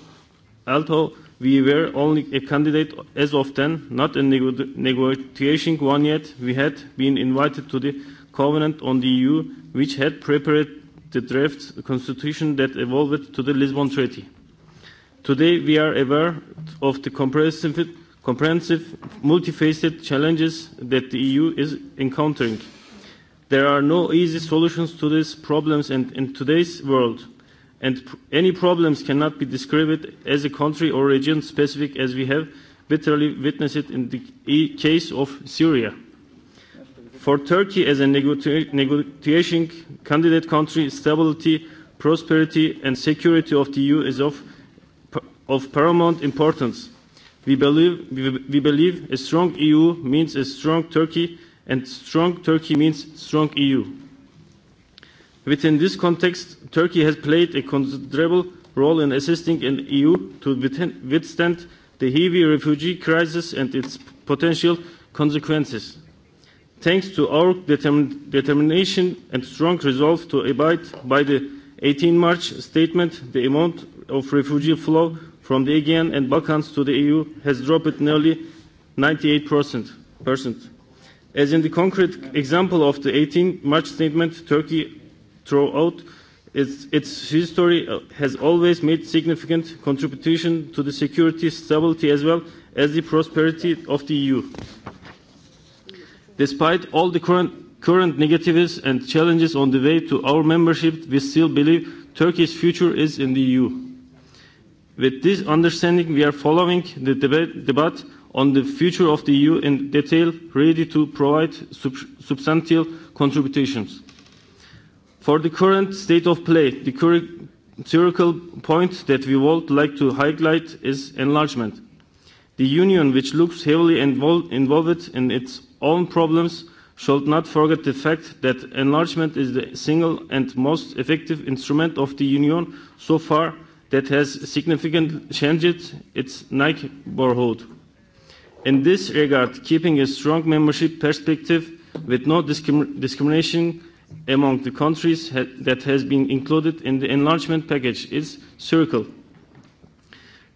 although we were only a candidate as of then, not a neg negotiation one yet, we had been invited to the Covenant on the EU, which had prepared the draft constitution that evolved to the Lisbon Treaty. Today, we are aware of the comprehensive, comprehensive multifaceted challenges that the EU is encountering. There are no easy solutions to these problems in, in today's world, and pr- any problems cannot be described as a country or region specific as we have bitterly witnessed it in the e- case of Syria. For Turkey as a negotiation candidate country, stability, prosperity and security of the EU is of, of paramount importance. We believe, we, we believe a strong EU means a strong Turkey and strong Turkey means strong EU. Within this context, Turkey has played a considerable role in assisting the EU to withstand the heavy refugee crisis and its potential consequences thanks to our determin determination and strong resolve to abide by the 18 March statement, the amount of refugee flow from the Aegean and Balkans to the EU has dropped nearly 98%. As in the concrete example of the 18 March statement, Turkey throughout its, its history uh, has always made significant contribution to the security, stability as well as the prosperity of the EU. Despite all the current negativities and challenges on the way to our membership, we still believe Turkey's future is in the EU. With this understanding, we are following the debate on the future of the EU in detail, ready to provide substantial contributions. For the current state of play, the current theoretical point that we would like to highlight is enlargement. The Union, which looks heavily involved in its own problems should not forget the fact that enlargement is the single and most effective instrument of the Union so far that has significantly changed its neighborhood. In this regard, keeping a strong membership perspective with no discrim discrimination among the countries ha that has been included in the enlargement package is critical.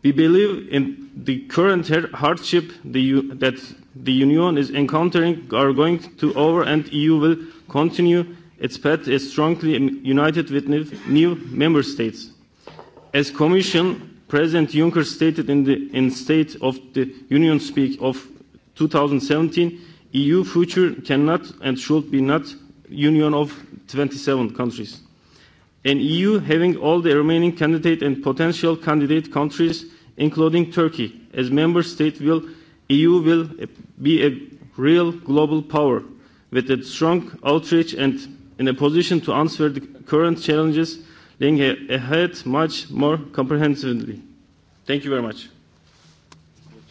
We believe in the current hardship the U that the Union is encountering are going to over and EU will continue its path is strongly united with new member states. As Commission President Juncker stated in the in State of the Union speech of 2017, EU future cannot and should be not Union of 27 countries. An EU having all the remaining candidate and potential candidate countries, including Turkey, as member state will EU will be a real global power with a strong outreach and in a position to answer the current challenges laying ahead much more comprehensively. Thank you very much.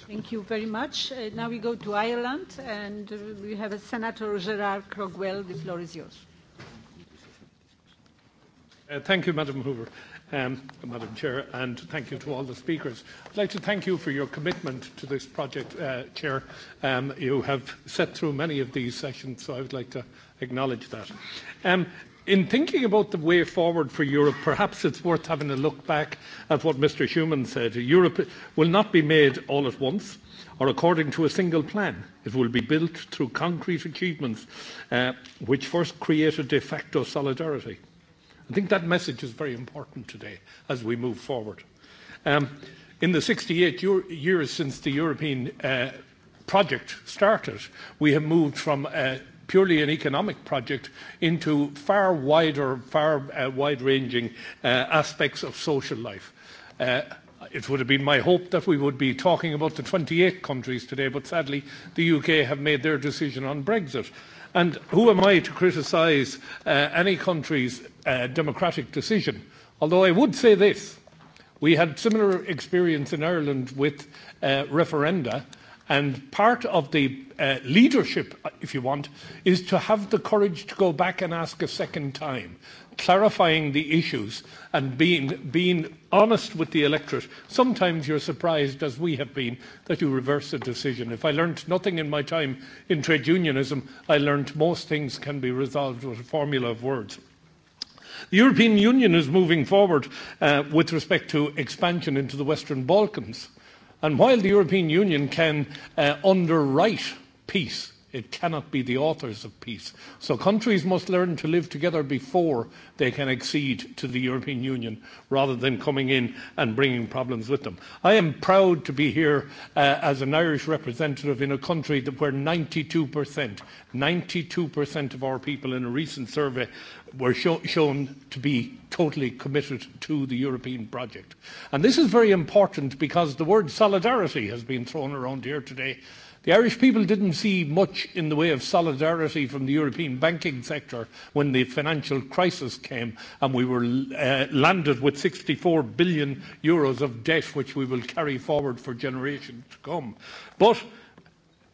Thank you very much. Uh, now we go to Ireland and uh, we have a Senator Gerard Crogwell. The floor is yours. Uh, thank you, Madam Hoover um, Madam Chair, and thank you to all the speakers. I'd like to thank you for your commitment to this project, uh, Chair. Um, you have set through many of these sessions, so I would like to acknowledge that. Um, in thinking about the way forward for Europe, perhaps it's worth having a look back at what Mr. Schuman said. Europe will not be made all at once or according to a single plan. It will be built through concrete achievements uh, which first create a de facto solidarity. I think that message is very important today as we move forward. Um, in the 68 year, years since the European uh, project started, we have moved from a purely an economic project into far wider, far uh, wide-ranging uh, aspects of social life. Uh, it would have been my hope that we would be talking about the 28 countries today, but sadly, the UK have made their decision on Brexit. And who am I to criticise uh, any country's uh, democratic decision? Although I would say this we had similar experience in Ireland with uh, referenda, and part of the uh, leadership, if you want, is to have the courage to go back and ask a second time clarifying the issues and being being honest with the electorate. Sometimes you're surprised, as we have been, that you reverse a decision. If I learnt nothing in my time in trade unionism, I learnt most things can be resolved with a formula of words. The European Union is moving forward uh, with respect to expansion into the Western Balkans. And while the European Union can uh, underwrite peace, It cannot be the authors of peace. So countries must learn to live together before they can accede to the European Union rather than coming in and bringing problems with them. I am proud to be here uh, as an Irish representative in a country that where 92%, 92% of our people in a recent survey were sh- shown to be totally committed to the European project. And this is very important because the word solidarity has been thrown around here today. The Irish people didn't see much in the way of solidarity from the European banking sector when the financial crisis came and we were uh, landed with 64 billion euros of debt which we will carry forward for generations to come. But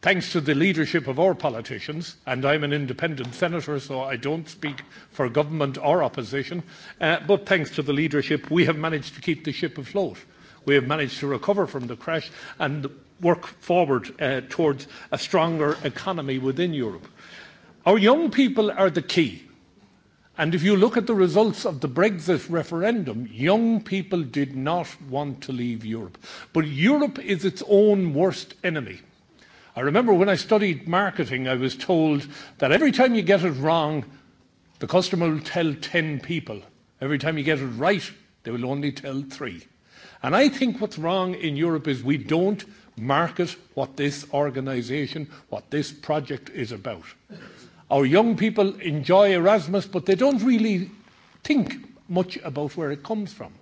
thanks to the leadership of our politicians, and I'm an independent senator so I don't speak for government or opposition, uh, but thanks to the leadership we have managed to keep the ship afloat. We have managed to recover from the crash and work forward uh, towards a stronger economy within Europe. Our young people are the key. And if you look at the results of the Brexit referendum, young people did not want to leave Europe. But Europe is its own worst enemy. I remember when I studied marketing, I was told that every time you get it wrong, the customer will tell 10 people. Every time you get it right, they will only tell three. And I think what's wrong in Europe is we don't market what this organization, what this project is about. Our young people enjoy Erasmus, but they don't really think much about where it comes from.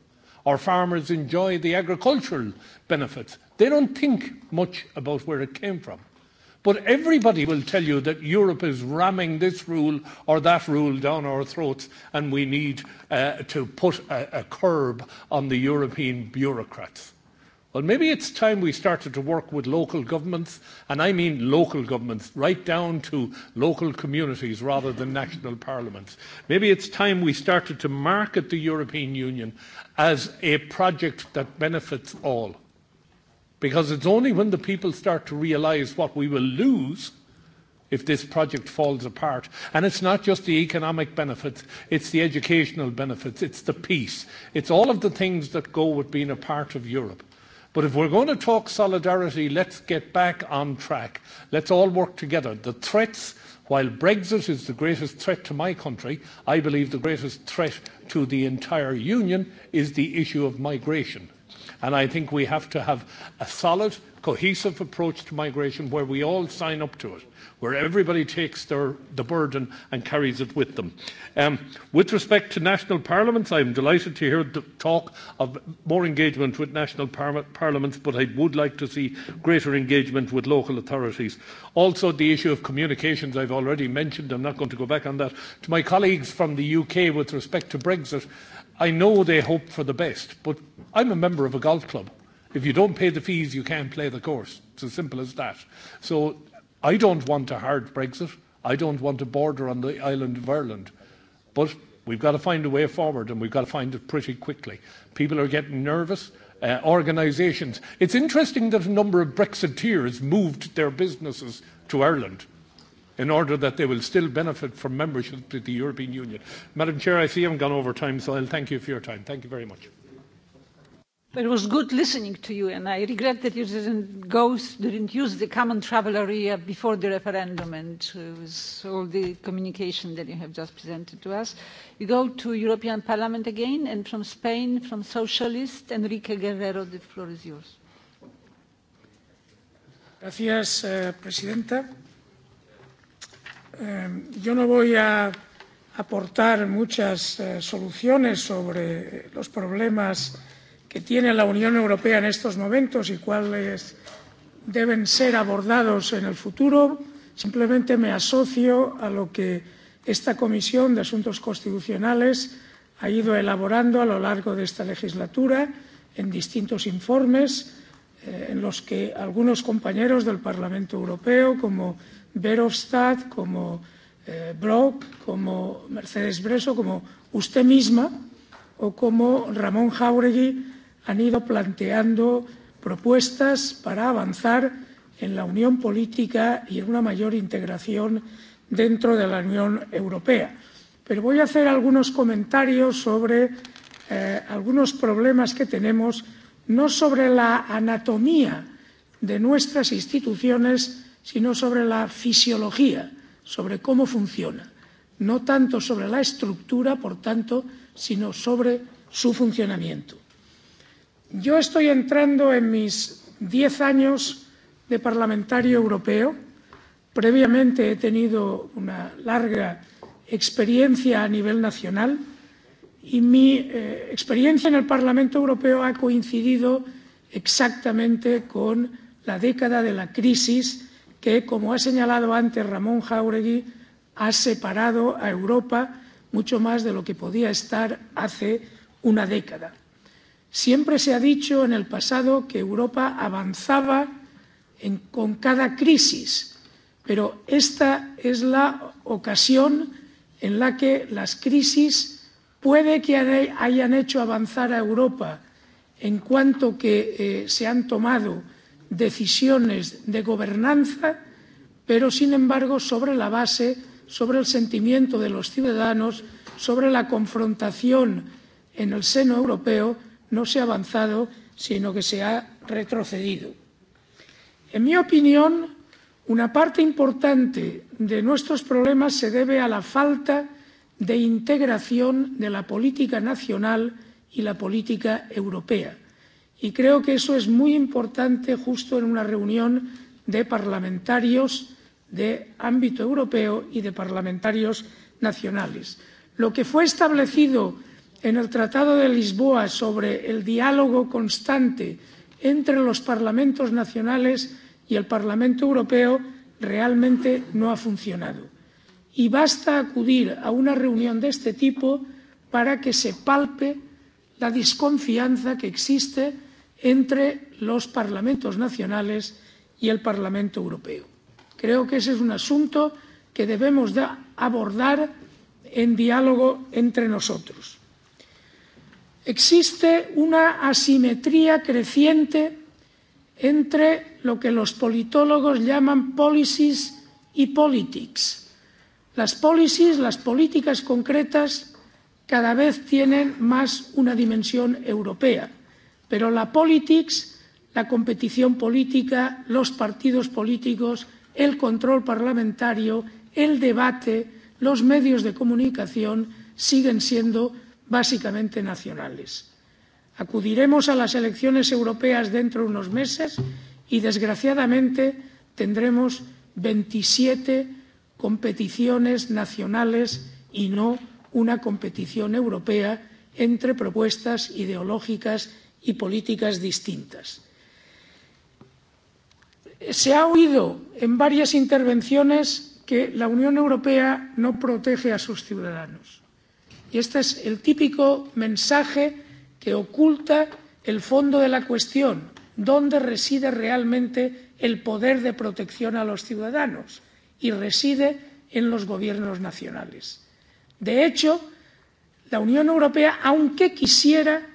Our farmers enjoy the agricultural benefits. They don't think much about where it came from. But everybody will tell you that Europe is ramming this rule or that rule down our throats and we need uh, to put a, a curb on the European bureaucrats. Well, maybe it's time we started to work with local governments, and I mean local governments, right down to local communities rather than national parliaments. Maybe it's time we started to market the European Union as a project that benefits all. Because it's only when the people start to realise what we will lose if this project falls apart. And it's not just the economic benefits, it's the educational benefits, it's the peace, it's all of the things that go with being a part of Europe. But if we're going to talk solidarity, let's get back on track. Let's all work together. The threats, while Brexit is the greatest threat to my country, I believe the greatest threat to the entire Union is the issue of migration and I think we have to have a solid, cohesive approach to migration where we all sign up to it, where everybody takes their, the burden and carries it with them. Um, with respect to national parliaments, I'm delighted to hear the talk of more engagement with national parliaments, but I would like to see greater engagement with local authorities. Also, the issue of communications, I've already mentioned. I'm not going to go back on that. To my colleagues from the U.K. with respect to Brexit, I know they hope for the best, but I'm a member of a golf club. If you don't pay the fees, you can't play the course. It's as simple as that. So I don't want a hard Brexit. I don't want a border on the island of Ireland. But we've got to find a way forward, and we've got to find it pretty quickly. People are getting nervous. Uh, organisations. It's interesting that a number of Brexiteers moved their businesses to Ireland in order that they will still benefit from membership to the European Union. Madam Chair, I see I've gone over time, so I'll thank you for your time. Thank you very much. It was good listening to you, and I regret that you didn't go, didn't use the common travel area before the referendum and uh, all the communication that you have just presented to us. You go to European Parliament again, and from Spain, from Socialist, Enrique Guerrero, the floor is yours. Gracias, uh, Presidenta. Eh, yo no voy a aportar muchas eh, soluciones sobre los problemas que tiene la Unión Europea en estos momentos y cuáles deben ser abordados en el futuro. Simplemente me asocio a lo que esta Comisión de Asuntos Constitucionales ha ido elaborando a lo largo de esta legislatura en distintos informes eh, en los que algunos compañeros del Parlamento Europeo, como Verhofstadt, como eh, Brock, como Mercedes Breso, como usted misma o como Ramón Jauregui han ido planteando propuestas para avanzar en la unión política y en una mayor integración dentro de la Unión Europea. Pero voy a hacer algunos comentarios sobre eh, algunos problemas que tenemos, no sobre la anatomía de nuestras instituciones, sino sino sobre la fisiología, sobre cómo funciona, no tanto sobre la estructura, por tanto, sino sobre su funcionamiento. Yo estoy entrando en mis diez años de parlamentario europeo. Previamente he tenido una larga experiencia a nivel nacional y mi eh, experiencia en el Parlamento Europeo ha coincidido exactamente con la década de la crisis que, como ha señalado antes Ramón Jauregui, ha separado a Europa mucho más de lo que podía estar hace una década. Siempre se ha dicho en el pasado que Europa avanzaba en, con cada crisis, pero esta es la ocasión en la que las crisis puede que hayan hecho avanzar a Europa en cuanto que eh, se han tomado eh, decisiones de gobernanza, pero sin embargo sobre la base, sobre el sentimiento de los ciudadanos, sobre la confrontación en el seno europeo, no se ha avanzado, sino que se ha retrocedido. En mi opinión, una parte importante de nuestros problemas se debe a la falta de integración de la política nacional y la política europea. Y creo que eso es muy importante justo en una reunión de parlamentarios de ámbito europeo y de parlamentarios nacionales. Lo que fue establecido en el Tratado de Lisboa sobre el diálogo constante entre los parlamentos nacionales y el Parlamento Europeo realmente no ha funcionado. Y basta acudir a una reunión de este tipo para que se palpe la desconfianza que existe entre los parlamentos nacionales y el Parlamento Europeo. Creo que ese es un asunto que debemos de abordar en diálogo entre nosotros. Existe una asimetría creciente entre lo que los politólogos llaman policies y politics. Las policies, las políticas concretas, cada vez tienen más una dimensión europea. Pero la politics, la competición política, los partidos políticos, el control parlamentario, el debate, los medios de comunicación siguen siendo básicamente nacionales. Acudiremos a las elecciones europeas dentro de unos meses y, desgraciadamente, tendremos 27 competiciones nacionales y no nacionales una competición europea entre propuestas ideológicas y políticas distintas. Se ha oído en varias intervenciones que la Unión Europea no protege a sus ciudadanos. Y este es el típico mensaje que oculta el fondo de la cuestión, dónde reside realmente el poder de protección a los ciudadanos y reside en los gobiernos nacionales. De hecho, la Unión Europea, aunque quisiera,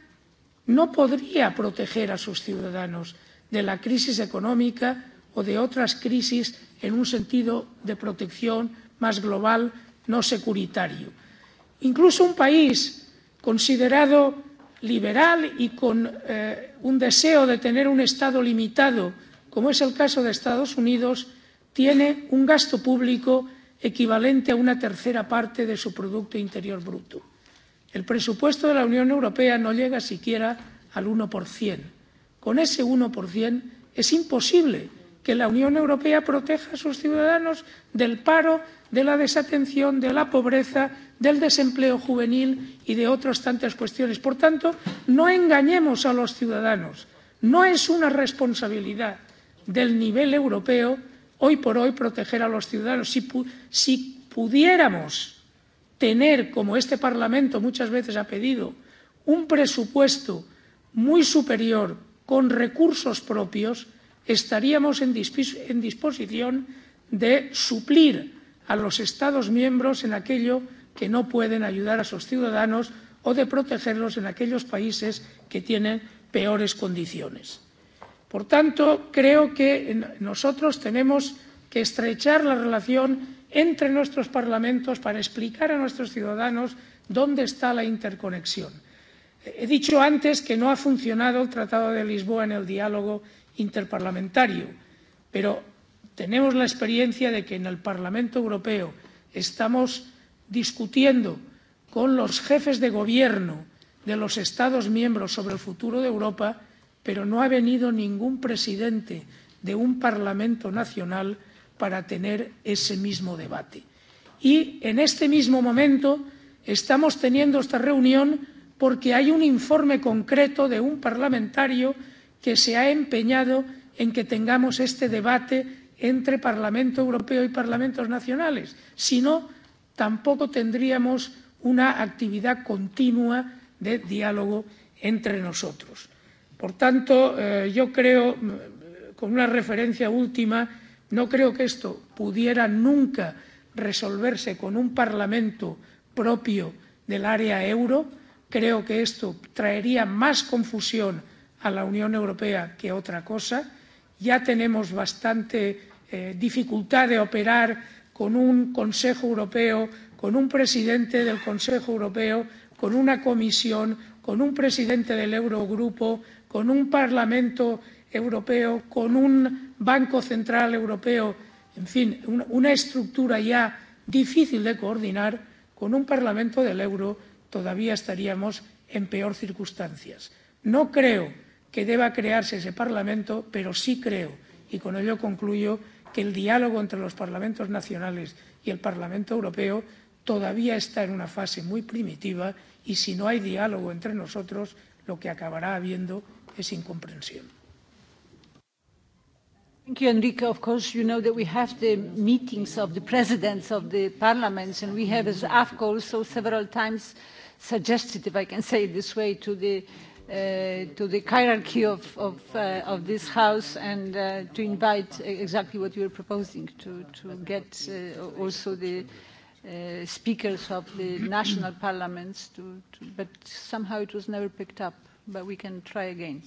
no podría proteger a sus ciudadanos de la crisis económica o de otras crisis en un sentido de protección más global, no securitario. Incluso un país considerado liberal y con eh, un deseo de tener un Estado limitado, como es el caso de Estados Unidos, tiene un gasto público equivalente a una tercera parte de su Producto Interior Bruto. El presupuesto de la Unión Europea no llega siquiera al 1%. Con ese 1% es imposible que la Unión Europea proteja a sus ciudadanos del paro, de la desatención, de la pobreza, del desempleo juvenil y de otras tantas cuestiones. Por tanto, no engañemos a los ciudadanos. No es una responsabilidad del nivel europeo hoy por hoy proteger a los ciudadanos. Si, pu si pudiéramos tener, como este Parlamento muchas veces ha pedido, un presupuesto muy superior con recursos propios, estaríamos en, disp en disposición de suplir a los Estados miembros en aquello que no pueden ayudar a sus ciudadanos o de protegerlos en aquellos países que tienen peores condiciones. Por tanto, creo que nosotros tenemos que estrechar la relación entre nuestros parlamentos para explicar a nuestros ciudadanos dónde está la interconexión. He dicho antes que no ha funcionado el Tratado de Lisboa en el diálogo interparlamentario, pero tenemos la experiencia de que en el Parlamento Europeo estamos discutiendo con los jefes de gobierno de los Estados miembros sobre el futuro de Europa pero no ha venido ningún presidente de un Parlamento Nacional para tener ese mismo debate. Y en este mismo momento estamos teniendo esta reunión porque hay un informe concreto de un parlamentario que se ha empeñado en que tengamos este debate entre Parlamento Europeo y Parlamentos Nacionales. Si no, tampoco tendríamos una actividad continua de diálogo entre nosotros. Por tanto, eh, yo creo, mm, con una referencia última, no creo que esto pudiera nunca resolverse con un Parlamento propio del área euro. Creo que esto traería más confusión a la Unión Europea que otra cosa. Ya tenemos bastante eh, dificultad de operar con un Consejo Europeo, con un presidente del Consejo Europeo, con una comisión, con un presidente del Eurogrupo con un Parlamento Europeo, con un Banco Central Europeo, en fin, una, una estructura ya difícil de coordinar, con un Parlamento del euro todavía estaríamos en peor circunstancias. No creo que deba crearse ese Parlamento, pero sí creo, y con ello concluyo, que el diálogo entre los parlamentos nacionales y el Parlamento Europeo todavía está en una fase muy primitiva y si no hay diálogo entre nosotros, lo que acabará habiendo és incomprensible. Thank you, Enrique. Of course, you know that we have the meetings of the presidents of the parliaments, and we have, as AFCO, also several times suggested, if I can say it this way, to the, uh, to the hierarchy of, of, uh, of this House and uh, to invite uh, exactly what you are proposing to, to get uh, also the uh, speakers of the national parliaments. To, to, but somehow it was never picked up but we can try again.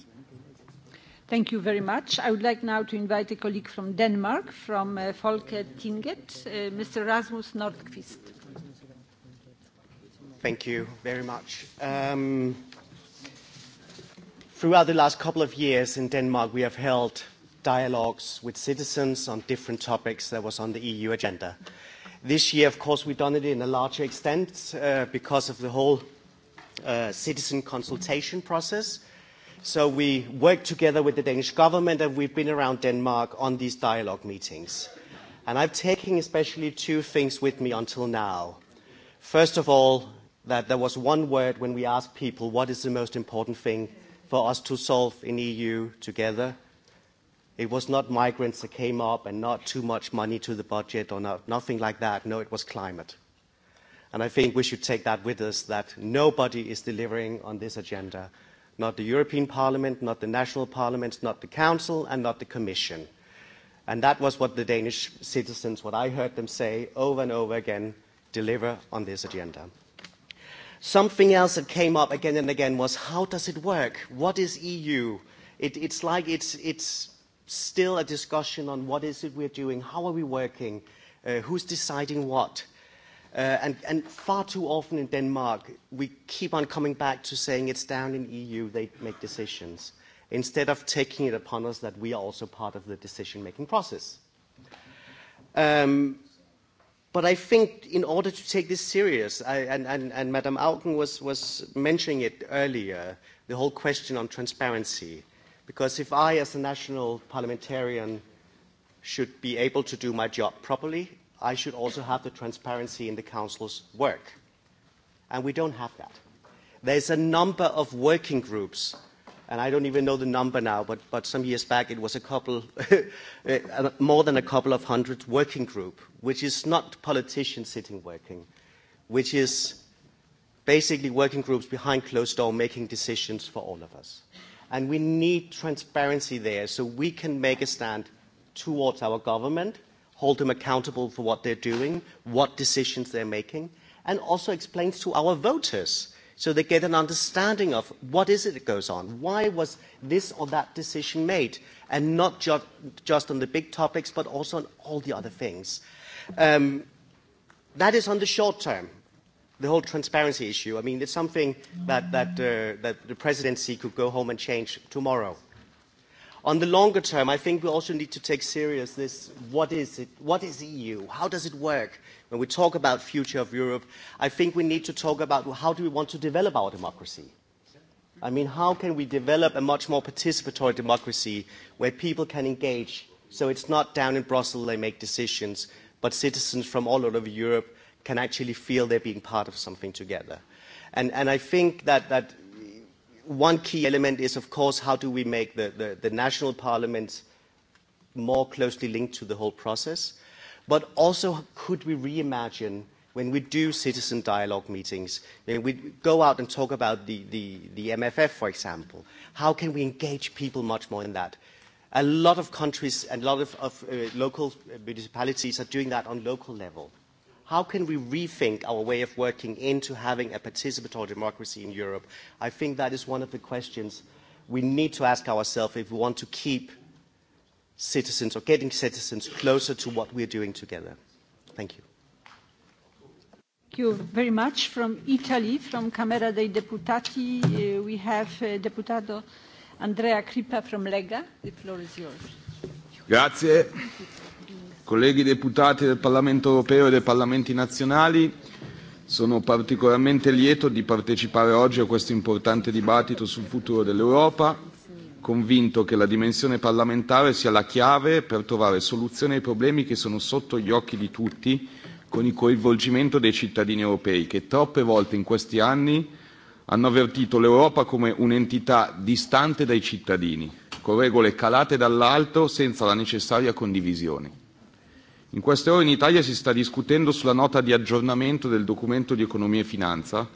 Thank you very much. I would like now to invite a colleague from Denmark, from uh, Folketinget, uh, Mr. Rasmus Nordqvist. Thank you very much. Um, throughout the last couple of years in Denmark, we have held dialogues with citizens on different topics that was on the EU agenda. This year, of course, we've done it in a larger extent uh, because of the whole Uh, citizen consultation process. So we work together with the Danish government and we've been around Denmark on these dialogue meetings. And I've taken especially two things with me until now. First of all, that there was one word when we asked people what is the most important thing for us to solve in EU together. It was not migrants that came up and not too much money to the budget or not, nothing like that. No, it was climate. I think we should take that with us that nobody is delivering on this agenda not the European Parliament, not the national parliaments, not the Council, and not the Commission. And that was what the Danish citizens, what I heard them say over and over again, deliver on this agenda. Something else that came up again and again was how does it work? What is EU? It, it's like it's, it's still a discussion on what is it we're doing, how are we working, uh, who's deciding what. Uh, and, and far too often in Denmark, we keep on coming back to saying it's down in EU they make decisions, instead of taking it upon us that we are also part of the decision-making process. Um, but I think in order to take this serious, I, and, and, and Madame Auken was, was mentioning it earlier, the whole question on transparency, because if I, as a national parliamentarian, should be able to do my job properly, I should also have the transparency in the council's work. And we don't have that. There's a number of working groups, and I don't even know the number now, but, but some years back it was a couple, uh, more than a couple of hundred working group, which is not politicians sitting working, which is basically working groups behind closed door making decisions for all of us. And we need transparency there so we can make a stand towards our government, hold them accountable for what they're doing, what decisions they're making, and also explains to our voters so they get an understanding of what is it that goes on, why was this or that decision made, and not ju just on the big topics, but also on all the other things. Um, that is on the short term, the whole transparency issue. I mean, it's something that, that, uh, that the presidency could go home and change tomorrow. On the longer term, I think we also need to take serious this, what is it, what is the EU, how does it work? When we talk about future of Europe, I think we need to talk about how do we want to develop our democracy? I mean, how can we develop a much more participatory democracy where people can engage so it's not down in Brussels they make decisions, but citizens from all over Europe can actually feel they're being part of something together. And, and I think that, that one key element is, of course, how do we make the, the, the national parliaments more closely linked to the whole process? But also, could we reimagine when we do citizen dialogue meetings, when we go out and talk about the, the, the MFF, for example, how can we engage people much more in that? A lot of countries and a lot of, of uh, local uh, municipalities are doing that on local level how can we rethink our way of working into having a participatory democracy in Europe? I think that is one of the questions we need to ask ourselves if we want to keep citizens or getting citizens closer to what we're doing together. Thank you. Thank you very much. From Italy, from Camera dei Deputati, uh, we have uh, Deputato Andrea Crippa from Lega. The floor is yours. Grazie colleghi deputati del Parlamento europeo e dei parlamenti nazionali, sono particolarmente lieto di partecipare oggi a questo importante dibattito sul futuro dell'Europa, convinto che la dimensione parlamentare sia la chiave per trovare soluzioni ai problemi che sono sotto gli occhi di tutti, con il coinvolgimento dei cittadini europei, che troppe volte in questi anni hanno avvertito l'Europa come un'entità distante dai cittadini, con regole calate dall'alto senza la necessaria condivisione. In queste ore in Italia si sta discutendo sulla nota di aggiornamento del documento di economia e finanza,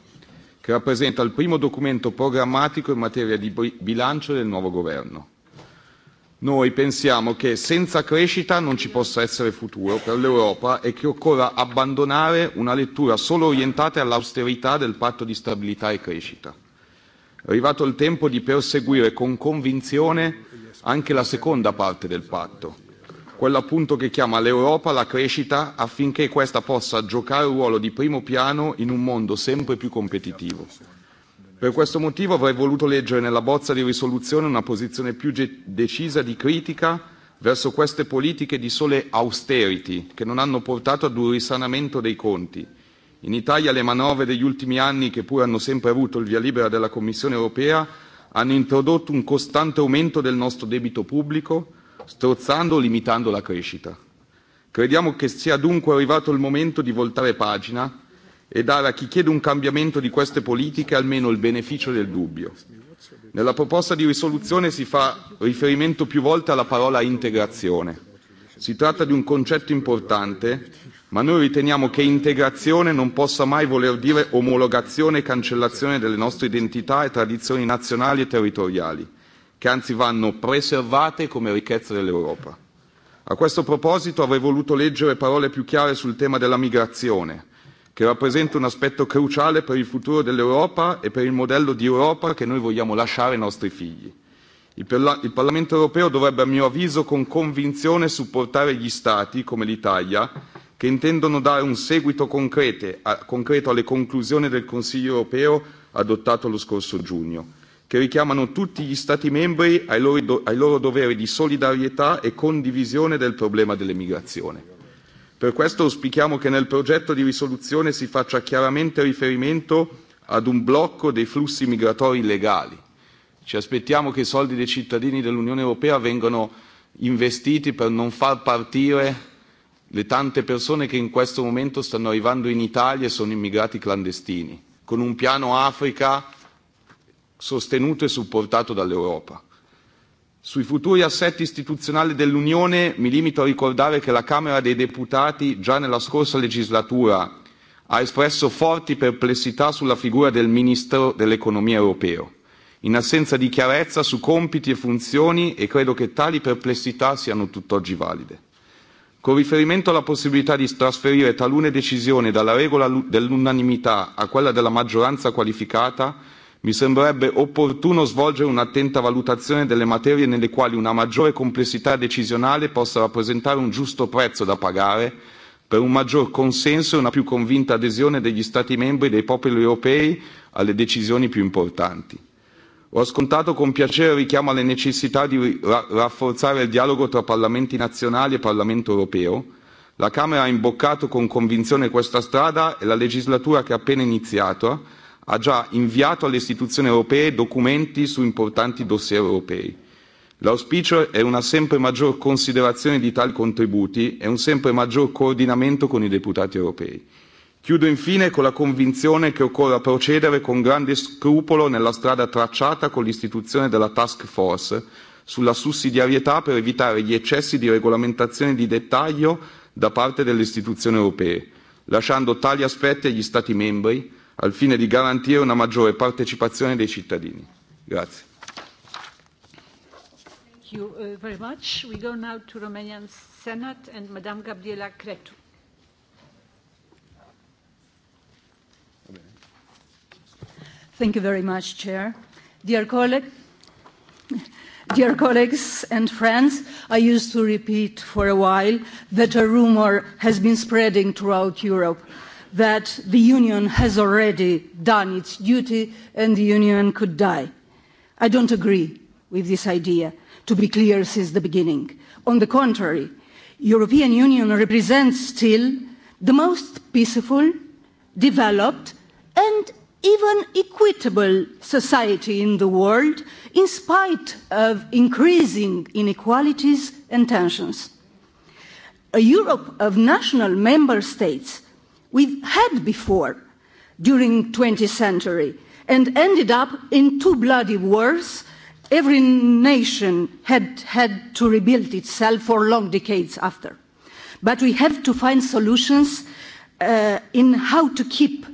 che rappresenta il primo documento programmatico in materia di bilancio del nuovo governo. Noi pensiamo che senza crescita non ci possa essere futuro per l'Europa e che occorra abbandonare una lettura solo orientata all'austerità del patto di stabilità e crescita. È arrivato il tempo di perseguire con convinzione anche la seconda parte del patto, quello appunto che chiama l'Europa la crescita affinché questa possa giocare un ruolo di primo piano in un mondo sempre più competitivo. Per questo motivo avrei voluto leggere nella bozza di risoluzione una posizione più ge- decisa di critica verso queste politiche di sole austerity che non hanno portato ad un risanamento dei conti. In Italia le manovre degli ultimi anni, che pur hanno sempre avuto il via libera della Commissione europea, hanno introdotto un costante aumento del nostro debito pubblico, strozzando o limitando la crescita. Crediamo che sia dunque arrivato il momento di voltare pagina e dare a chi chiede un cambiamento di queste politiche almeno il beneficio del dubbio. Nella proposta di risoluzione si fa riferimento più volte alla parola integrazione. Si tratta di un concetto importante, ma noi riteniamo che integrazione non possa mai voler dire omologazione e cancellazione delle nostre identità e tradizioni nazionali e territoriali che anzi vanno preservate come ricchezza dell'Europa. A questo proposito avrei voluto leggere parole più chiare sul tema della migrazione, che rappresenta un aspetto cruciale per il futuro dell'Europa e per il modello di Europa che noi vogliamo lasciare ai nostri figli. Il Parlamento europeo dovrebbe, a mio avviso, con convinzione supportare gli Stati, come l'Italia, che intendono dare un seguito concreto alle conclusioni del Consiglio europeo adottato lo scorso giugno che richiamano tutti gli Stati membri ai loro, do, ai loro doveri di solidarietà e condivisione del problema dell'immigrazione. Per questo auspichiamo che nel progetto di risoluzione si faccia chiaramente riferimento ad un blocco dei flussi migratori legali. Ci aspettiamo che i soldi dei cittadini dell'Unione Europea vengano investiti per non far partire le tante persone che in questo momento stanno arrivando in Italia e sono immigrati clandestini, con un piano Africa sostenuto e supportato dall'Europa. Sui futuri assetti istituzionali dell'Unione mi limito a ricordare che la Camera dei Deputati già nella scorsa legislatura ha espresso forti perplessità sulla figura del Ministro dell'Economia europeo, in assenza di chiarezza su compiti e funzioni e credo che tali perplessità siano tutt'oggi valide. Con riferimento alla possibilità di trasferire talune decisioni dalla regola dell'unanimità a quella della maggioranza qualificata, Mi sembrerebbe opportuno svolgere un'attenta valutazione delle materie nelle quali una maggiore complessità decisionale possa rappresentare un giusto prezzo da pagare per un maggior consenso e una più convinta adesione degli Stati membri e dei popoli europei alle decisioni più importanti. Ho ascoltato con piacere il richiamo alle necessità di ra- rafforzare il dialogo tra parlamenti nazionali e Parlamento europeo. La Camera ha imboccato con convinzione questa strada e la legislatura che è appena iniziata ha già inviato alle istituzioni europee documenti su importanti dossier europei. L'auspicio è una sempre maggior considerazione di tali contributi e un sempre maggior coordinamento con i deputati europei. Chiudo infine con la convinzione che occorra procedere con grande scrupolo nella strada tracciata con l'istituzione della task force sulla sussidiarietà per evitare gli eccessi di regolamentazione di dettaglio da parte delle istituzioni europee, lasciando tali aspetti agli Stati membri, al fine di garantire una maggiore partecipazione dei cittadini. Grazie. Thank you uh, very much. We go now to Romanian Senate and Madame Gabriela Cretu. Thank you very much, Chair. Dear, colleague, dear colleagues and friends, I used to repeat for a while that a rumor has been spreading throughout Europe that the union has already done its duty and the union could die. I don't agree with this idea, to be clear since the beginning. On the contrary, European Union represents still the most peaceful, developed and even equitable society in the world in spite of increasing inequalities and tensions. A Europe of national member states we've had before during 20th century and ended up in two bloody wars every nation had had to rebuild itself for long decades after but we have to find solutions uh, in how to keep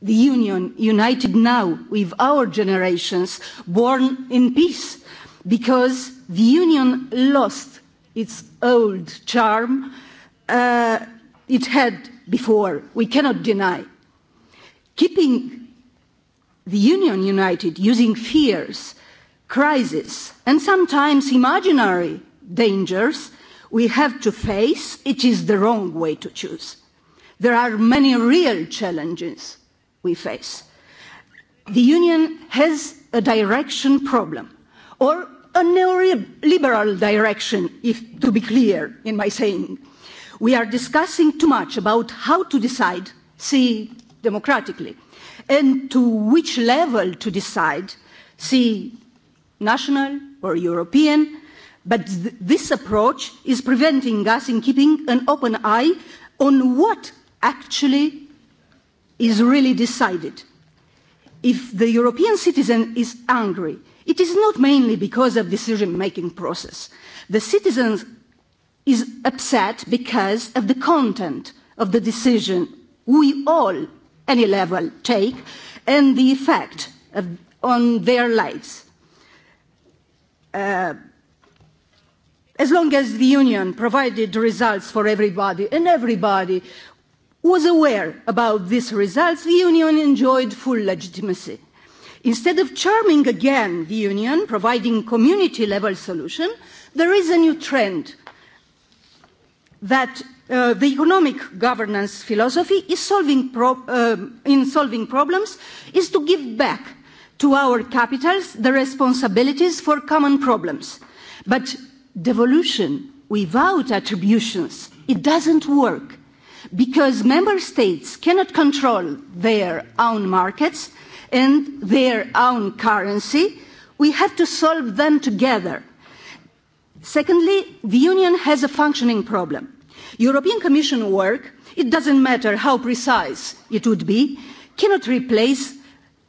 the union united now with our generations born in peace because the union lost its old charm uh, it had before, we cannot deny. Keeping the Union united using fears, crises, and sometimes imaginary dangers we have to face, it is the wrong way to choose. There are many real challenges we face. The Union has a direction problem, or a neoliberal direction, if to be clear in my saying. We are discussing too much about how to decide, see democratically, and to which level to decide, see national or European. But th this approach is preventing us in keeping an open eye on what actually is really decided. If the European citizen is angry, it is not mainly because of decision-making process. The citizens is upset because of the content of the decision we all, any level, take and the effect of, on their lives. Uh, as long as the union provided results for everybody and everybody was aware about these results, the union enjoyed full legitimacy. Instead of charming again the union, providing community level solution, there is a new trend that uh, the economic governance philosophy is solving pro- uh, in solving problems is to give back to our capitals the responsibilities for common problems. But devolution without attributions, it doesn't work because member states cannot control their own markets and their own currency. We have to solve them together. Secondly, the Union has a functioning problem. European Commission work, it doesn't matter how precise it would be, cannot replace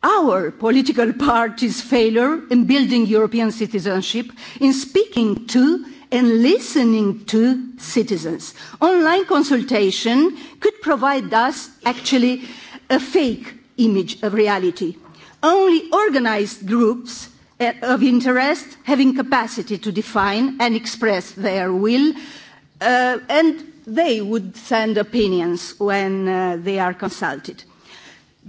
our political party's failure in building European citizenship, in speaking to and listening to citizens. Online consultation could provide us actually a fake image of reality. Only organized groups Eh, of interest, having capacity to define and express their will, uh, and they would send opinions when uh, they are consulted.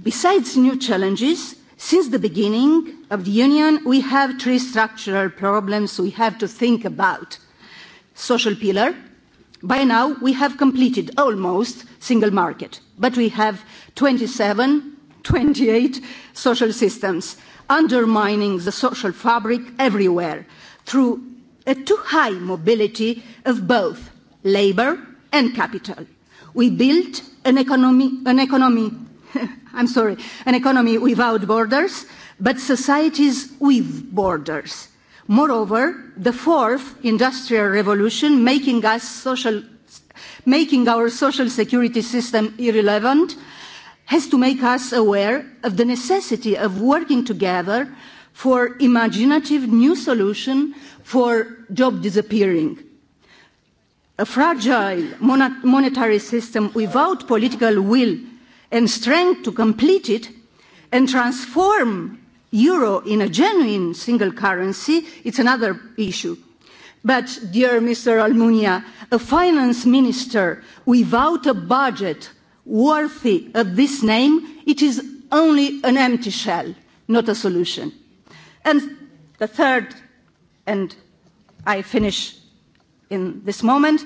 Besides new challenges, since the beginning of the Union, we have three structural problems we have to think about. Social pillar. By now, we have completed almost single market, but we have 27, 28 social systems undermining the social fabric everywhere through a too high mobility of both labor and capital. We built an economy, an economy I'm sorry, an economy without borders, but societies with borders. Moreover, the fourth industrial revolution, making, us social, making our social security system irrelevant, has to make us aware of the necessity of working together for imaginative new solution for job disappearing. A fragile monetary system without political will and strength to complete it and transform euro in a genuine single currency, it's another issue. But dear Mr. Almunia, a finance minister without a budget worthy of this name, it is only an empty shell, not a solution. And the third, and I finish in this moment,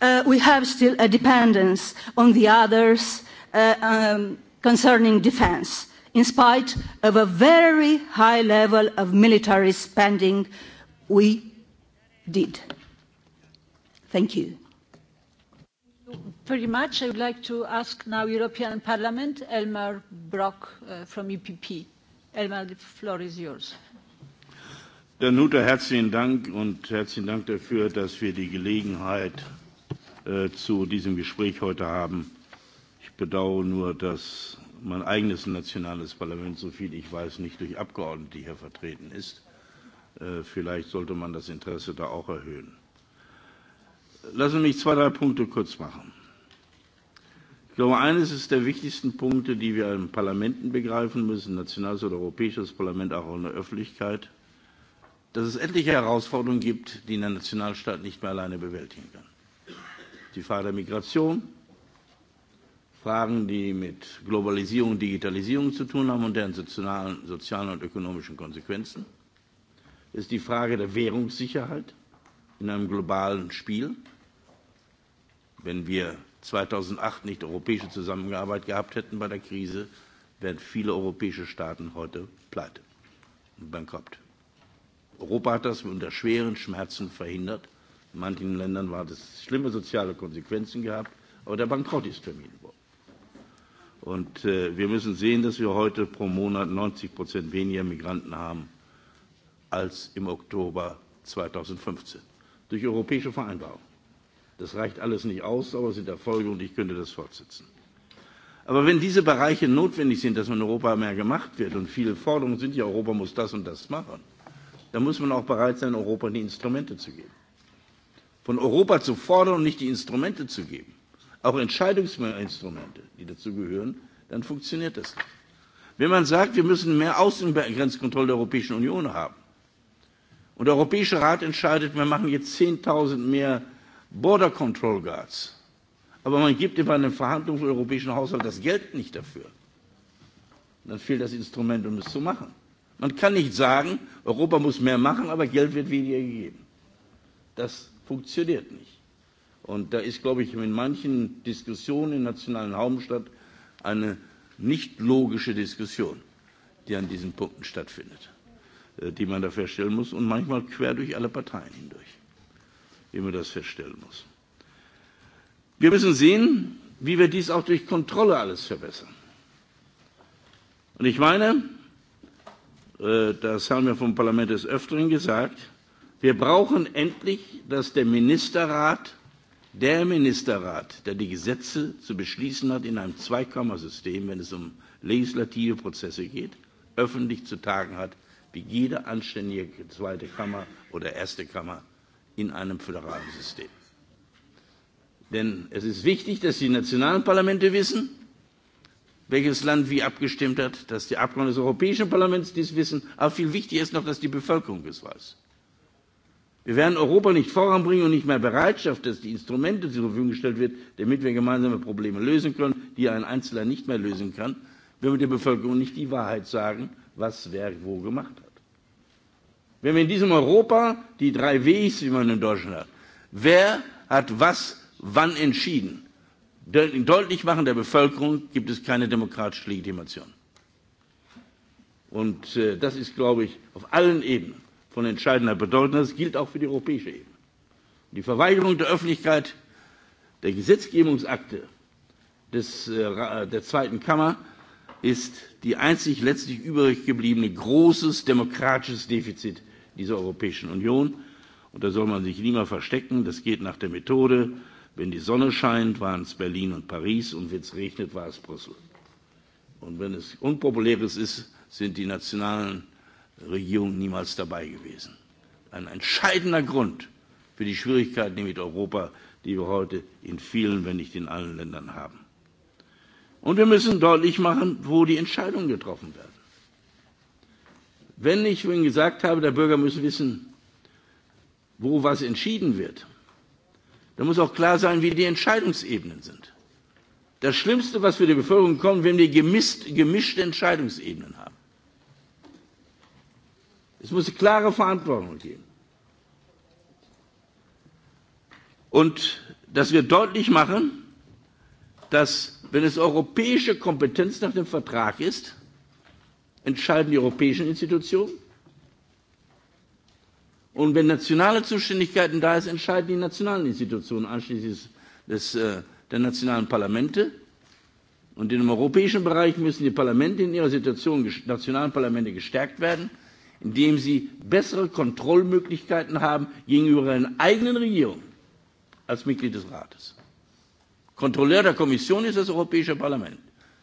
uh, we have still a dependence on the others uh, um, concerning defense, in spite of a very high level of military spending we did. Thank you very much. I would like to ask now European Parliament, Elmar Brok uh, from EPP. Elmar, the floor is yours. Dann ja, Luther, herzlichen Dank und herzlichen Dank dafür, dass wir die Gelegenheit äh, zu diesem Gespräch heute haben. Ich bedauere nur, dass mein eigenes nationales Parlament, so viel ich weiß, nicht durch Abgeordnete hier vertreten ist. Äh, vielleicht sollte man das Interesse da auch erhöhen. Lassen Sie mich zwei, drei Punkte kurz machen. Ich glaube, eines ist der wichtigsten Punkte, die wir im Parlamenten begreifen müssen, nationales oder europäisches Parlament, auch in der Öffentlichkeit, dass es etliche Herausforderungen gibt, die ein Nationalstaat nicht mehr alleine bewältigen kann. Die Frage der Migration, Fragen, die mit Globalisierung und Digitalisierung zu tun haben und deren sozialen, sozialen und ökonomischen Konsequenzen, das ist die Frage der Währungssicherheit in einem globalen Spiel, wenn wir 2008 nicht europäische Zusammenarbeit gehabt hätten bei der Krise, wären viele europäische Staaten heute pleite und bankrott. Europa hat das unter schweren Schmerzen verhindert. In manchen Ländern war das schlimme soziale Konsequenzen gehabt, aber der Bankrott ist vermieden worden. Und äh, wir müssen sehen, dass wir heute pro Monat 90 Prozent weniger Migranten haben als im Oktober 2015 durch europäische Vereinbarungen. Das reicht alles nicht aus, aber sind Erfolge und ich könnte das fortsetzen. Aber wenn diese Bereiche notwendig sind, dass man in Europa mehr gemacht wird und viele Forderungen sind, ja, Europa muss das und das machen, dann muss man auch bereit sein, Europa die Instrumente zu geben. Von Europa zu fordern und nicht die Instrumente zu geben, auch Entscheidungsinstrumente, die dazu gehören, dann funktioniert das nicht. Wenn man sagt, wir müssen mehr Außengrenzkontrolle der Europäischen Union haben und der Europäische Rat entscheidet, wir machen jetzt 10.000 mehr Border Control Guards. Aber man gibt über eine Verhandlung für europäischen Haushalt das Geld nicht dafür. Dann fehlt das Instrument, um es zu machen. Man kann nicht sagen, Europa muss mehr machen, aber Geld wird weniger gegeben. Das funktioniert nicht. Und da ist, glaube ich, in manchen Diskussionen in nationalen Hauptstadt eine nicht logische Diskussion, die an diesen Punkten stattfindet, äh, die man da feststellen muss und manchmal quer durch alle Parteien hindurch wie man das feststellen muss. Wir müssen sehen, wie wir dies auch durch Kontrolle alles verbessern. Und ich meine, äh, das haben wir vom Parlament des Öfteren gesagt, wir brauchen endlich, dass der Ministerrat, der Ministerrat, der die Gesetze zu beschließen hat in einem Zweikammersystem, wenn es um legislative Prozesse geht, öffentlich zu tagen hat, wie jede anständige zweite Kammer oder erste Kammer in einem föderalen System. Denn es ist wichtig, dass die nationalen Parlamente wissen, welches Land wie abgestimmt hat, dass die Abgeordneten des Europäischen Parlaments dies wissen, aber viel wichtiger ist noch, dass die Bevölkerung es weiß. Wir werden Europa nicht voranbringen und nicht mehr Bereitschaft, dass die Instrumente zur Verfügung gestellt wird, damit wir gemeinsame Probleme lösen können, die ein Einzelner nicht mehr lösen kann, wenn wir der Bevölkerung nicht die Wahrheit sagen, was wer wo gemacht hat. Wenn wir in diesem Europa die drei Ws, wie man in Deutschland hat, wer hat was wann entschieden, deutlich machen der Bevölkerung, gibt es keine demokratische Legitimation. Und äh, das ist, glaube ich, auf allen Ebenen von entscheidender Bedeutung. Das gilt auch für die europäische Ebene. Die Verweigerung der Öffentlichkeit der Gesetzgebungsakte des, äh, der Zweiten Kammer ist die einzig letztlich übrig gebliebene großes demokratisches Defizit dieser Europäischen Union. Und da soll man sich nicht mehr verstecken. Das geht nach der Methode, wenn die Sonne scheint, waren es Berlin und Paris und wenn es regnet, war es Brüssel. Und wenn es Unpopuläres ist, sind die nationalen Regierungen niemals dabei gewesen. Ein entscheidender Grund für die Schwierigkeiten mit Europa, die wir heute in vielen, wenn nicht in allen Ländern haben. Und wir müssen deutlich machen, wo die Entscheidungen getroffen werden. Wenn ich vorhin gesagt habe, der Bürger muss wissen, wo was entschieden wird, dann muss auch klar sein, wie die Entscheidungsebenen sind. Das Schlimmste, was für die Bevölkerung kommt, wenn wir gemisst, gemischte Entscheidungsebenen haben. Es muss klare Verantwortung geben. Und dass wir deutlich machen, dass, wenn es europäische Kompetenz nach dem Vertrag ist, entscheiden die europäischen Institutionen. Und wenn nationale Zuständigkeiten da sind, entscheiden die nationalen Institutionen, anschließend des, äh, der nationalen Parlamente. Und im europäischen Bereich müssen die Parlamente in ihrer Situation, nationalen Parlamente, gestärkt werden, indem sie bessere Kontrollmöglichkeiten haben gegenüber ihren eigenen Regierungen als Mitglied des Rates. Kontrolleur der Kommission ist das Europäische Parlament.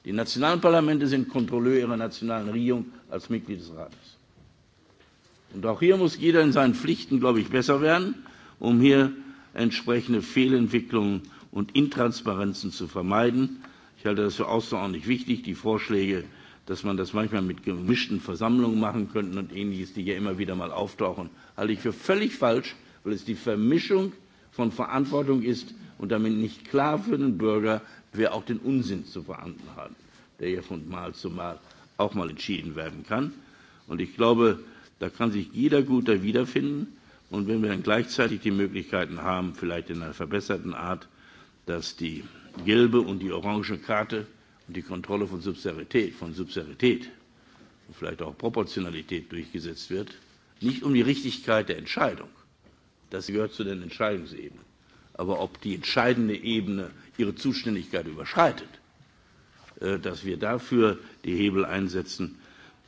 Die nationalen Parlamente sind Kontrolleure ihrer nationalen Regierung als Mitglied des Rates. Und auch hier muss jeder in seinen Pflichten, glaube ich, besser werden, um hier entsprechende Fehlentwicklungen und Intransparenzen zu vermeiden. Ich halte das für außerordentlich wichtig, die Vorschläge, dass man das manchmal mit gemischten Versammlungen machen könnte und ähnliches, die ja immer wieder mal auftauchen, halte ich für völlig falsch, weil es die Vermischung von Verantwortung ist und damit nicht klar für den Bürger, wer auch den Unsinn zu verhandeln hat, der ja von Mal zu Mal auch mal entschieden werden kann. Und ich glaube, da kann sich jeder Guter wiederfinden. Und wenn wir dann gleichzeitig die Möglichkeiten haben, vielleicht in einer verbesserten Art, dass die gelbe und die orange Karte und die Kontrolle von Subsidiarität, von Subsidiarität und vielleicht auch Proportionalität durchgesetzt wird, nicht um die Richtigkeit der Entscheidung, das gehört zu den Entscheidungsebenen, aber ob die entscheidende Ebene ihre Zuständigkeit überschreitet, äh, dass wir dafür die Hebel einsetzen.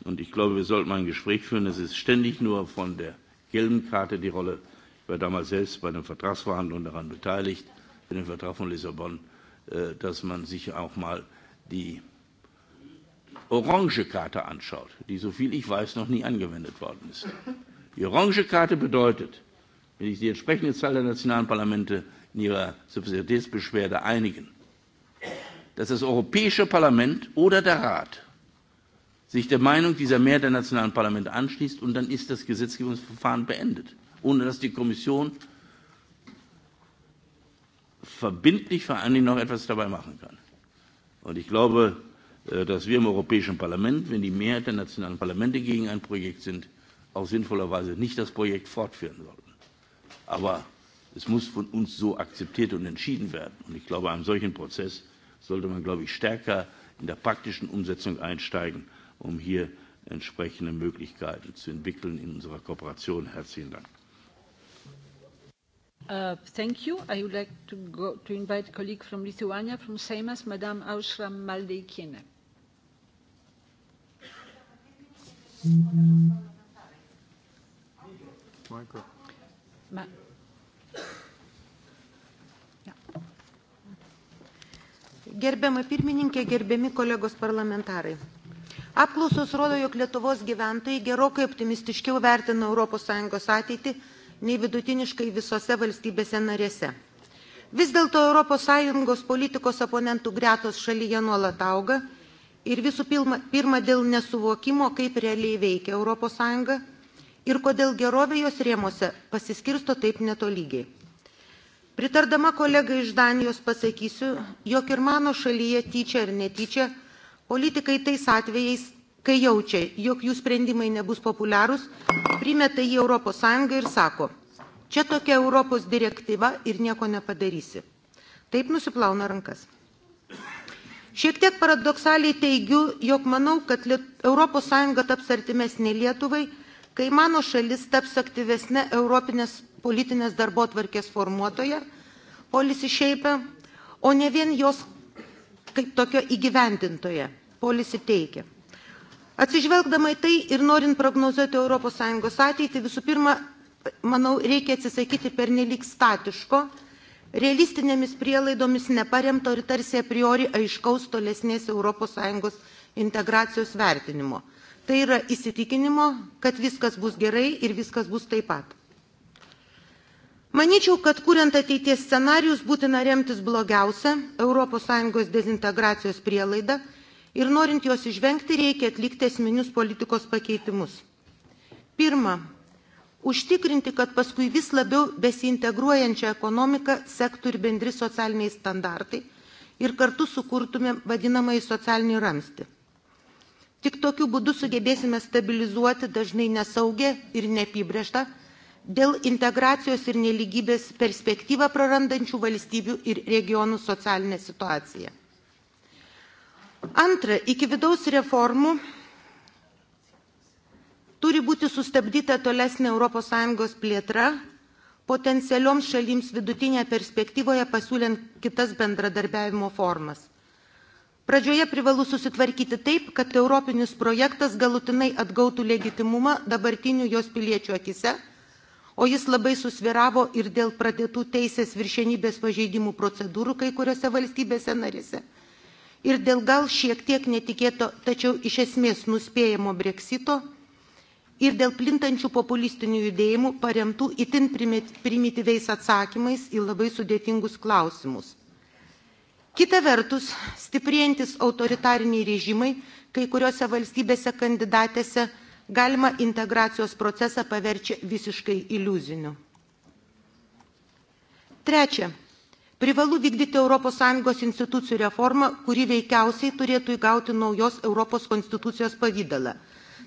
Und ich glaube, wir sollten mal ein Gespräch führen. Es ist ständig nur von der gelben Karte die Rolle. Ich war damals selbst bei den Vertragsverhandlungen daran beteiligt, in dem Vertrag von Lissabon, äh, dass man sich auch mal die orange Karte anschaut, die, soviel ich weiß, noch nie angewendet worden ist. Die orange Karte bedeutet, wenn sich die entsprechende Zahl der nationalen Parlamente in ihrer Subsidiaritätsbeschwerde einigen, dass das Europäische Parlament oder der Rat sich der Meinung dieser Mehrheit der nationalen Parlamente anschließt und dann ist das Gesetzgebungsverfahren beendet, ohne dass die Kommission verbindlich vor allen Dingen noch etwas dabei machen kann. Und ich glaube, äh, dass wir im Europäischen Parlament, wenn die Mehrheit der nationalen Parlamente gegen ein Projekt sind, auch sinnvollerweise nicht das Projekt fortführen sollten. Aber es muss von uns so akzeptiert und entschieden werden. Und ich glaube, einem solchen Prozess sollte man, glaube ich, stärker in der praktischen Umsetzung einsteigen, um hier entsprechende Möglichkeiten zu entwickeln in unserer Kooperation. Herzlichen Dank. Uh, thank you. I would like to, go, to invite a colleague from Lithuania, from Seimas, Madame Ausram Maldeikiene. Micro. Maar... Ja. Gerbiamai pirmininkė, gerbiami kolegos parlamentarai. Apklausos rodo, jog Lietuvos gyventojai gerokai optimistiškiau vertina ES ateitį nei vidutiniškai visose valstybėse narėse. Vis dėlto ES politikos oponentų gretos šalyje nuolat auga ir visų pirma dėl nesuvokimo, kaip realiai veikia ES ir kodėl gerovė jos rėmose pasiskirsto taip netolygiai. Pritardama kolegai iš Danijos pasakysiu, jog ir mano šalyje tyčia ar netyčia politikai tais atvejais, kai jaučia, jog jų sprendimai nebus populiarūs, primeta į ES ir sako, čia tokia Europos direktyva ir nieko nepadarysi. Taip nusiplauna rankas. Šiek tiek paradoksaliai teigiu, jog manau, kad Europos Sąjunga taps artimesnė Lietuvai, kai mano šalis taps aktyvesnė europinės politinės darbo atvarkės formuotoje, policy shape, o ne vien jos kaip tokio įgyvendintoje, policy teikia. Atsižvelgdama į tai ir norint prognozuoti ES ateitį, visų pirma, manau, reikia atsisakyti per nelik statiško, realistinėmis prielaidomis neparemto ir tarsi a priori aiškaus tolesnės ES integracijos vertinimo tai yra įsitikinimo, kad viskas bus gerai ir viskas bus taip pat. Maničiau, kad kuriant ateities scenarius būtina remtis blogiausia ES dezintegracijos prielaida ir norint jos išvengti reikia atlikti esminius politikos pakeitimus. Pirma, užtikrinti, kad paskui vis labiau besintegruojančią ekonomiką sektų ir bendri socialiniai standartai ir kartu sukurtume vadinamąjį socialinį ramstį tik tokiu būdu sugebėsime stabilizuoti dažnai nesaugę ir neapibrėžtą dėl integracijos ir neligybės perspektyvą prarandančių valstybių ir regionų socialinę situaciją. Antra, iki vidaus reformų turi būti sustabdyta tolesnė ES plėtra, potencialioms šalims vidutinėje perspektyvoje pasiūlint kitas bendradarbiavimo formas pradžioje privalu susitvarkyti taip kad europinis projektas galutinai atgautų legitimumą dabartinių jos piliečių akise o jis labai susviravo ir dėl pradėtų teisės viršenybės pažeidimų procedūrų kai kuriuose valstybėse narise ir dėl gal šiek tiek netikėto tačiau iš esmės nuspėjamo breksito ir dėl plintančių populistinių judėjimų paremtų itin primityviais atsakymais į labai sudėtingus klausimus Kita vertus, stiprėjantis autoritariniai režimai kai kuriuose valstybėse kandidatėse galima integracijos procesą paverčia visiškai iliuziniu. Trečia, privalu vykdyti ES institucijų reformą, kuri veikiausiai turėtų įgauti naujos ES konstitucijos pavydalą.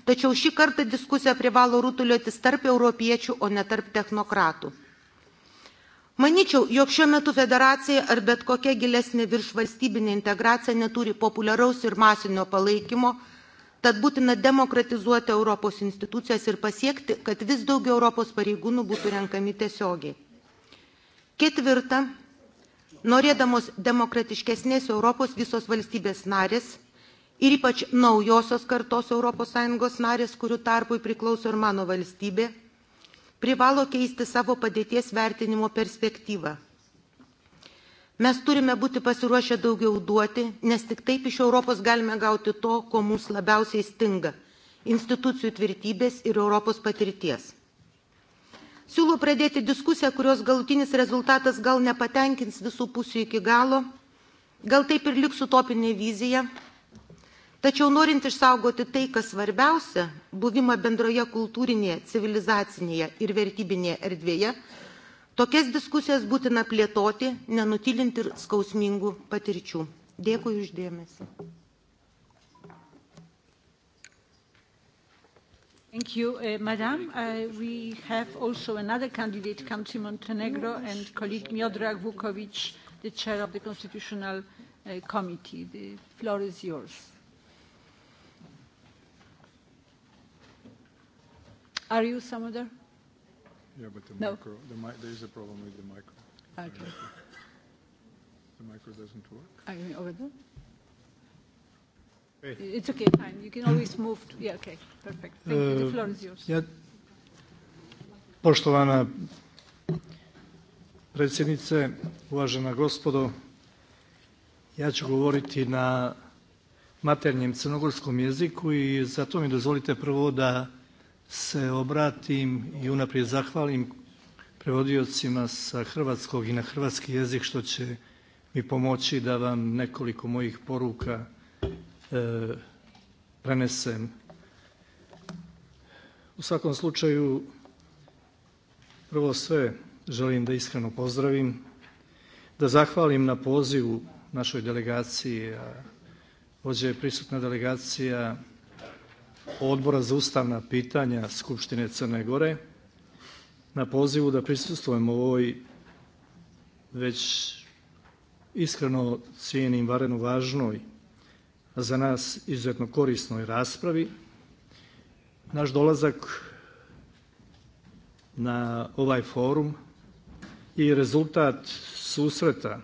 Tačiau šį kartą diskusija privalo rutuliuotis tarp europiečių, o ne tarp technokratų manyčiau jog šiuo metu federacija ar bet kokia gilesnė viršvalstybinė integracija neturi populiaraus ir masinio palaikymo tad būtina demokratizuoti europos institucijas ir pasiekti kad vis daugiau europos pareigūnų būtų renkami tiesiogiai ketvirta norėdamos demokratiškesnės europos visos valstybės narės ir ypač naujosios kartos europos sąjungos narės kurių tarpui priklauso ir mano valstybė privalo keisti savo padėties vertinimo perspektyvą. Mes turime būti pasiruošę daugiau duoti, nes tik taip iš Europos galime gauti to, ko mums labiausiai stinga - institucijų tvirtybės ir Europos patirties. Siūlau pradėti diskusiją, kurios galutinis rezultatas gal nepatenkins visų pusių iki galo, gal taip ir liks utopinė vizija, Tačiau norint išsaugoti tai, kas svarbiausia - buvimą bendroje kultūrinėje, civilizacinėje ir vertybinėje erdvėje, tokias diskusijas būtina plėtoti, nenutilinti ir skausmingų patirčių. Dėkui uždėmesi. Thank you, uh, Madam. Uh, we have also another candidate, Country Montenegro, and colleague Miodrag Vukovic, the chair of the Constitutional uh, Committee. The floor is yours. Are you somewhere there? Yeah, but the no. micro, the mi there is a problem with the micro. Okay. The micro doesn't work. Are you over there? Hey. It's okay, fine. You can always move. To, yeah, okay, perfect. Thank uh, you. The uh, floor is yours. Yeah. predsjednice, uvažena gospodo, ja ću govoriti na maternjem crnogorskom jeziku i zato mi dozvolite prvo da se obratim i unaprijed zahvalim prevodiocima sa hrvatskog i na hrvatski jezik što će mi pomoći da vam nekoliko mojih poruka e, prenesem. U svakom slučaju, prvo sve želim da iskreno pozdravim, da zahvalim na pozivu našoj delegaciji, a ođe je prisutna delegacija delegacija Odbora za ustavna pitanja Skupštine Crne Gore na pozivu da prisustujem ovoj već iskreno cijenim vareno važnoj a za nas izuzetno korisnoj raspravi. Naš dolazak na ovaj forum i rezultat susreta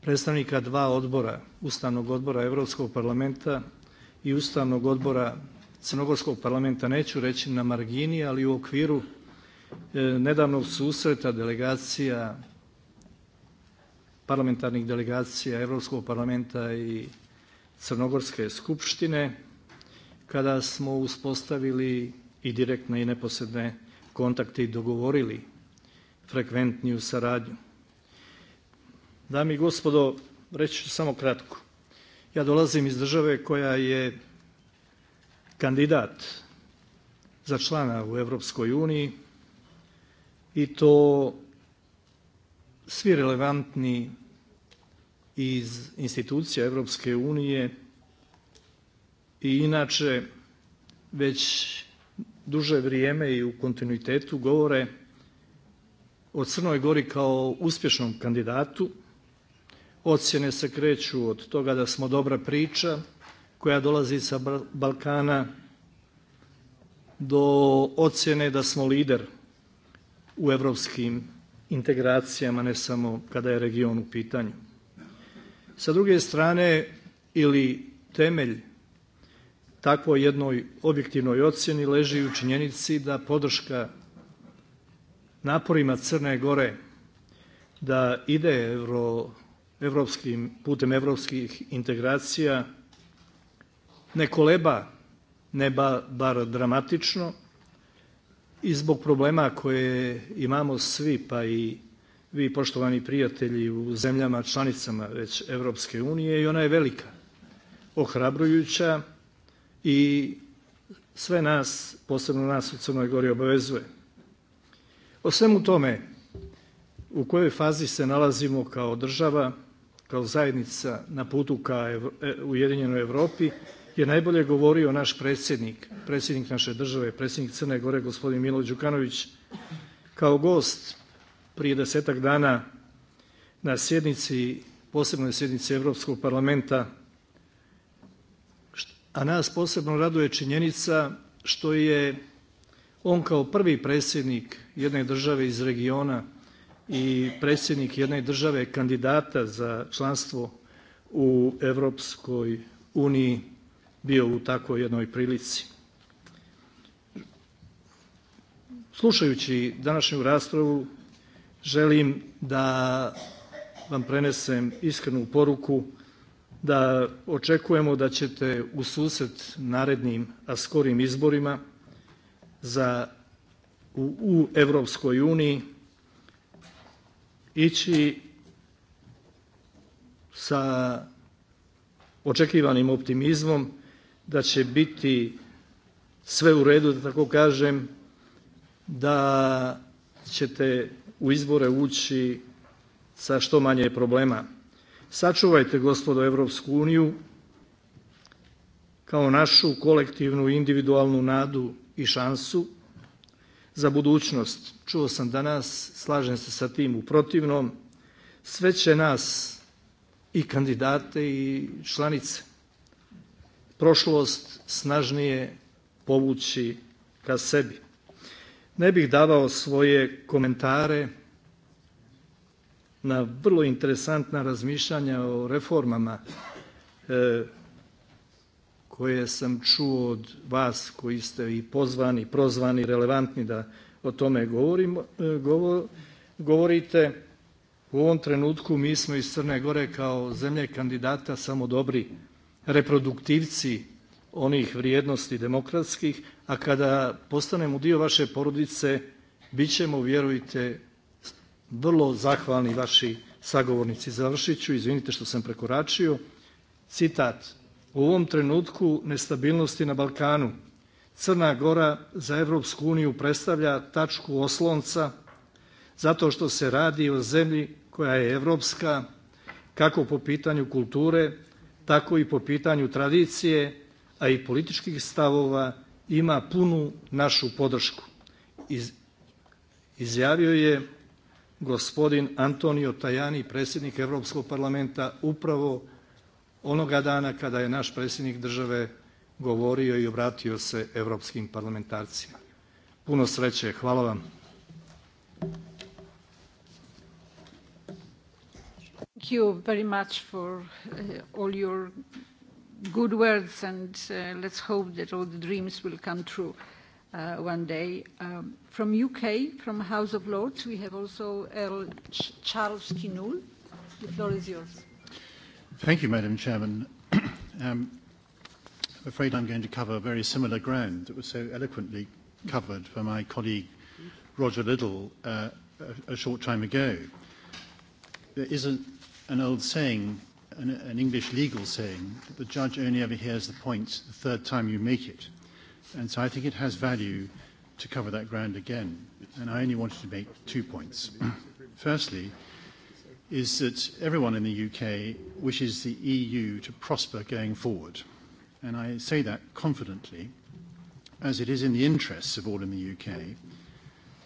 predstavnika dva odbora, Ustavnog odbora Evropskog parlamenta i Ustavnog odbora crnogorskog parlamenta, neću reći na margini, ali u okviru e, nedavnog susreta delegacija, parlamentarnih delegacija Evropskog parlamenta i Crnogorske skupštine, kada smo uspostavili i direktne i neposedne kontakte i dogovorili frekventniju saradnju. Dami i gospodo, reći ću samo kratko. Ja dolazim iz države koja je kandidat za člana u Evropskoj uniji i to svi relevantni iz institucija Evropske unije i inače već duže vrijeme i u kontinuitetu govore o Crnoj Gori kao uspješnom kandidatu. Ocjene se kreću od toga da smo dobra priča, koja dolazi sa Balkana do ocjene da smo lider u evropskim integracijama, ne samo kada je region u pitanju. Sa druge strane, ili temelj takvoj jednoj objektivnoj ocjeni leži u činjenici da podrška naporima Crne Gore da ide evropskim, putem evropskih integracija – ne koleba, ne bar dramatično, i zbog problema koje imamo svi, pa i vi, poštovani prijatelji, u zemljama članicama već Evropske unije, i ona je velika, ohrabrujuća i sve nas, posebno nas u Crnoj Gori, obavezuje. O svemu tome, u kojoj fazi se nalazimo kao država, kao zajednica na putu ka e, Ujedinjenoj Evropi, je najbolje govorio naš predsjednik, predsjednik naše države, predsjednik Crne Gore, gospodin Milo Đukanović, kao gost prije desetak dana na sjednici, posebnoj sjednici Evropskog parlamenta, a nas posebno raduje činjenica što je on kao prvi predsjednik jedne države iz regiona i predsjednik jedne države kandidata za članstvo u Evropskoj uniji, bio u takvoj jednoj prilici. Slušajući današnju raspravu, želim da vam prenesem iskrenu poruku da očekujemo da ćete u susret narednim, a skorim izborima za u, u Evropskoj uniji ići sa očekivanim optimizmom da će biti sve u redu, da tako kažem, da ćete u izbore ući sa što manje problema. Sačuvajte, gospodo, Evropsku uniju kao našu kolektivnu i individualnu nadu i šansu za budućnost. Čuo sam danas, slažem se sa tim u protivnom, sve će nas i kandidate i članice prošlost snažnije povući ka sebi. Ne bih davao svoje komentare na vrlo interesantna razmišljanja o reformama e, koje sam čuo od vas koji ste i pozvani, prozvani, relevantni da o tome govorim, e, govorite. U ovom trenutku mi smo iz Crne Gore kao zemlje kandidata samo dobri kandidati reproduktivci onih vrijednosti demokratskih, a kada postanemo dio vaše porodice, bit ćemo, vjerujte, vrlo zahvalni vaši sagovornici. Završit ću, izvinite što sam prekoračio. Citat. U ovom trenutku nestabilnosti na Balkanu, Crna Gora za Evropsku uniju predstavlja tačku oslonca zato što se radi o zemlji koja je evropska, kako po pitanju kulture, tako i po pitanju tradicije, a i političkih stavova, ima punu našu podršku. Izjavio je gospodin Antonio Tajani, predsjednik Evropskog parlamenta, upravo onoga dana kada je naš predsjednik države govorio i obratio se evropskim parlamentarcima. Puno sreće, hvala vam. Thank you. thank you very much for uh, all your good words and uh, let's hope that all the dreams will come true uh, one day. Um, from UK, from House of Lords, we have also Earl Ch Charles Kinul. The floor is yours. Thank you, Madam Chairman. um, I'm afraid I'm going to cover very similar ground that was so eloquently covered by my colleague Roger Little uh, a, a short time ago. There is a an old saying, an, an English legal saying, that the judge only ever hears the points the third time you make it. And so I think it has value to cover that ground again. And I only wanted to make two points. Firstly, is that everyone in the UK wishes the EU to prosper going forward. And I say that confidently, as it is in the interests of all in the UK,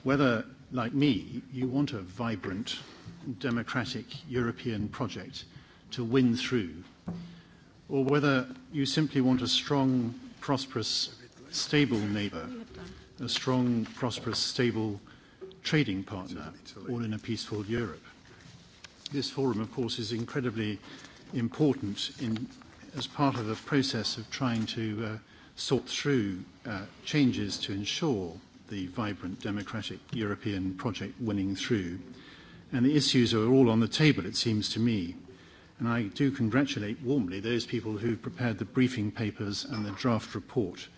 whether, like me, you want a vibrant, democratic European project to win through, or whether you simply want a strong, prosperous, stable neighbour, a strong, prosperous, stable trading partner, all in a peaceful Europe. This forum, of course, is incredibly important in, as part of the process of trying to uh, sort through uh, changes to ensure the vibrant democratic European project winning through and the issues are all on the table, it seems to me. And I do congratulate warmly those people who prepared the briefing papers and the draft report,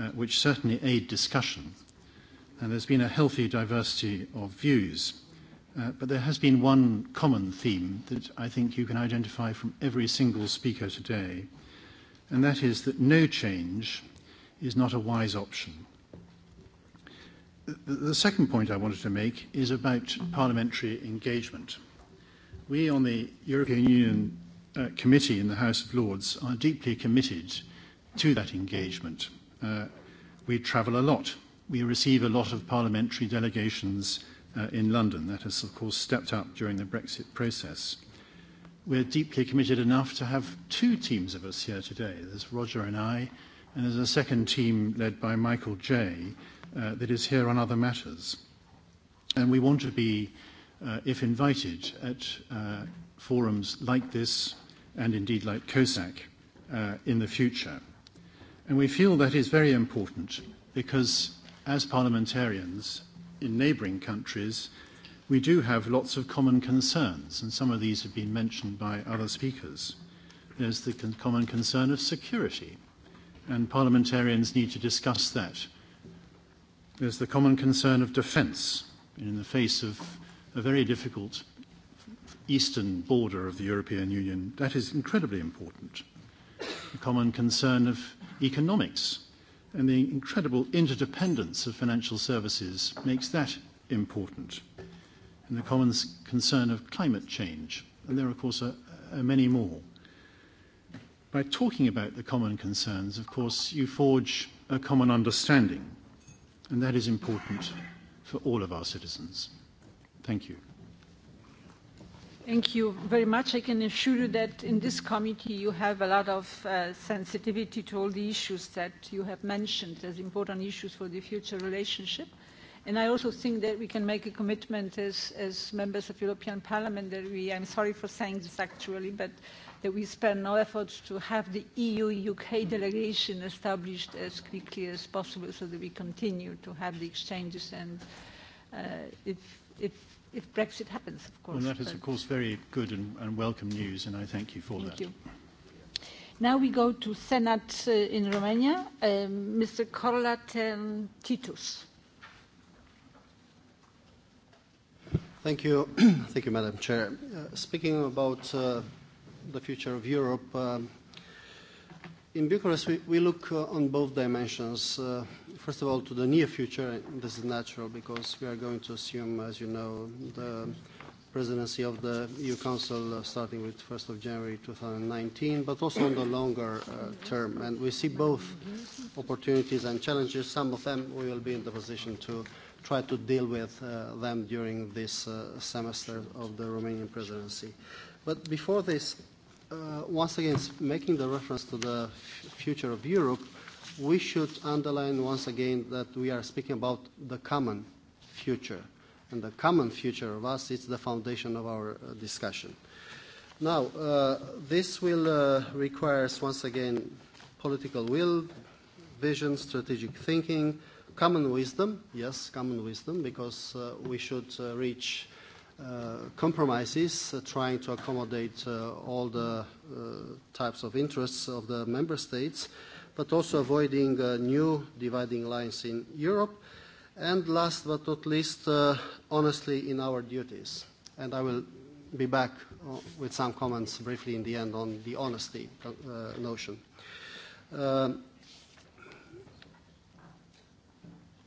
uh, which certainly aid discussion. And there's been a healthy diversity of views. Uh, but there has been one common theme that I think you can identify from every single speaker today, and that is that no change is not a wise option. The second point I wanted to make is about parliamentary engagement. We on the European Union uh, Committee in the House of Lords are deeply committed to that engagement. Uh, we travel a lot. We receive a lot of parliamentary delegations uh, in London. That has, of course, stepped up during the Brexit process. We're deeply committed enough to have two teams of us here today. There's Roger and I, and there's a second team led by Michael Jay uh, that is here on other matters. And we want to be, uh, if invited, at uh, forums like this and indeed like COSAC uh, in the future. And we feel that is very important because as parliamentarians in neighbouring countries, we do have lots of common concerns, and some of these have been mentioned by other speakers. There's the con- common concern of security, and parliamentarians need to discuss that uh, there's the common concern of defence in the face of a very difficult eastern border of the European Union. That is incredibly important. The common concern of economics and the incredible interdependence of financial services makes that important. And the common concern of climate change. And there, of course, are, are many more. By talking about the common concerns, of course, you forge a common understanding and that is important for all of our citizens. Thank you. Thank you very much. I can assure you that in this committee you have a lot of uh, sensitivity to all the issues that you have mentioned as important issues for the future relationship. And I also think that we can make a commitment as, as members of European Parliament that we, I'm sorry for saying this actually, but uh, that we spend no efforts to have the EU-UK delegation established as quickly as possible so that we continue to have the exchanges and uh, if, if, if Brexit happens, of course. And well, that is, of course, very good and, and welcome news, and I thank you for thank that. Thank you. Now we go to Senate uh, in Romania. Um, Mr. Corlat um, Titus. Thank you. thank you, Madam Chair. Uh, speaking about... Uh, the future of Europe. Um, in Bucharest, we, we look uh, on both dimensions. Uh, first of all, to the near future, this is natural because we are going to assume, as you know, the presidency of the EU Council uh, starting with 1st of January 2019, but also on the longer uh, term. And we see both opportunities and challenges. Some of them we will be in the position to try to deal with uh, them during this uh, semester of the Romanian presidency. But before this, uh, once again, making the reference to the f- future of Europe, we should underline once again that we are speaking about the common future. And the common future of us is the foundation of our uh, discussion. Now, uh, this will uh, require, once again, political will, vision, strategic thinking, common wisdom, yes, common wisdom, because uh, we should uh, reach. Uh, compromises, uh, trying to accommodate uh, all the uh, types of interests of the member states, but also avoiding uh, new dividing lines in Europe. And last but not least, uh, honestly, in our duties. And I will be back uh, with some comments briefly in the end on the honesty uh, notion. Um,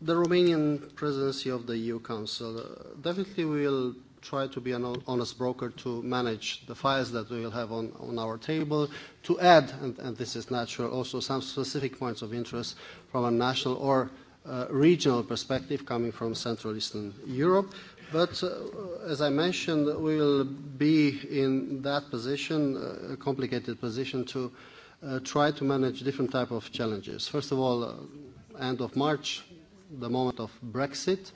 the Romanian presidency of the EU Council, uh, definitely we will try to be an honest broker to manage the files that we will have on, on our table, to add, and, and this is natural, also some specific points of interest from a national or uh, regional perspective coming from Central Eastern Europe. But uh, as I mentioned, we will be in that position, uh, a complicated position, to uh, try to manage different type of challenges. First of all, uh, end of March, the moment of Brexit.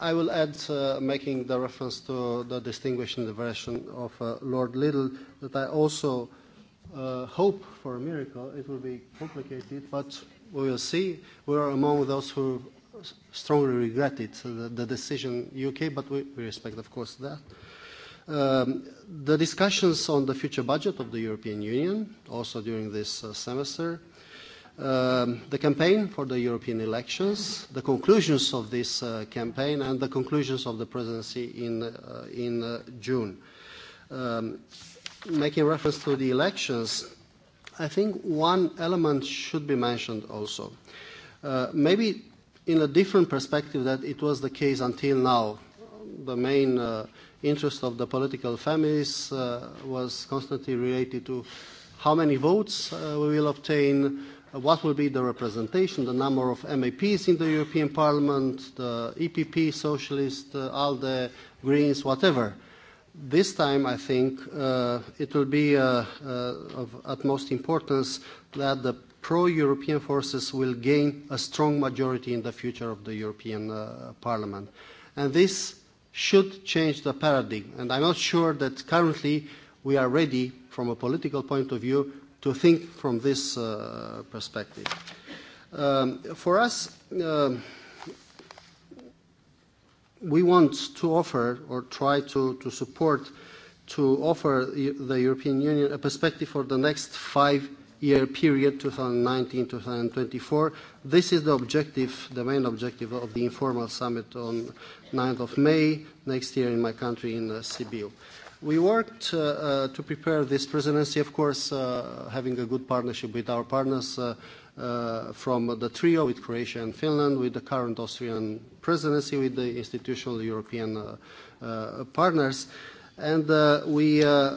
I will add, uh, making the reference to the distinguished intervention of uh, Lord Little, that I also uh, hope for a miracle. It will be complicated, but we will see. We are among those who strongly regretted uh, the, the decision UK, but we, we respect, of course, that. Um, the discussions on the future budget of the European Union, also during this uh, semester, uh, um, the campaign for the European elections, the conclusions of this uh, campaign, and the conclusions of the presidency in, uh, in uh, June. Um, making reference to the elections, I think one element should be mentioned also. Uh, maybe in a different perspective that it was the case until now, the main uh, interest of the political families uh, was constantly related to how many votes uh, we will obtain, uh, Uh, what will be the representation, the number of MEPs in the European Parliament, the EPP, Socialist, uh, ALDE, Greens, whatever. This time, I think, uh, it will be uh, uh, of utmost importance that the pro-European forces will gain a strong majority in the future of the European uh, Parliament. And this should change the paradigm. And I'm not sure that currently we are ready, from a political point of view, to think from this uh, perspective. Um, for us, uh, we want to offer or try to, to support to offer e, the European Union a perspective for the next five year period, 2019 2024. This is the objective, the main objective of the informal summit on 9th of May next year in my country in uh, Sibiu. We worked uh, uh, to prepare this presidency, of course, uh, having a good partnership with our partners uh, uh, from the trio with Croatia and Finland, with the current Austrian presidency, with the institutional European uh, uh, partners. And uh, we uh,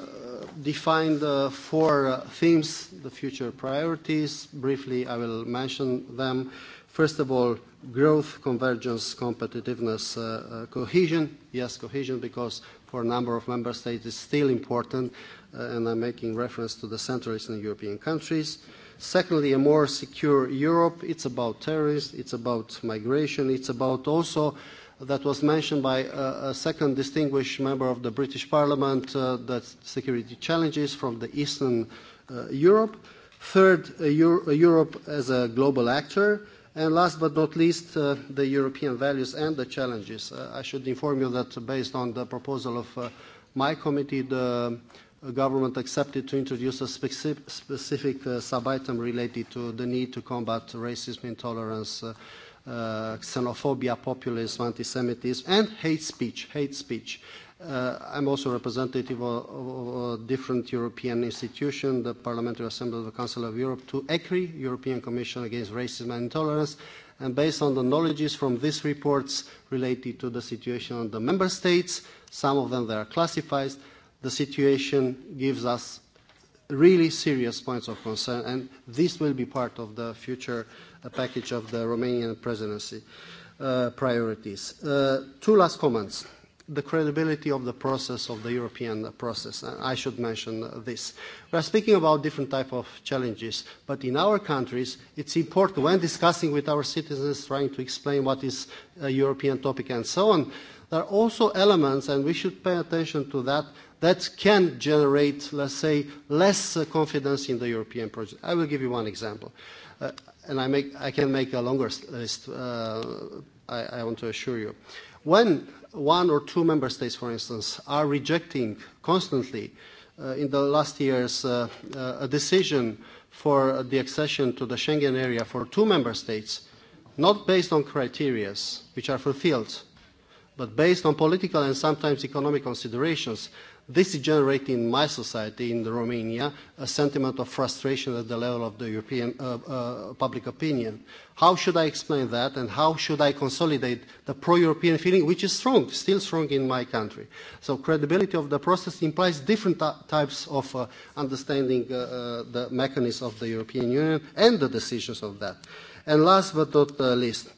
defined uh, four uh, themes, the future priorities. Briefly, I will mention them. First of all, growth, convergence, competitiveness, uh, uh, cohesion. Yes, cohesion, because for a number of member states is still important, uh, and I'm making reference to the Central Eastern European countries. Secondly, a more secure Europe, it's about terrorists, it's about migration, it's about also, that was mentioned by uh, a second distinguished member of the British Parliament, uh, that security challenges from the Eastern uh, Europe. Third, a Euro a Europe as a global actor, uh, And last but not least, uh, the European values and the challenges. Uh, I should inform you that based on the proposal of uh, my committee, the uh, government accepted to introduce a speci specific uh, sub-item related to the need to combat racism, intolerance, uh, uh, xenophobia, populism, anti-Semitism, and hate speech, hate speech. Uh, I'm also representative of, of, of a different European institution, the Parliamentary Assembly of the Council of Europe, to ECRI, European Commission Against Racism and Intolerance. And based on the knowledges from these reports related to the situation in the member states, some of them they are classified, the situation gives us really serious points of concern. And this will be part of the future uh, package of the Romanian presidency uh, priorities. Uh, two last comments the credibility of the process of the European process. I should mention this. We are speaking about different type of challenges, but in our countries, it's important when discussing with our citizens, trying to explain what is a European topic and so on, there are also elements, and we should pay attention to that, that can generate, let's say, less confidence in the European project. I will give you one example, uh, and I, make, I can make a longer list, uh, I, I want to assure you. When one or two member states, for instance, are rejecting constantly uh, in the last years uh, uh, a decision for the accession to the Schengen area for two member states, not based on criterias which are fulfilled, but based on political and sometimes economic considerations, this is generating in my society in the Romania a sentiment of frustration at the level of the European uh, uh, public opinion. How should I explain that and how should I consolidate the pro-European feeling, which is strong, still strong in my country? So credibility of the process implies different types of uh, understanding uh, uh, the mechanism of the European Union and the decisions of that. And last but not uh, least,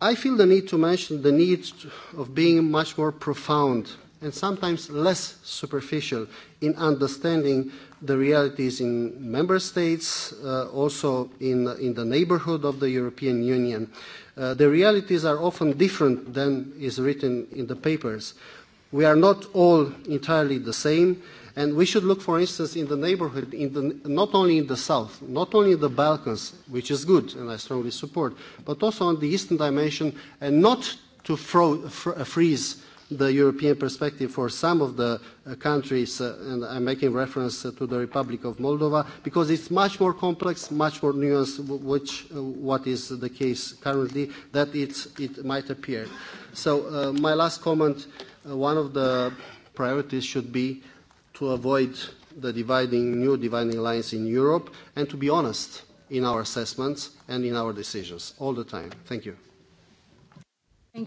I feel the need to mention the need to, of being much more profound and sometimes less superficial in understanding the realities in member states, uh, also in, in the neighborhood of the European Union. Uh, the realities are often different than is written in the papers. We are not all entirely the same, and we should look, for instance, in the neighborhood, in the, not only in the south, not only in the Balkans, which is good and I strongly support, but also on the eastern dimension, and not to fro- fr- freeze uh, the European perspective for some of the uh, countries, uh, and I'm making reference uh, to the Republic of Moldova, because it's much more complex, much more nuanced, which uh, what is the case currently, that it's, it might appear. So uh, my last comment, uh, one of the priorities should be to avoid the dividing, new dividing lines in Europe, and to be honest in our assessments and in our decisions all the time. Thank you. Uh, eh,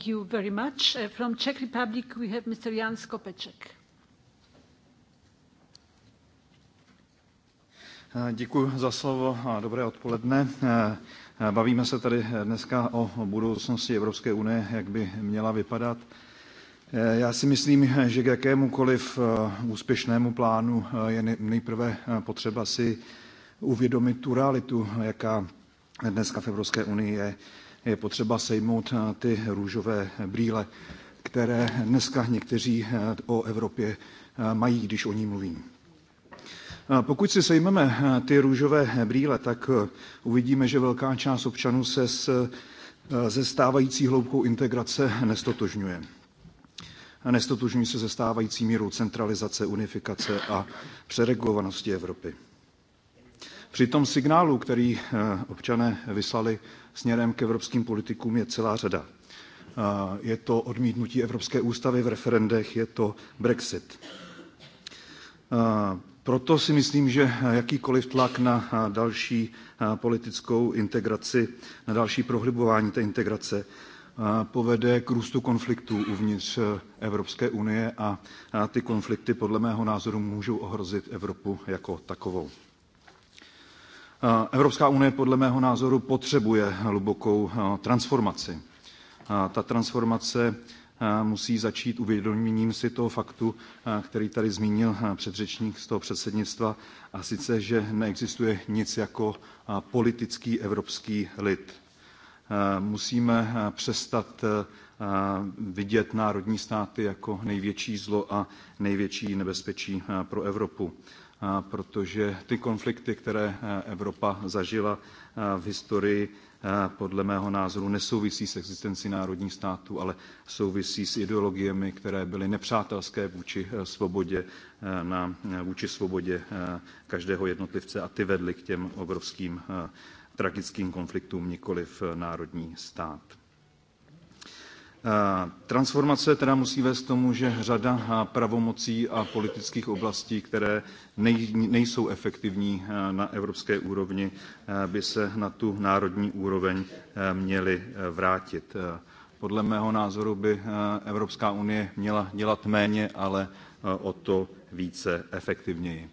dobré odpoledne. Eh, eh, bavíme se tady dneska o budoucnosti Evropské unie, jak by měla vypadat. Já si myslím, že k jakémukoliv úspěšnému plánu je nejprve potřeba si uvědomit tu realitu, jaká dneska v Evropské unii je je potřeba sejmout eh, ty růžové brýle, které dneska někteří eh, o Evropě eh, mají, když o ní mluví. Pokud si sejmeme ty růžové brýle, tak uvidíme, že velká část občanů se s, ze stávající hloubkou integrace nestotožňuje. Nestotožňují se ze stávající mírou centralizace, unifikace a přeregulovanosti Evropy. Přitom signálu, který občané vyslali směrem k evropským politikům je celá řada. Je to odmítnutí Evropské ústavy v referendech, je to Brexit. Proto si myslím, že jakýkoliv tlak na další politickou integraci, na další prohlibování té integrace, povede k růstu konfliktů uvnitř e, Evropské unie a ty konflikty podle mého názoru můžou ohrozit Evropu jako takovou. Eh, Evropská unie podle mého názoru potřebuje hlubokou eh, transformaci. Eh, ta transformace musí začít uvědoměním si toho faktu, který tady zmínil předřečník z toho předsednictva, a sice, že neexistuje nic jako politický evropský lid. Musíme přestat vidět národní státy jako největší zlo a největší nebezpečí pro Evropu protože ty konflikty, které eh, Evropa zažila eh, v historii, eh, podle mého názoru nesouvisí s existencí národních států, ale souvisí s ideologiemi, které byly nepřátelské vůči svobodě, na, vůči svobodě každého jednotlivce a ty vedly k těm obrovským tragickým konfliktům nikoli v národní stát. Eh, transformace teda musí vést k tomu, že řada eh, pravomocí a politických oblastí, které nejsou efektivní eh, na evropské úrovni, by se na tu národní úroveň měly vrátit. Podle mého názoru by Evropská unie měla dělat méně, ale o to více efektivněji.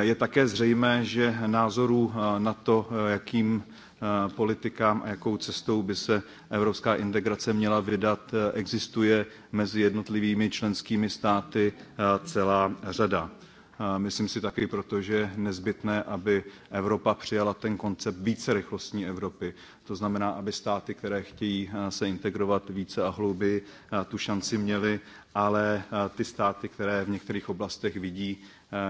Je také zřejmé, že názorů na to, jakým Eh, politikám a jakou cestou by se evropská integrace měla vydat, eh, existuje mezi jednotlivými členskými státy eh, celá řada. Myslím si taky, protože je nezbytné, aby Evropa přijala ten koncept více rychlostní Evropy, To znamená, aby státy, které chtějí eh, se integrovat více a hlouběji, eh, tu šanci měly, ale eh, ty státy, které v některých oblastech vidí,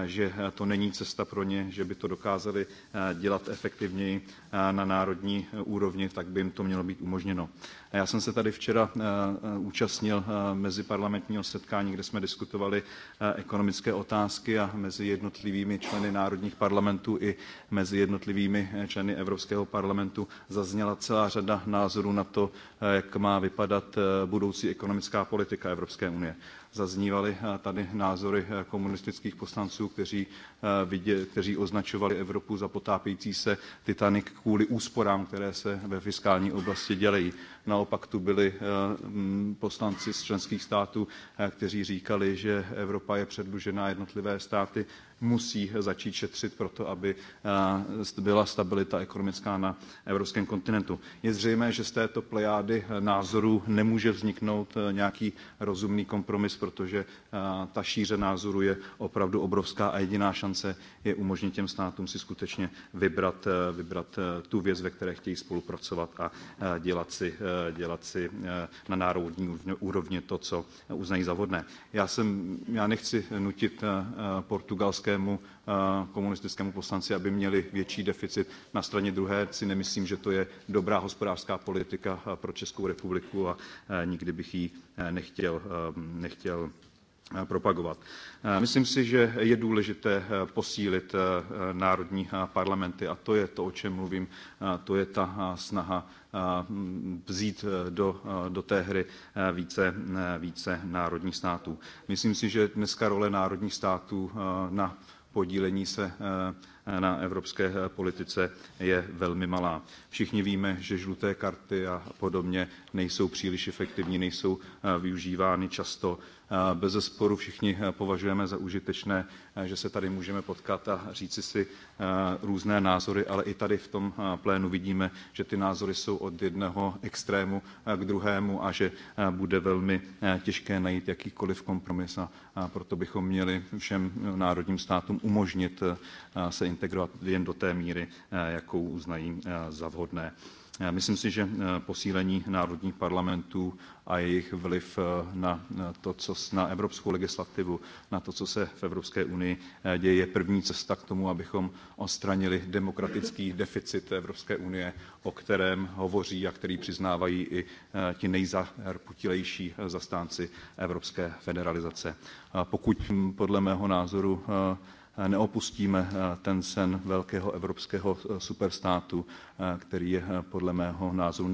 že to není cesta pro ně, že by to dokázali dělat efektivněji na národní úrovni, tak by jim to mělo být umožněno. Já jsem se tady včera účastnil meziparlamentního setkání, kde jsme diskutovali ekonomické otázky a mezi jednotlivými členy národních parlamentů i mezi jednotlivými členy Evropského parlamentu zazněla celá řada názorů na to, eh, jak má vypadat eh, budoucí ekonomická politika Evropské unie. Zaznívaly eh, tady názory komunistických poslanců, kteří, vidě, kteří označovali Evropu za potápějící se Titanic kvůli úsporám, které se ve fiskální oblasti dělají. Naopak tu byli eh, poslanci z členských států, eh, kteří říkali, že Evropa je předlužená, jednotlivé státy musí začít šetřit proto, aby eh, byla stabilita ekonomická na evropském kontinentu. Je zřejmé, že z této plejády názorů nemůže vzniknout nějaký rozumný kompromis, protože ta šíře názoru je opravdu obrovská a jediná šance je umožnit těm státům si skutečně vybrat, vybrat tu věc, ve které chtějí spolupracovat a dělat si E, dělat si e, na národní úrovni to, co uznají za vodné. Já, jsem, já nechci nutit e, portugalskému komunistickému poslanci, aby měli větší deficit. Na straně druhé si nemyslím, že to je dobrá hospodářská politika pro Českou republiku a nikdy bych ji nechtěl, nechtěl Eh, propagovat. Eh, myslím si, že je důležité eh, posílit národní parlamenty a to je to, o čem mluvím, to je ta snaha vzít do, do té hry více, více národních států. Myslím si, že dneska role národních států na podílení se na evropské eh, politice je velmi malá. Všichni víme, že žluté karty a podobně nejsou příliš efektivní, nejsou eh, využívány často. Eh, bez zesporu všichni považujeme za užitečné, že se tady můžeme potkat a říci si různé názory, ale i tady v tom plénu vidíme, že ty názory jsou od jedného extrému k druhému a že bude velmi těžké najít jakýkoliv kompromis a proto bychom měli všem národním státům umožnit se integrovat jen do té míry, eh, jakou uznají eh, za vhodné. Myslím si, že eh, posílení národních parlamentů a jejich vliv na, to, co, na evropskou legislativu, na to, co se v Evropské unii děje, je první cesta k tomu, abychom odstranili demokratický deficit Evropské unie, o kterém hovoří a který přiznávají i ti nejzaputilejší zastánci evropské federalizace. Pokud hm, podle mého názoru Eh, neopustíme eh, ten sen velkého evropského eh, superstátu, který je podle mého názoru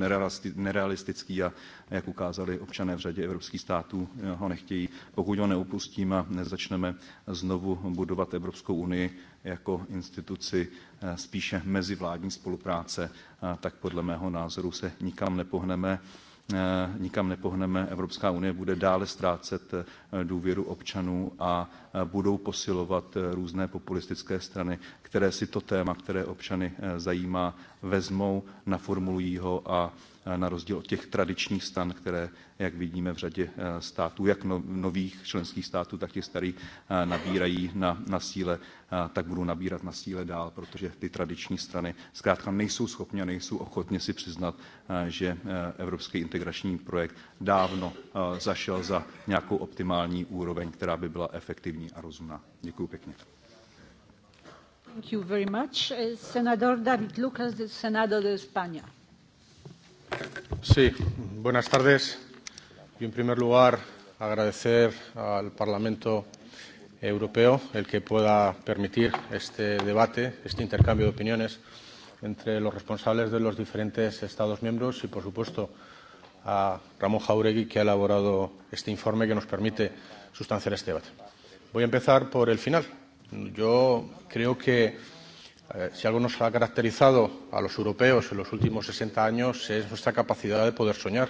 nerealistický a jak ukázali občané v řadě evropských států, ho nechtějí. Pokud ho neopustíme, nezačneme znovu budovat Evropskou unii jako instituci spíše mezivládní spolupráce, tak podle mého názoru se nikam nepohneme. Eh, nikam nepohneme, Evropská unie bude dále ztrácet eh, důvěru občanů a eh, budou posilovat různé populistické strany, které si to téma, které občany zajímá, vezmou, naformulují ho a Eh, na rozdíl od těch tradičních stan, které, jak vidíme v řadě eh, států, jak no, nových členských států, tak těch starých, eh, nabírají na, na síle, tak budou nabírat na síle dál, protože ty tradiční strany zkrátka nejsou schopni a nejsou ochotně si přiznat, že evropský integrační projekt dávno zašel za nějakou optimální úroveň, která by byla efektivní a rozumná. Děkuji pěkně. Thank you very much. Senador David Lucas, Senado de España. Sí, buenas tardes. Y en primer lugar, agradecer al Parlamento Europeo el que pueda permitir este debate, este intercambio de opiniones entre los responsables de los diferentes Estados miembros y, por supuesto, a Ramón Jauregui, que ha elaborado este informe que nos permite sustanciar este debate. Voy a empezar por el final. Yo creo que. Eh, si algo nos ha caracterizado a los europeos en los últimos 60 años es nuestra capacidad de poder soñar.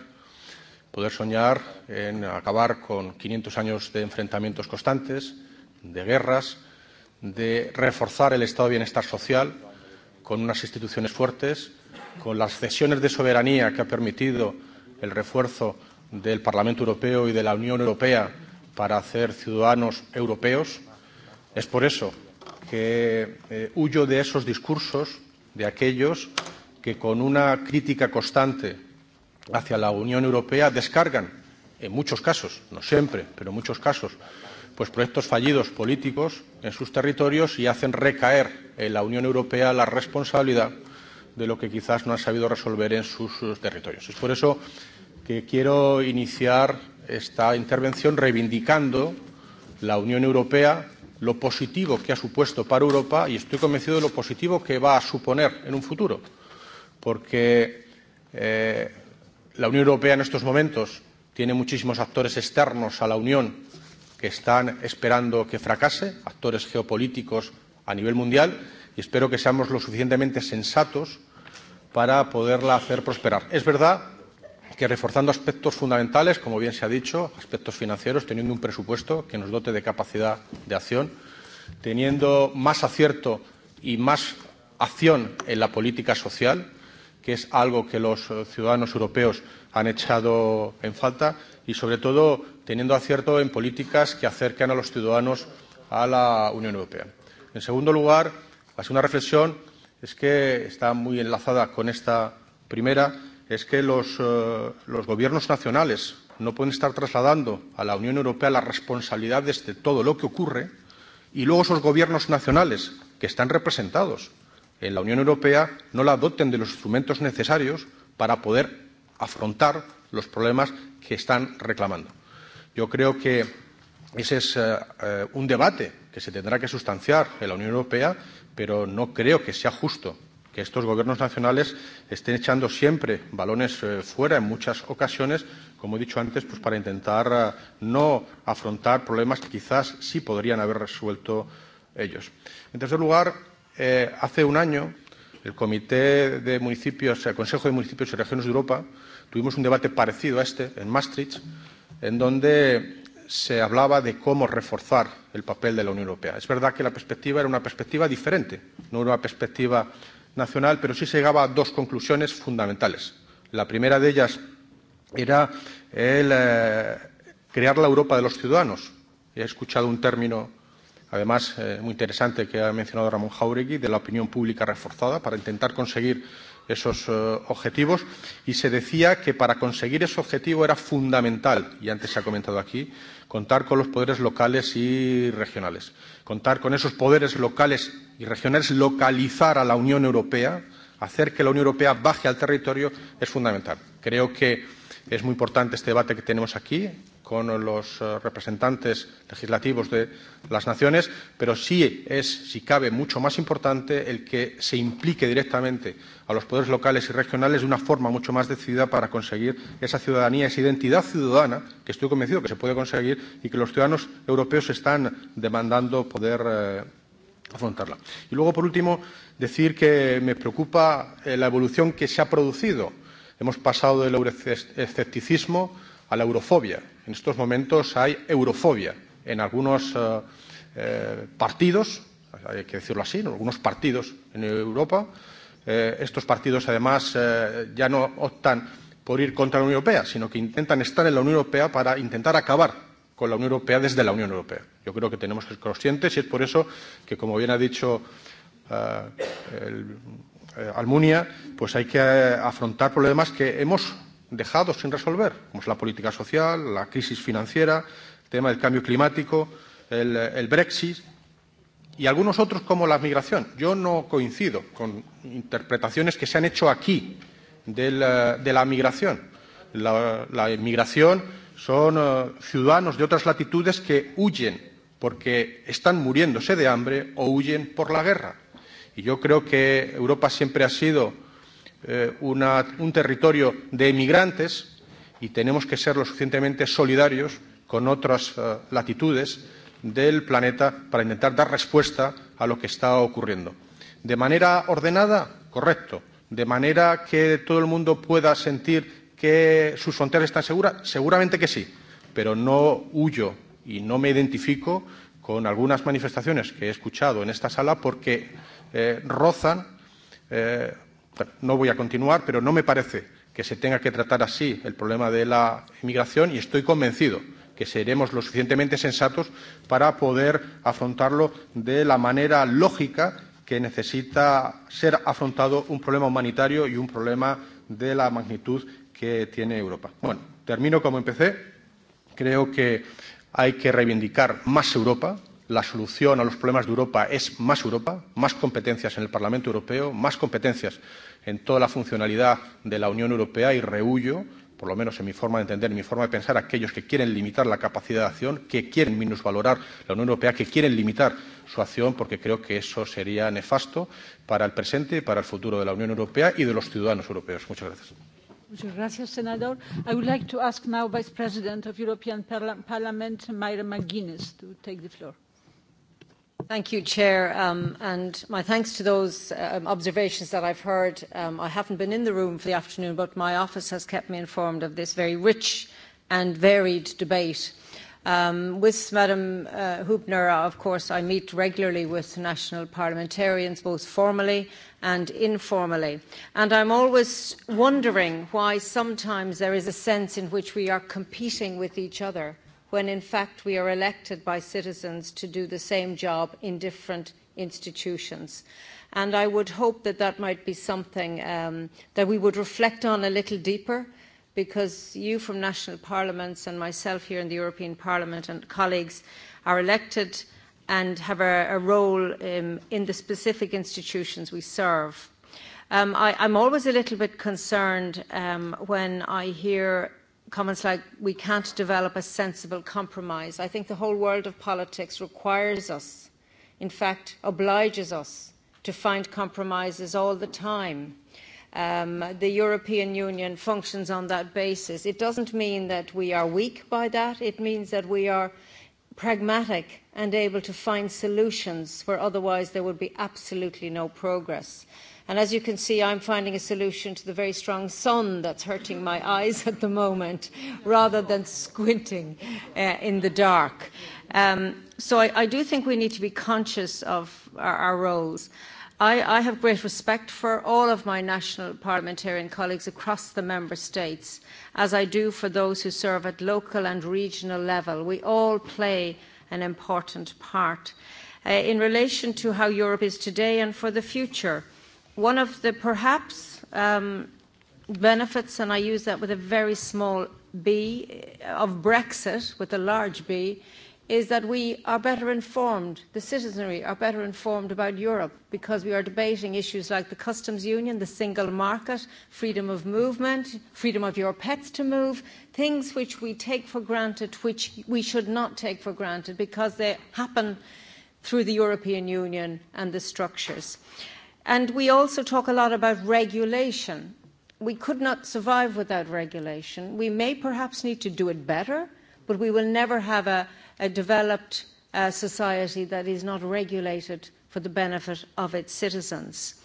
Poder soñar en acabar con 500 años de enfrentamientos constantes, de guerras, de reforzar el estado de bienestar social con unas instituciones fuertes, con las cesiones de soberanía que ha permitido el refuerzo del Parlamento Europeo y de la Unión Europea para hacer ciudadanos europeos. Es por eso que eh, huyo de esos discursos, de aquellos que con una crítica constante hacia la Unión Europea descargan, en muchos casos, no siempre, pero en muchos casos, pues proyectos fallidos políticos en sus territorios y hacen recaer en la Unión Europea la responsabilidad de lo que quizás no han sabido resolver en sus territorios. Es por eso que quiero iniciar esta intervención reivindicando la Unión Europea lo positivo que ha supuesto para Europa y estoy convencido de lo positivo que va a suponer en un futuro, porque eh, la Unión Europea en estos momentos tiene muchísimos actores externos a la Unión que están esperando que fracase, actores geopolíticos a nivel mundial, y espero que seamos lo suficientemente sensatos para poderla hacer prosperar. Es verdad que reforzando aspectos fundamentales, como bien se ha dicho, aspectos financieros, teniendo un presupuesto que nos dote de capacidad de acción, teniendo más acierto y más acción en la política social, que es algo que los ciudadanos europeos han echado en falta, y sobre todo teniendo acierto en políticas que acerquen a los ciudadanos a la Unión Europea. En segundo lugar, la segunda reflexión es que está muy enlazada con esta primera es que los, eh, los gobiernos nacionales no pueden estar trasladando a la Unión Europea las responsabilidades de todo lo que ocurre y luego esos gobiernos nacionales que están representados en la Unión Europea no la adopten de los instrumentos necesarios para poder afrontar los problemas que están reclamando. Yo creo que ese es eh, eh un debate que se tendrá que sustanciar en la Unión Europea, pero no creo que sea justo que estos gobiernos nacionales estén echando siempre balones eh, fuera en muchas ocasiones, como he dicho antes, pues para intentar eh, no afrontar problemas que quizás sí podrían haber resuelto ellos. En tercer lugar, eh, hace un año el Comité de Municipios, el Consejo de Municipios y Regiones de Europa, tuvimos un debate parecido a este en Maastricht, en donde se hablaba de cómo reforzar el papel de la Unión Europea. Es verdad que la perspectiva era una perspectiva diferente, no una perspectiva nacional, pero sí se llegaba a dos conclusiones fundamentales. La primera de ellas era el eh, crear la Europa de los ciudadanos. He escuchado un término, además, eh, muy interesante que ha mencionado Ramón Jauregui, de la opinión pública reforzada para intentar conseguir esos uh, objetivos y se decía que para conseguir ese objetivo era fundamental, y antes se ha comentado aquí, contar con los poderes locales y regionales. Contar con esos poderes locales y regionales, localizar a la Unión Europea, hacer que la Unión Europea baje al territorio, es fundamental. Creo que es muy importante este debate que tenemos aquí, con los eh, representantes legislativos de las naciones, pero sí es, si cabe, mucho más importante el que se implique directamente a los poderes locales y regionales de una forma mucho más decidida para conseguir esa ciudadanía, esa identidad ciudadana, que estoy convencido que se puede conseguir y que los ciudadanos europeos están demandando poder eh, afrontarla. Y luego, por último, decir que me preocupa eh, la evolución que se ha producido. Hemos pasado del euroescepticismo a la eurofobia. En estos momentos hay eurofobia en algunos eh, eh, partidos, hay que decirlo así, en algunos partidos en Europa. Eh, estos partidos, además, eh, ya no optan por ir contra la Unión Europea, sino que intentan estar en la Unión Europea para intentar acabar con la Unión Europea desde la Unión Europea. Yo creo que tenemos que ser conscientes y es por eso que, como bien ha dicho eh, el, eh, Almunia, pues hay que eh, afrontar problemas que hemos dejado sin resolver, como es la política social, la crisis financiera, el tema del cambio climático, el, el Brexit y algunos otros como la migración. Yo no coincido con interpretaciones que se han hecho aquí de la, eh, de la migración. La, la migración son uh, ciudadanos de otras latitudes que huyen porque están muriéndose de hambre o huyen por la guerra. Y yo creo que Europa siempre ha sido eh, una, un territorio de emigrantes y tenemos que ser lo suficientemente solidarios con otras eh, latitudes del planeta para intentar dar respuesta a lo que está ocurriendo. De manera ordenada, correcto. De manera que todo el mundo pueda sentir que sus fronteras están seguras, seguramente que sí. Pero no huyo y no me identifico con algunas manifestaciones que he escuchado en esta sala porque eh, rozan eh, no voy a continuar, pero no me parece que se tenga que tratar así el problema de la inmigración y estoy convencido que seremos lo suficientemente sensatos para poder afrontarlo de la manera lógica que necesita ser afrontado un problema humanitario y un problema de la magnitud que tiene Europa. Bueno, termino como empecé. Creo que hay que reivindicar más Europa, la solución a los problemas de Europa es más Europa, más competencias en el Parlamento Europeo, más competencias en toda la funcionalidad de la Unión Europea y rehuyo, por lo menos en mi forma de entender, en mi forma de pensar, aquellos que quieren limitar la capacidad de acción, que quieren minusvalorar la Unión Europea, que quieren limitar su acción, porque creo que eso sería nefasto para el presente y para el futuro de la Unión Europea y de los ciudadanos europeos. Muchas gracias. Muchas gracias, senador. I would like to ask now Vice President of European Parliament, Myra McGuinness, to take the floor. Thank you, Chair, um, and my thanks to those um, observations that I've heard. Um, I haven't been in the room for the afternoon, but my office has kept me informed of this very rich and varied debate. Um, with Madam uh, Hubner, of course, I meet regularly with national parliamentarians, both formally and informally. And I'm always wondering why sometimes there is a sense in which we are competing with each other when in fact we are elected by citizens to do the same job in different institutions. And I would hope that that might be something um, that we would reflect on a little deeper, because you from national parliaments and myself here in the European Parliament and colleagues are elected and have a, a role um, in the specific institutions we serve. Um, I, I'm always a little bit concerned um, when I hear comments like we can't develop a sensible compromise. I think the whole world of politics requires us, in fact, obliges us to find compromises all the time. Um, the European Union functions on that basis. It doesn't mean that we are weak by that. It means that we are pragmatic and able to find solutions where otherwise there would be absolutely no progress. And as you can see, I'm finding a solution to the very strong sun that's hurting my eyes at the moment, rather than squinting uh, in the dark. Um, so I, I do think we need to be conscious of our, our roles. I, I have great respect for all of my national parliamentarian colleagues across the member states, as I do for those who serve at local and regional level. We all play an important part. Uh, in relation to how Europe is today and for the future, uh, one of the perhaps um, benefits, and I use that with a very small B, of Brexit with a large B, is that we are better informed, the citizenry are better informed about Europe because we are debating issues like the customs union, the single market, freedom of movement, freedom of your pets to move, things which we take for granted, which we should not take for granted because they happen through the European Union and the structures. Uh, And we also talk a lot about regulation. We could not survive without regulation. We may perhaps need to do it better, but we will never have a, a developed uh, society that is not regulated for the benefit of its citizens.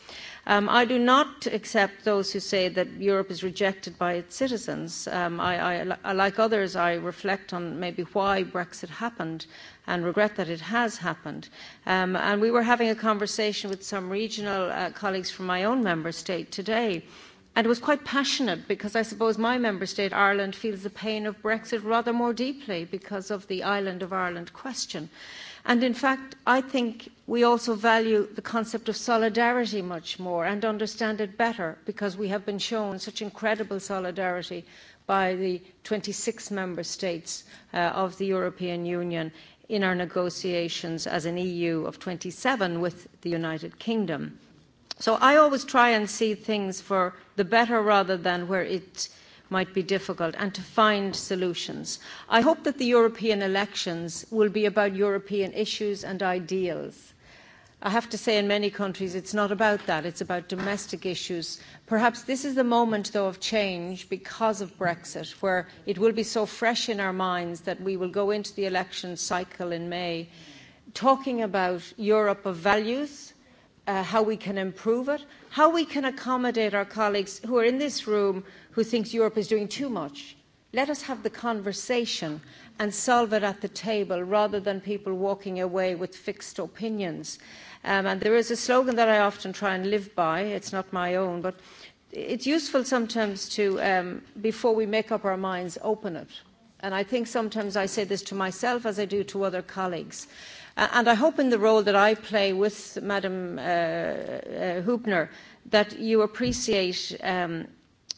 Um, I do not accept those who say that Europe is rejected by its citizens. Um, I, I, like others, I reflect on maybe why Brexit happened, and regret that it has happened. Um, and we were having a conversation with some regional uh, colleagues from my own member state today. And it was quite passionate because I suppose my member state, Ireland, feels the pain of Brexit rather more deeply because of the island of Ireland question. And in fact, I think we also value the concept of solidarity much more and understand it better because we have been shown such incredible solidarity by the 26 member states uh, of the European Union in our negotiations as an EU of 27 with the United Kingdom. So I always try and see things for the better rather than where it might be difficult and to find solutions. I hope that the European elections will be about European issues and ideals. I have to say in many countries it's not about that, it's about domestic issues. Perhaps this is the moment though of change because of Brexit where it will be so fresh in our minds that we will go into the election cycle in May talking about Europe of values, uh, how we can improve it, how we can accommodate our colleagues who are in this room who thinks Europe is doing too much let us have the conversation and solve it at the table rather than people walking away with fixed opinions. Um, and there is a slogan that I often try and live by, it's not my own, but it's useful sometimes to, um, before we make up our minds, open it. And I think sometimes I say this to myself as I do to other colleagues. Uh, and I hope in the role that I play with Madam uh, uh, Hubner that you appreciate. Um,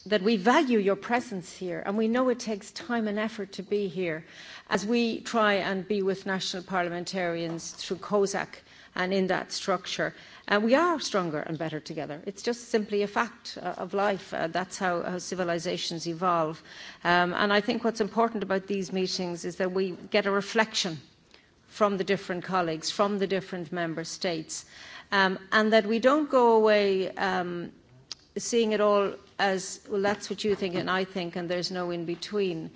that we value your presence here, and we know it takes time and effort to be here as we try and be with national parliamentarians through COSAC and in that structure. And we are stronger and better together. It's just simply a fact uh, of life. Uh, that's how, how civilizations evolve. Um, and I think what's important about these meetings is that we get a reflection from the different colleagues, from the different member states, um, and that we don't go away um, seeing it all as well, that's what you think and I think, and there's no in between.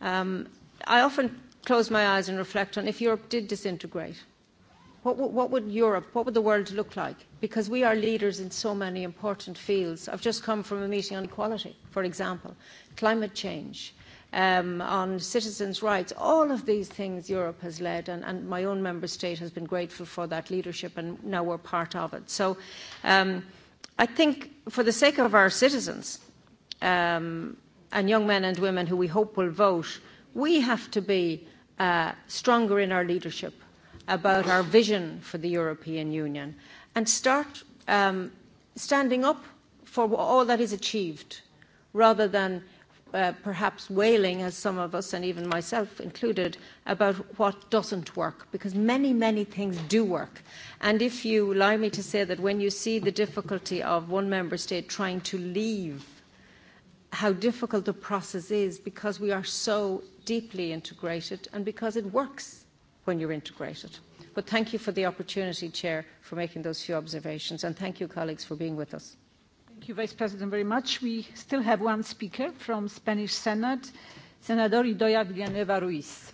Um, I often close my eyes and reflect on if Europe did disintegrate, what, w- what would Europe, what would the world look like? Because we are leaders in so many important fields. I've just come from a meeting on equality, for example, climate change. Um, on citizens' rights, all of these things Europe has led, and, and my own member state has been grateful for that leadership, and now we're part of it. So, um, I think for the sake of our citizens um, and young men and women who we hope will vote, we have to be uh, stronger in our leadership about our vision for the European Union and start um, standing up for all that is achieved rather than uh, perhaps wailing, as some of us and even myself included, about what doesn't work, because many, many things do work. And if you allow me to say that when you see the difficulty of one member state trying to leave, how difficult the process is because we are so deeply integrated and because it works when you're integrated. But thank you for the opportunity, Chair, for making those few observations. And thank you, colleagues, for being with us. Thank you, Vice President, very much. We still have one speaker from Spanish Senate, Senator Idoia Villanueva Ruiz.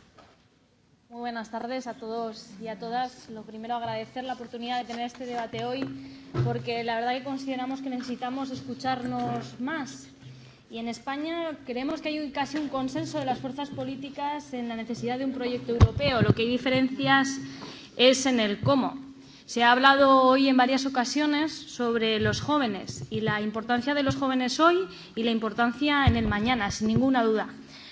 Muy buenas tardes a todos y a todas. Lo primero, agradecer la oportunidad de tener este debate hoy, porque la verdad que consideramos que necesitamos escucharnos más. Y en España creemos que hay casi un consenso de las fuerzas políticas en la necesidad de un proyecto europeo. Lo que hay diferencias es en el cómo. Se ha hablado hoy en varias ocasiones sobre los jóvenes y la importancia de los jóvenes hoy y la importancia en el mañana, sin ninguna duda.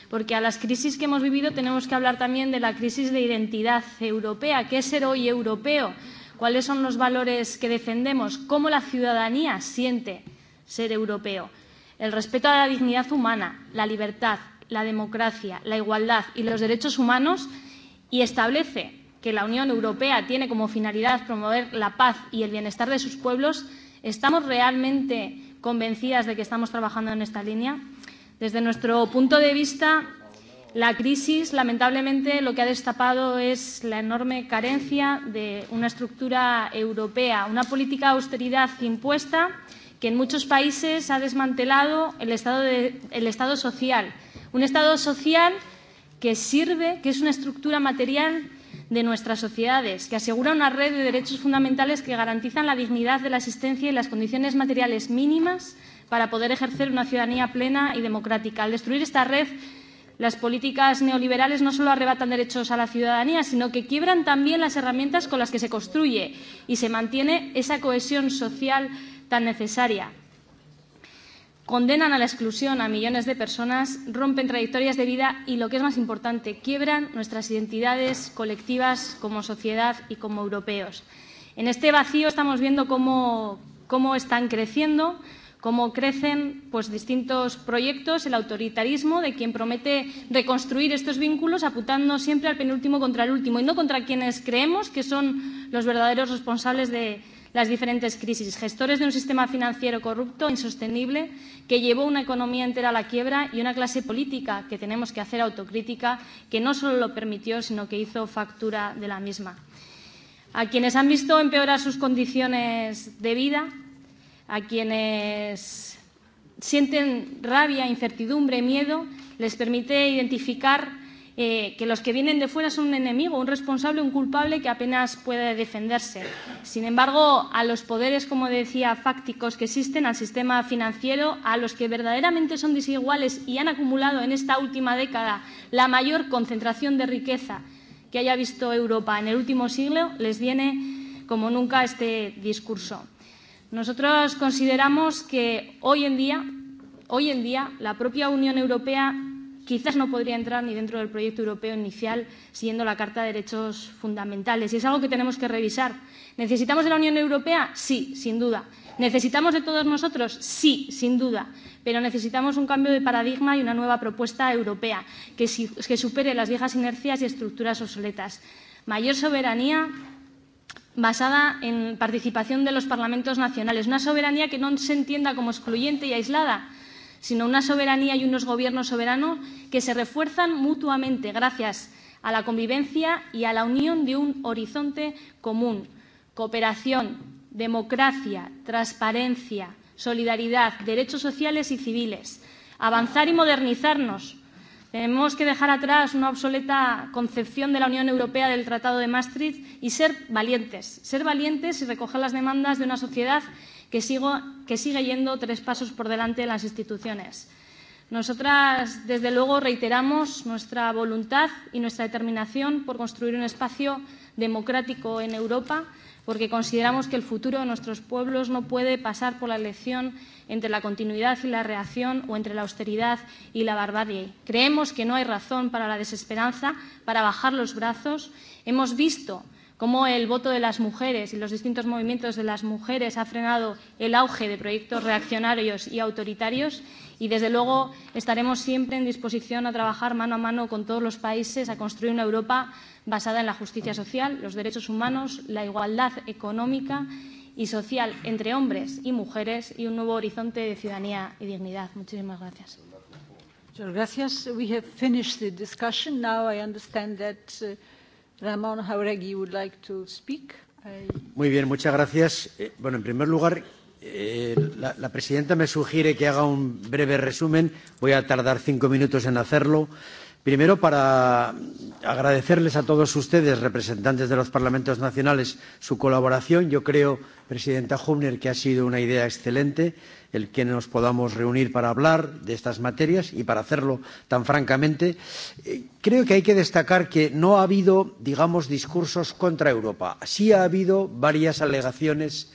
Porque a las crisis que hemos vivido tenemos que hablar también de la crisis de identidad europea. ¿Qué es ser hoy europeo? ¿Cuáles son los valores que defendemos? ¿Cómo la ciudadanía siente ser europeo? El respeto a la dignidad humana, la libertad, la democracia, la igualdad y los derechos humanos y establece que la Unión Europea tiene como finalidad promover la paz y el bienestar de sus pueblos, ¿estamos realmente convencidas de que estamos trabajando en esta línea? Desde nuestro punto de vista, la crisis, lamentablemente, lo que ha destapado es la enorme carencia de una estructura europea, una política de austeridad impuesta que en muchos países ha desmantelado el Estado, de, el estado social. Un Estado social que sirve, que es una estructura material de nuestras sociedades, que asegura una red de derechos fundamentales que garantizan la dignidad de la existencia y las condiciones materiales mínimas para poder ejercer una ciudadanía plena y democrática. Al destruir esta red, las políticas neoliberales no solo arrebatan derechos a la ciudadanía, sino que quiebran también las herramientas con las que se construye y se mantiene esa cohesión social tan necesaria condenan a la exclusión a millones de personas, rompen trayectorias de vida y, lo que es más importante, quiebran nuestras identidades colectivas como sociedad y como europeos. En este vacío estamos viendo cómo, cómo están creciendo, cómo crecen pues, distintos proyectos, el autoritarismo de quien promete reconstruir estos vínculos, apuntando siempre al penúltimo contra el último y no contra quienes creemos que son los verdaderos responsables de, las diferentes crisis, gestores de un sistema financiero corrupto, insostenible, que llevó una economía entera a la quiebra y una clase política que tenemos que hacer autocrítica, que no solo lo permitió, sino que hizo factura de la misma. A quienes han visto empeorar sus condiciones de vida, a quienes sienten rabia, incertidumbre, miedo, les permite identificar eh, que los que vienen de fuera son un enemigo, un responsable, un culpable que apenas puede defenderse. Sin embargo, a los poderes, como decía, fácticos que existen, al sistema financiero, a los que verdaderamente son desiguales y han acumulado en esta última década la mayor concentración de riqueza que haya visto Europa en el último siglo, les viene como nunca este discurso. Nosotros consideramos que hoy en día, hoy en día, la propia Unión Europea quizás no podría entrar ni dentro del proyecto europeo inicial siguiendo la Carta de Derechos Fundamentales. Y es algo que tenemos que revisar. ¿Necesitamos de la Unión Europea? Sí, sin duda. ¿Necesitamos de todos nosotros? Sí, sin duda. Pero necesitamos un cambio de paradigma y una nueva propuesta europea que, si, que supere las viejas inercias y estructuras obsoletas. Mayor soberanía basada en participación de los parlamentos nacionales. Una soberanía que no se entienda como excluyente y aislada, sino una soberanía y unos gobiernos soberanos que se refuerzan mutuamente gracias a la convivencia y a la unión de un horizonte común. Cooperación, democracia, transparencia, solidaridad, derechos sociales y civiles. Avanzar y modernizarnos. Tenemos que dejar atrás una obsoleta concepción de la Unión Europea del Tratado de Maastricht y ser valientes. Ser valientes y recoger las demandas de una sociedad que, sigo, que sigue yendo tres pasos por delante de las instituciones. Nosotras, desde luego, reiteramos nuestra voluntad y nuestra determinación por construir un espacio democrático en Europa, porque consideramos que el futuro de nuestros pueblos no puede pasar por la elección entre la continuidad y la reacción o entre la austeridad y la barbarie. Creemos que no hay razón para la desesperanza, para bajar los brazos. Hemos visto cómo el voto de las mujeres y los distintos movimientos de las mujeres ha frenado el auge de proyectos reaccionarios y autoritarios. Y, desde luego, estaremos siempre en disposición a trabajar mano a mano con todos los países a construir una Europa basada en la justicia social, los derechos humanos, la igualdad económica y social entre hombres y mujeres y un nuevo horizonte de ciudadanía y dignidad. Muchísimas gracias. Muchas gracias. We have finished the discussion. Now I understand that, uh, Ramón Jauregui would like to speak. I... Muy bien, muchas gracias. Eh, bueno, en primer lugar, eh, la, la presidenta me sugiere que haga un breve resumen. Voy a tardar cinco minutos en hacerlo. Eh, Primero, para agradecerles a todos ustedes, representantes de los parlamentos nacionales, su colaboración. Yo creo, presidenta Hubner, que ha sido una idea excelente el que nos podamos reunir para hablar de estas materias y para hacerlo tan francamente. Eh, creo que hay que destacar que no ha habido, digamos, discursos contra Europa. Sí ha habido varias alegaciones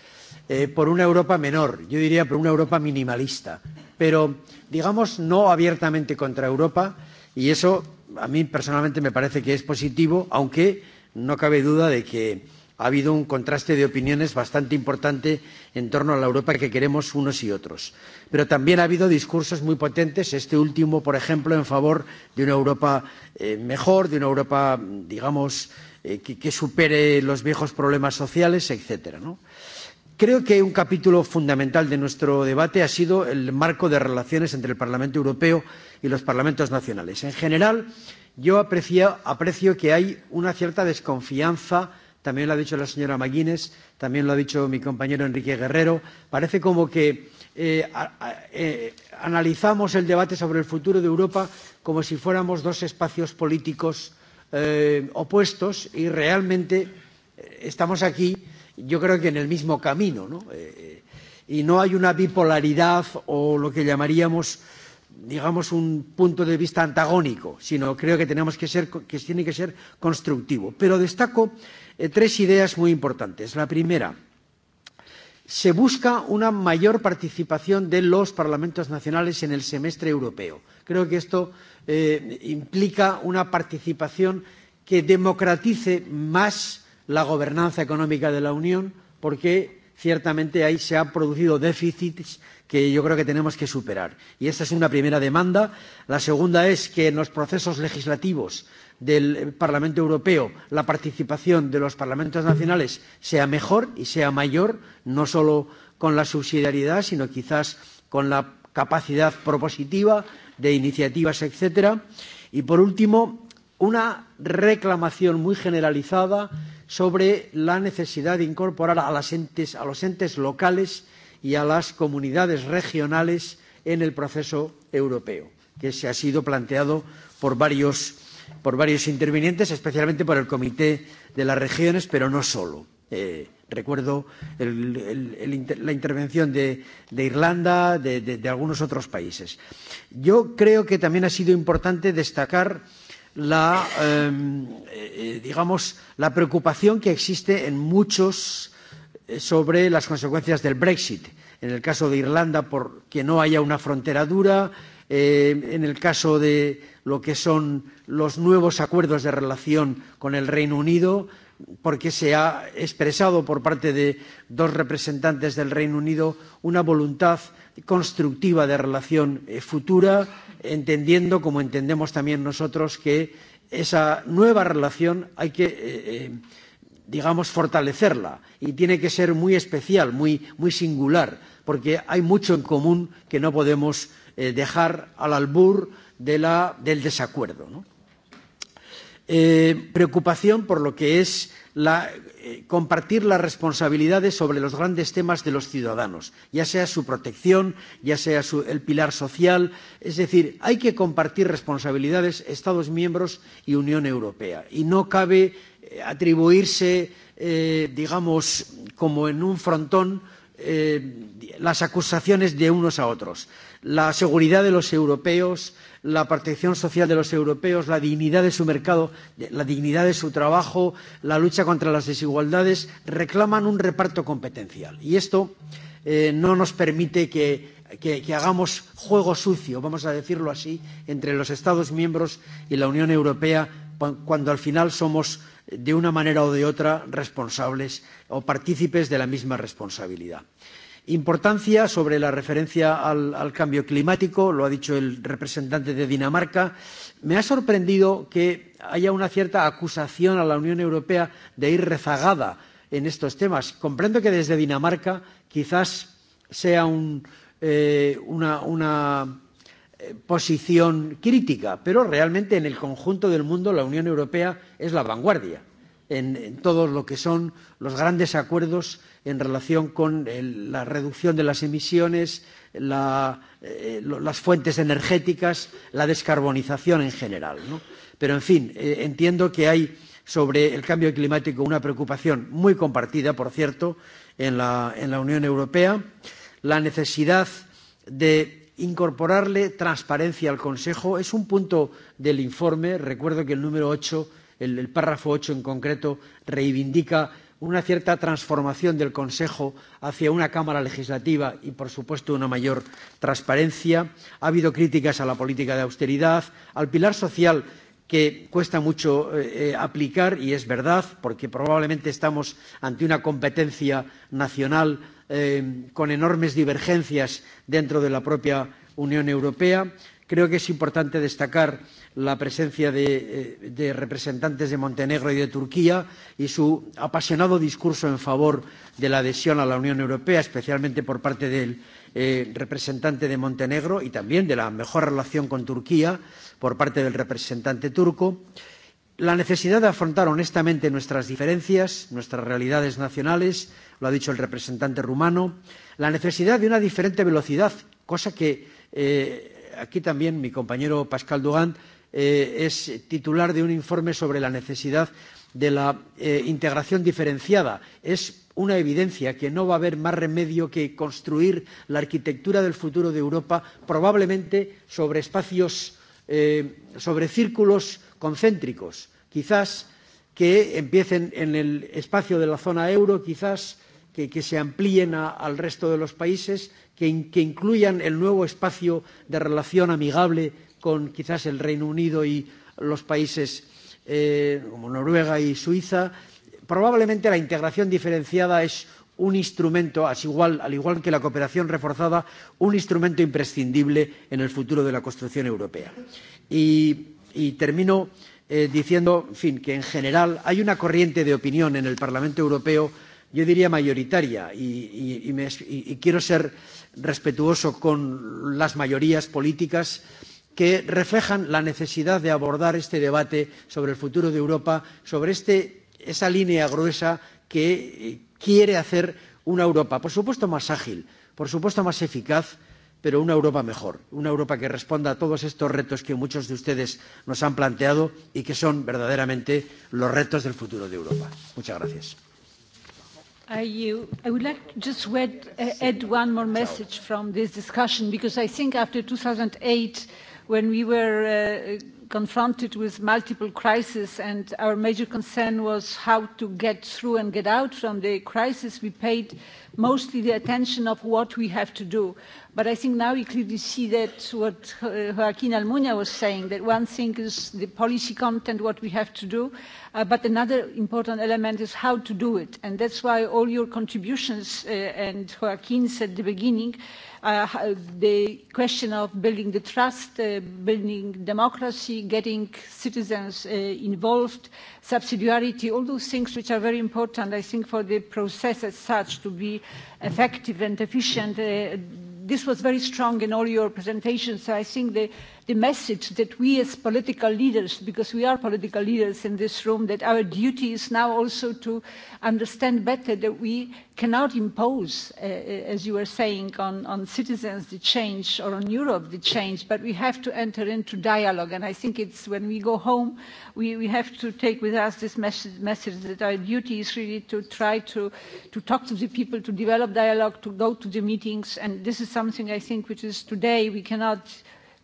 eh, por una Europa menor, yo diría por una Europa minimalista, pero, digamos, no abiertamente contra Europa. Y eso a mí personalmente me parece que es positivo, aunque no cabe duda de que ha habido un contraste de opiniones bastante importante en torno a la Europa que queremos unos y otros. Pero también ha habido discursos muy potentes, este último, por ejemplo, en favor de una Europa eh, mejor, de una Europa, digamos, eh, que, que supere los viejos problemas sociales, etcétera. ¿no? Eh, Creo que un capítulo fundamental de nuestro debate ha sido el marco de relaciones entre el Parlamento Europeo y los parlamentos nacionales. En general, yo aprecio, aprecio que hay una cierta desconfianza, también lo ha dicho la señora Maguines, también lo ha dicho mi compañero Enrique Guerrero. Parece como que eh, eh, analizamos el debate sobre el futuro de Europa como si fuéramos dos espacios políticos eh, opuestos y realmente eh, estamos aquí yo creo que en el mismo camino, ¿no? Eh, eh, y no hay una bipolaridad o lo que llamaríamos, digamos, un punto de vista antagónico, sino creo que, tenemos que, ser, que tiene que ser constructivo. Pero destaco eh, tres ideas muy importantes. La primera, se busca una mayor participación de los parlamentos nacionales en el semestre europeo. Creo que esto eh, implica una participación que democratice más eh, la gobernanza económica de la Unión, porque ciertamente ahí se han producido déficits que yo creo que tenemos que superar. Y esa es una primera demanda. La segunda es que en los procesos legislativos del Parlamento Europeo la participación de los parlamentos nacionales sea mejor y sea mayor, no solo con la subsidiariedad, sino quizás con la capacidad propositiva de iniciativas, etcétera. Y, por último, una reclamación muy generalizada sobre la necesidad de incorporar a, las entes, a los entes locales y a las comunidades regionales en el proceso europeo, que se ha sido planteado por varios, por varios intervinientes, especialmente por el Comité de las Regiones, pero no solo. Eh, recuerdo el, el, el, la intervención de, de Irlanda, de, de, de algunos otros países. Yo creo que también ha sido importante destacar eh, la, eh, eh, digamos, la preocupación que existe en muchos eh, sobre las consecuencias del Brexit. En el caso de Irlanda, por que no haya una frontera dura, eh, en el caso de lo que son los nuevos acuerdos de relación con el Reino Unido, porque se ha expresado por parte de dos representantes del Reino Unido una voluntad constructiva de relación eh, futura, entendiendo, como entendemos también nosotros, que esa nueva relación hay que, eh, eh, digamos, fortalecerla y tiene que ser muy especial, muy, muy singular, porque hay mucho en común que no podemos eh, dejar al albur de la, del desacuerdo. ¿no? Eh, preocupación por lo que es la, eh, compartir las responsabilidades sobre los grandes temas de los ciudadanos, ya sea su protección, ya sea su, el pilar social. Es decir, hay que compartir responsabilidades Estados miembros y Unión Europea. Y no cabe eh, atribuirse, eh, digamos, como en un frontón, eh, las acusaciones de unos a otros. La seguridad de los europeos, eh, la protección social de los europeos, la dignidad de su mercado, la dignidad de su trabajo, la lucha contra las desigualdades, reclaman un reparto competencial. Y esto eh, no nos permite que, que, que hagamos juego sucio, vamos a decirlo así, entre los Estados miembros y la Unión Europea cuando al final somos de una manera o de otra responsables o partícipes de la misma responsabilidad importancia sobre la referencia al, al cambio climático, lo ha dicho el representante de Dinamarca. Me ha sorprendido que haya una cierta acusación a la Unión Europea de ir rezagada en estos temas. Comprendo que desde Dinamarca quizás sea un, eh, una, una eh, posición crítica, pero realmente en el conjunto del mundo la Unión Europea es la vanguardia en, en todo lo que son los grandes acuerdos en relación con el, eh, la reducción de las emisiones, la, eh, lo, las fuentes energéticas, la descarbonización en general. ¿no? Pero, en fin, eh, entiendo que hay sobre el cambio climático una preocupación muy compartida, por cierto, en la, en la Unión Europea, la necesidad de incorporarle transparencia al Consejo es un punto del informe. Recuerdo que el número 8, el, el párrafo 8 en concreto, reivindica una cierta transformación del Consejo hacia una Cámara Legislativa y, por supuesto, una mayor transparencia. Ha habido críticas a la política de austeridad, al pilar social que cuesta mucho eh, eh aplicar y es verdad, porque probablemente estamos ante una competencia nacional eh, con enormes divergencias dentro de la propia Unión Europea. Creo que es importante destacar la presencia de, eh, de representantes de Montenegro y de Turquía y su apasionado discurso en favor de la adhesión a la Unión Europea, especialmente por parte del eh, representante de Montenegro y también de la mejor relación con Turquía por parte del representante turco. La necesidad de afrontar honestamente nuestras diferencias, nuestras realidades nacionales, lo ha dicho el representante rumano. La necesidad de una diferente velocidad, cosa que. Eh, aquí también mi compañero Pascal Dugan eh, es titular de un informe sobre la necesidad de la eh, integración diferenciada. Es una evidencia que no va a haber más remedio que construir la arquitectura del futuro de Europa probablemente sobre espacios, eh, sobre círculos concéntricos, quizás que empiecen en el espacio de la zona euro, quizás eh, que, que se amplíen a, al resto de los países, que, in, que incluyan el nuevo espacio de relación amigable con quizás el Reino Unido y los países eh, como Noruega y Suiza. Probablemente la integración diferenciada es un instrumento, al igual, al igual que la cooperación reforzada, un instrumento imprescindible en el futuro de la construcción europea. Y, y termino eh, diciendo, en fin, que en general hay una corriente de opinión en el Parlamento Europeo yo diría mayoritaria, y, y, y, me, y, y quiero ser respetuoso con las mayorías políticas que reflejan la necesidad de abordar este debate sobre el futuro de Europa, sobre este, esa línea gruesa que eh, quiere hacer una Europa, por supuesto, más ágil, por supuesto, más eficaz, pero una Europa mejor, una Europa que responda a todos estos retos que muchos de ustedes nos han planteado y que son verdaderamente los retos del futuro de Europa. Muchas gracias. Uh, i would like to just uh, add one more message from this discussion because i think after two thousand and eight when we were going through confronted with multiple crises and our major concern was how to get through and get out from the crisis we paid mostly the attention of what we have to do but i think now we clearly see that what joaquin almunia was saying that one thing is the policy content what we have to do uh, but another important element is how to do it and that's why all your contributions uh, and joaquin's at the beginning uh, Uh, the question of building the trust uh, building democracy getting citizens uh, involved subsidiarity all those things which are very important i think for the process as such to be effective and efficient this was very strong in all your presentations so i think the the message that we as political leaders, because we are political leaders in this room, that our duty is now also to understand better that we cannot impose, uh, uh, as you were saying, on, on citizens the change or on Europe the change, but we have to enter into dialogue. And I think it's when we go home, we, we have to take with us this message, message that our duty is really to try to, to talk to the people, to develop dialogue, to go to the meetings. And this is something I think which is today we cannot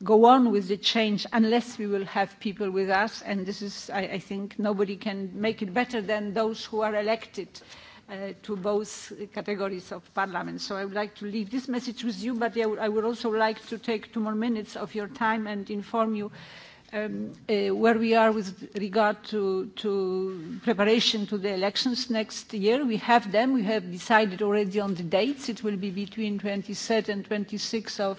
go on with the change unless we will have people with us. And this is, I, I think, nobody can make it better than those who are elected uh, to both categories of parliament. So I would like to leave this message with you, but I would also like to take two more minutes of your time and inform you um, uh, where we are with regard to, to preparation to the elections next year. We have them. We have decided already on the dates. It will be between 23rd and 26th of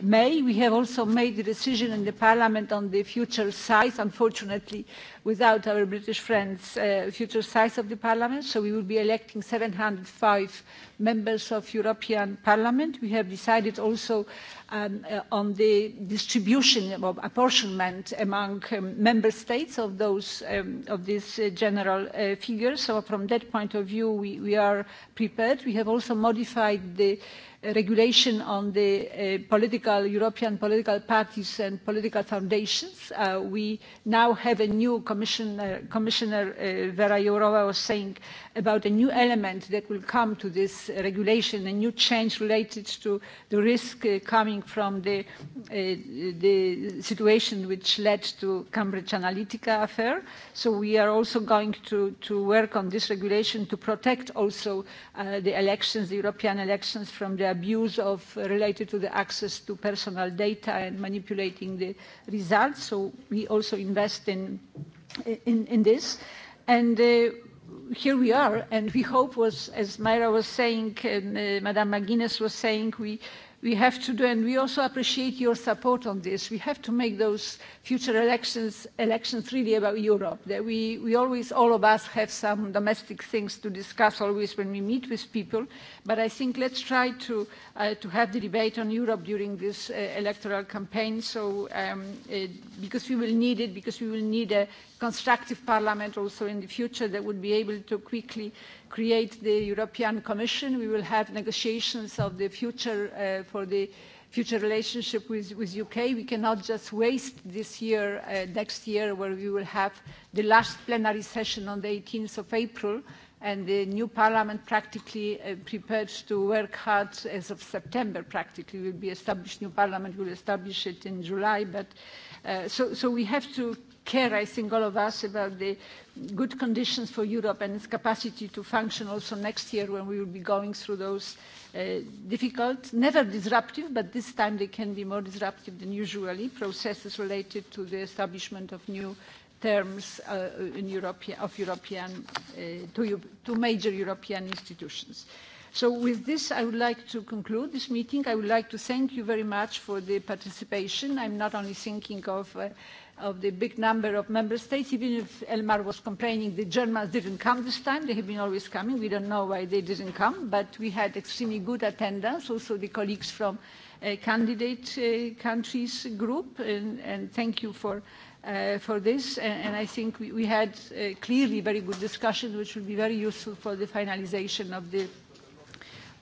may we have also made the decision in the parliament on the future size unfortunately we without our British friends, uh, future size of the Parliament. So we will be electing 705 members of European Parliament. We have decided also um, uh, on the distribution of apportionment among um, member states of those um, of this uh, general uh, figure. So from that point of view, we, we are prepared. We have also modified the uh, regulation on the uh, political European political parties and political foundations. Uh, we now have a new. Com- commissioner eh, vra jourov was saying uh, about a new element that will come to this regulation, a new change related to the risk uh, coming from the, uh, the situation which led to Cambridge Analytica affair. So we are also going to, to work on this regulation to protect also uh, the elections, the European elections, from the abuse of uh, related to the access to personal data and manipulating the results. So we also invest in, in, in this. And uh, here we are and we hope as mayra was saying and uh, madame mcguinness was saying we we have to do, and we also appreciate your support on this. We have to make those future elections elections really about Europe. That we, we always, all of us, have some domestic things to discuss always when we meet with people. But I think let's try to uh, to have the debate on Europe during this uh, electoral campaign. So um, uh, because we will need it, because we will need a constructive parliament also in the future that would be able to quickly uh, create the European Commission. We will have negotiations of the future uh, for the future relationship with, with UK. We cannot just waste this year, uh, next year, where we will have the last plenary session on the 18th of April and the new parliament practically uh, prepared to work hard as of September practically. We will be established, new parliament will establish it in July, but uh, so, so we have to care i think all of us about the good conditions for europe and its capacity to function also next year when we will be going through those uh, difficult never disruptive but this time they can be more disruptive than usually processes related to the establishment of new terms uh, in europe of european uh, to, to major european institutions so with this i would like to conclude this meeting i would like to thank you very much for the participation i'm not only thinking of uh, of the big number of member states. Even if Elmar was complaining the Germans didn't come this time, they have been always coming. We don't know why they didn't come, but we had extremely good attendance, also the colleagues from a uh, candidate uh, countries group, and, and thank you for, uh, for this. And, and I think we, we had uh, clearly very good discussion, which will be very useful for the finalization of the,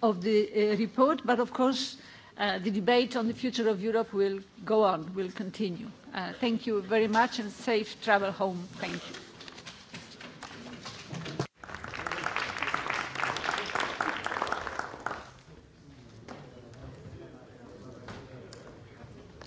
of the uh, report. But of course, Uh, the debate on the future of Europe will go on, will continue. Uh, thank you very much and safe travel home. Thank you.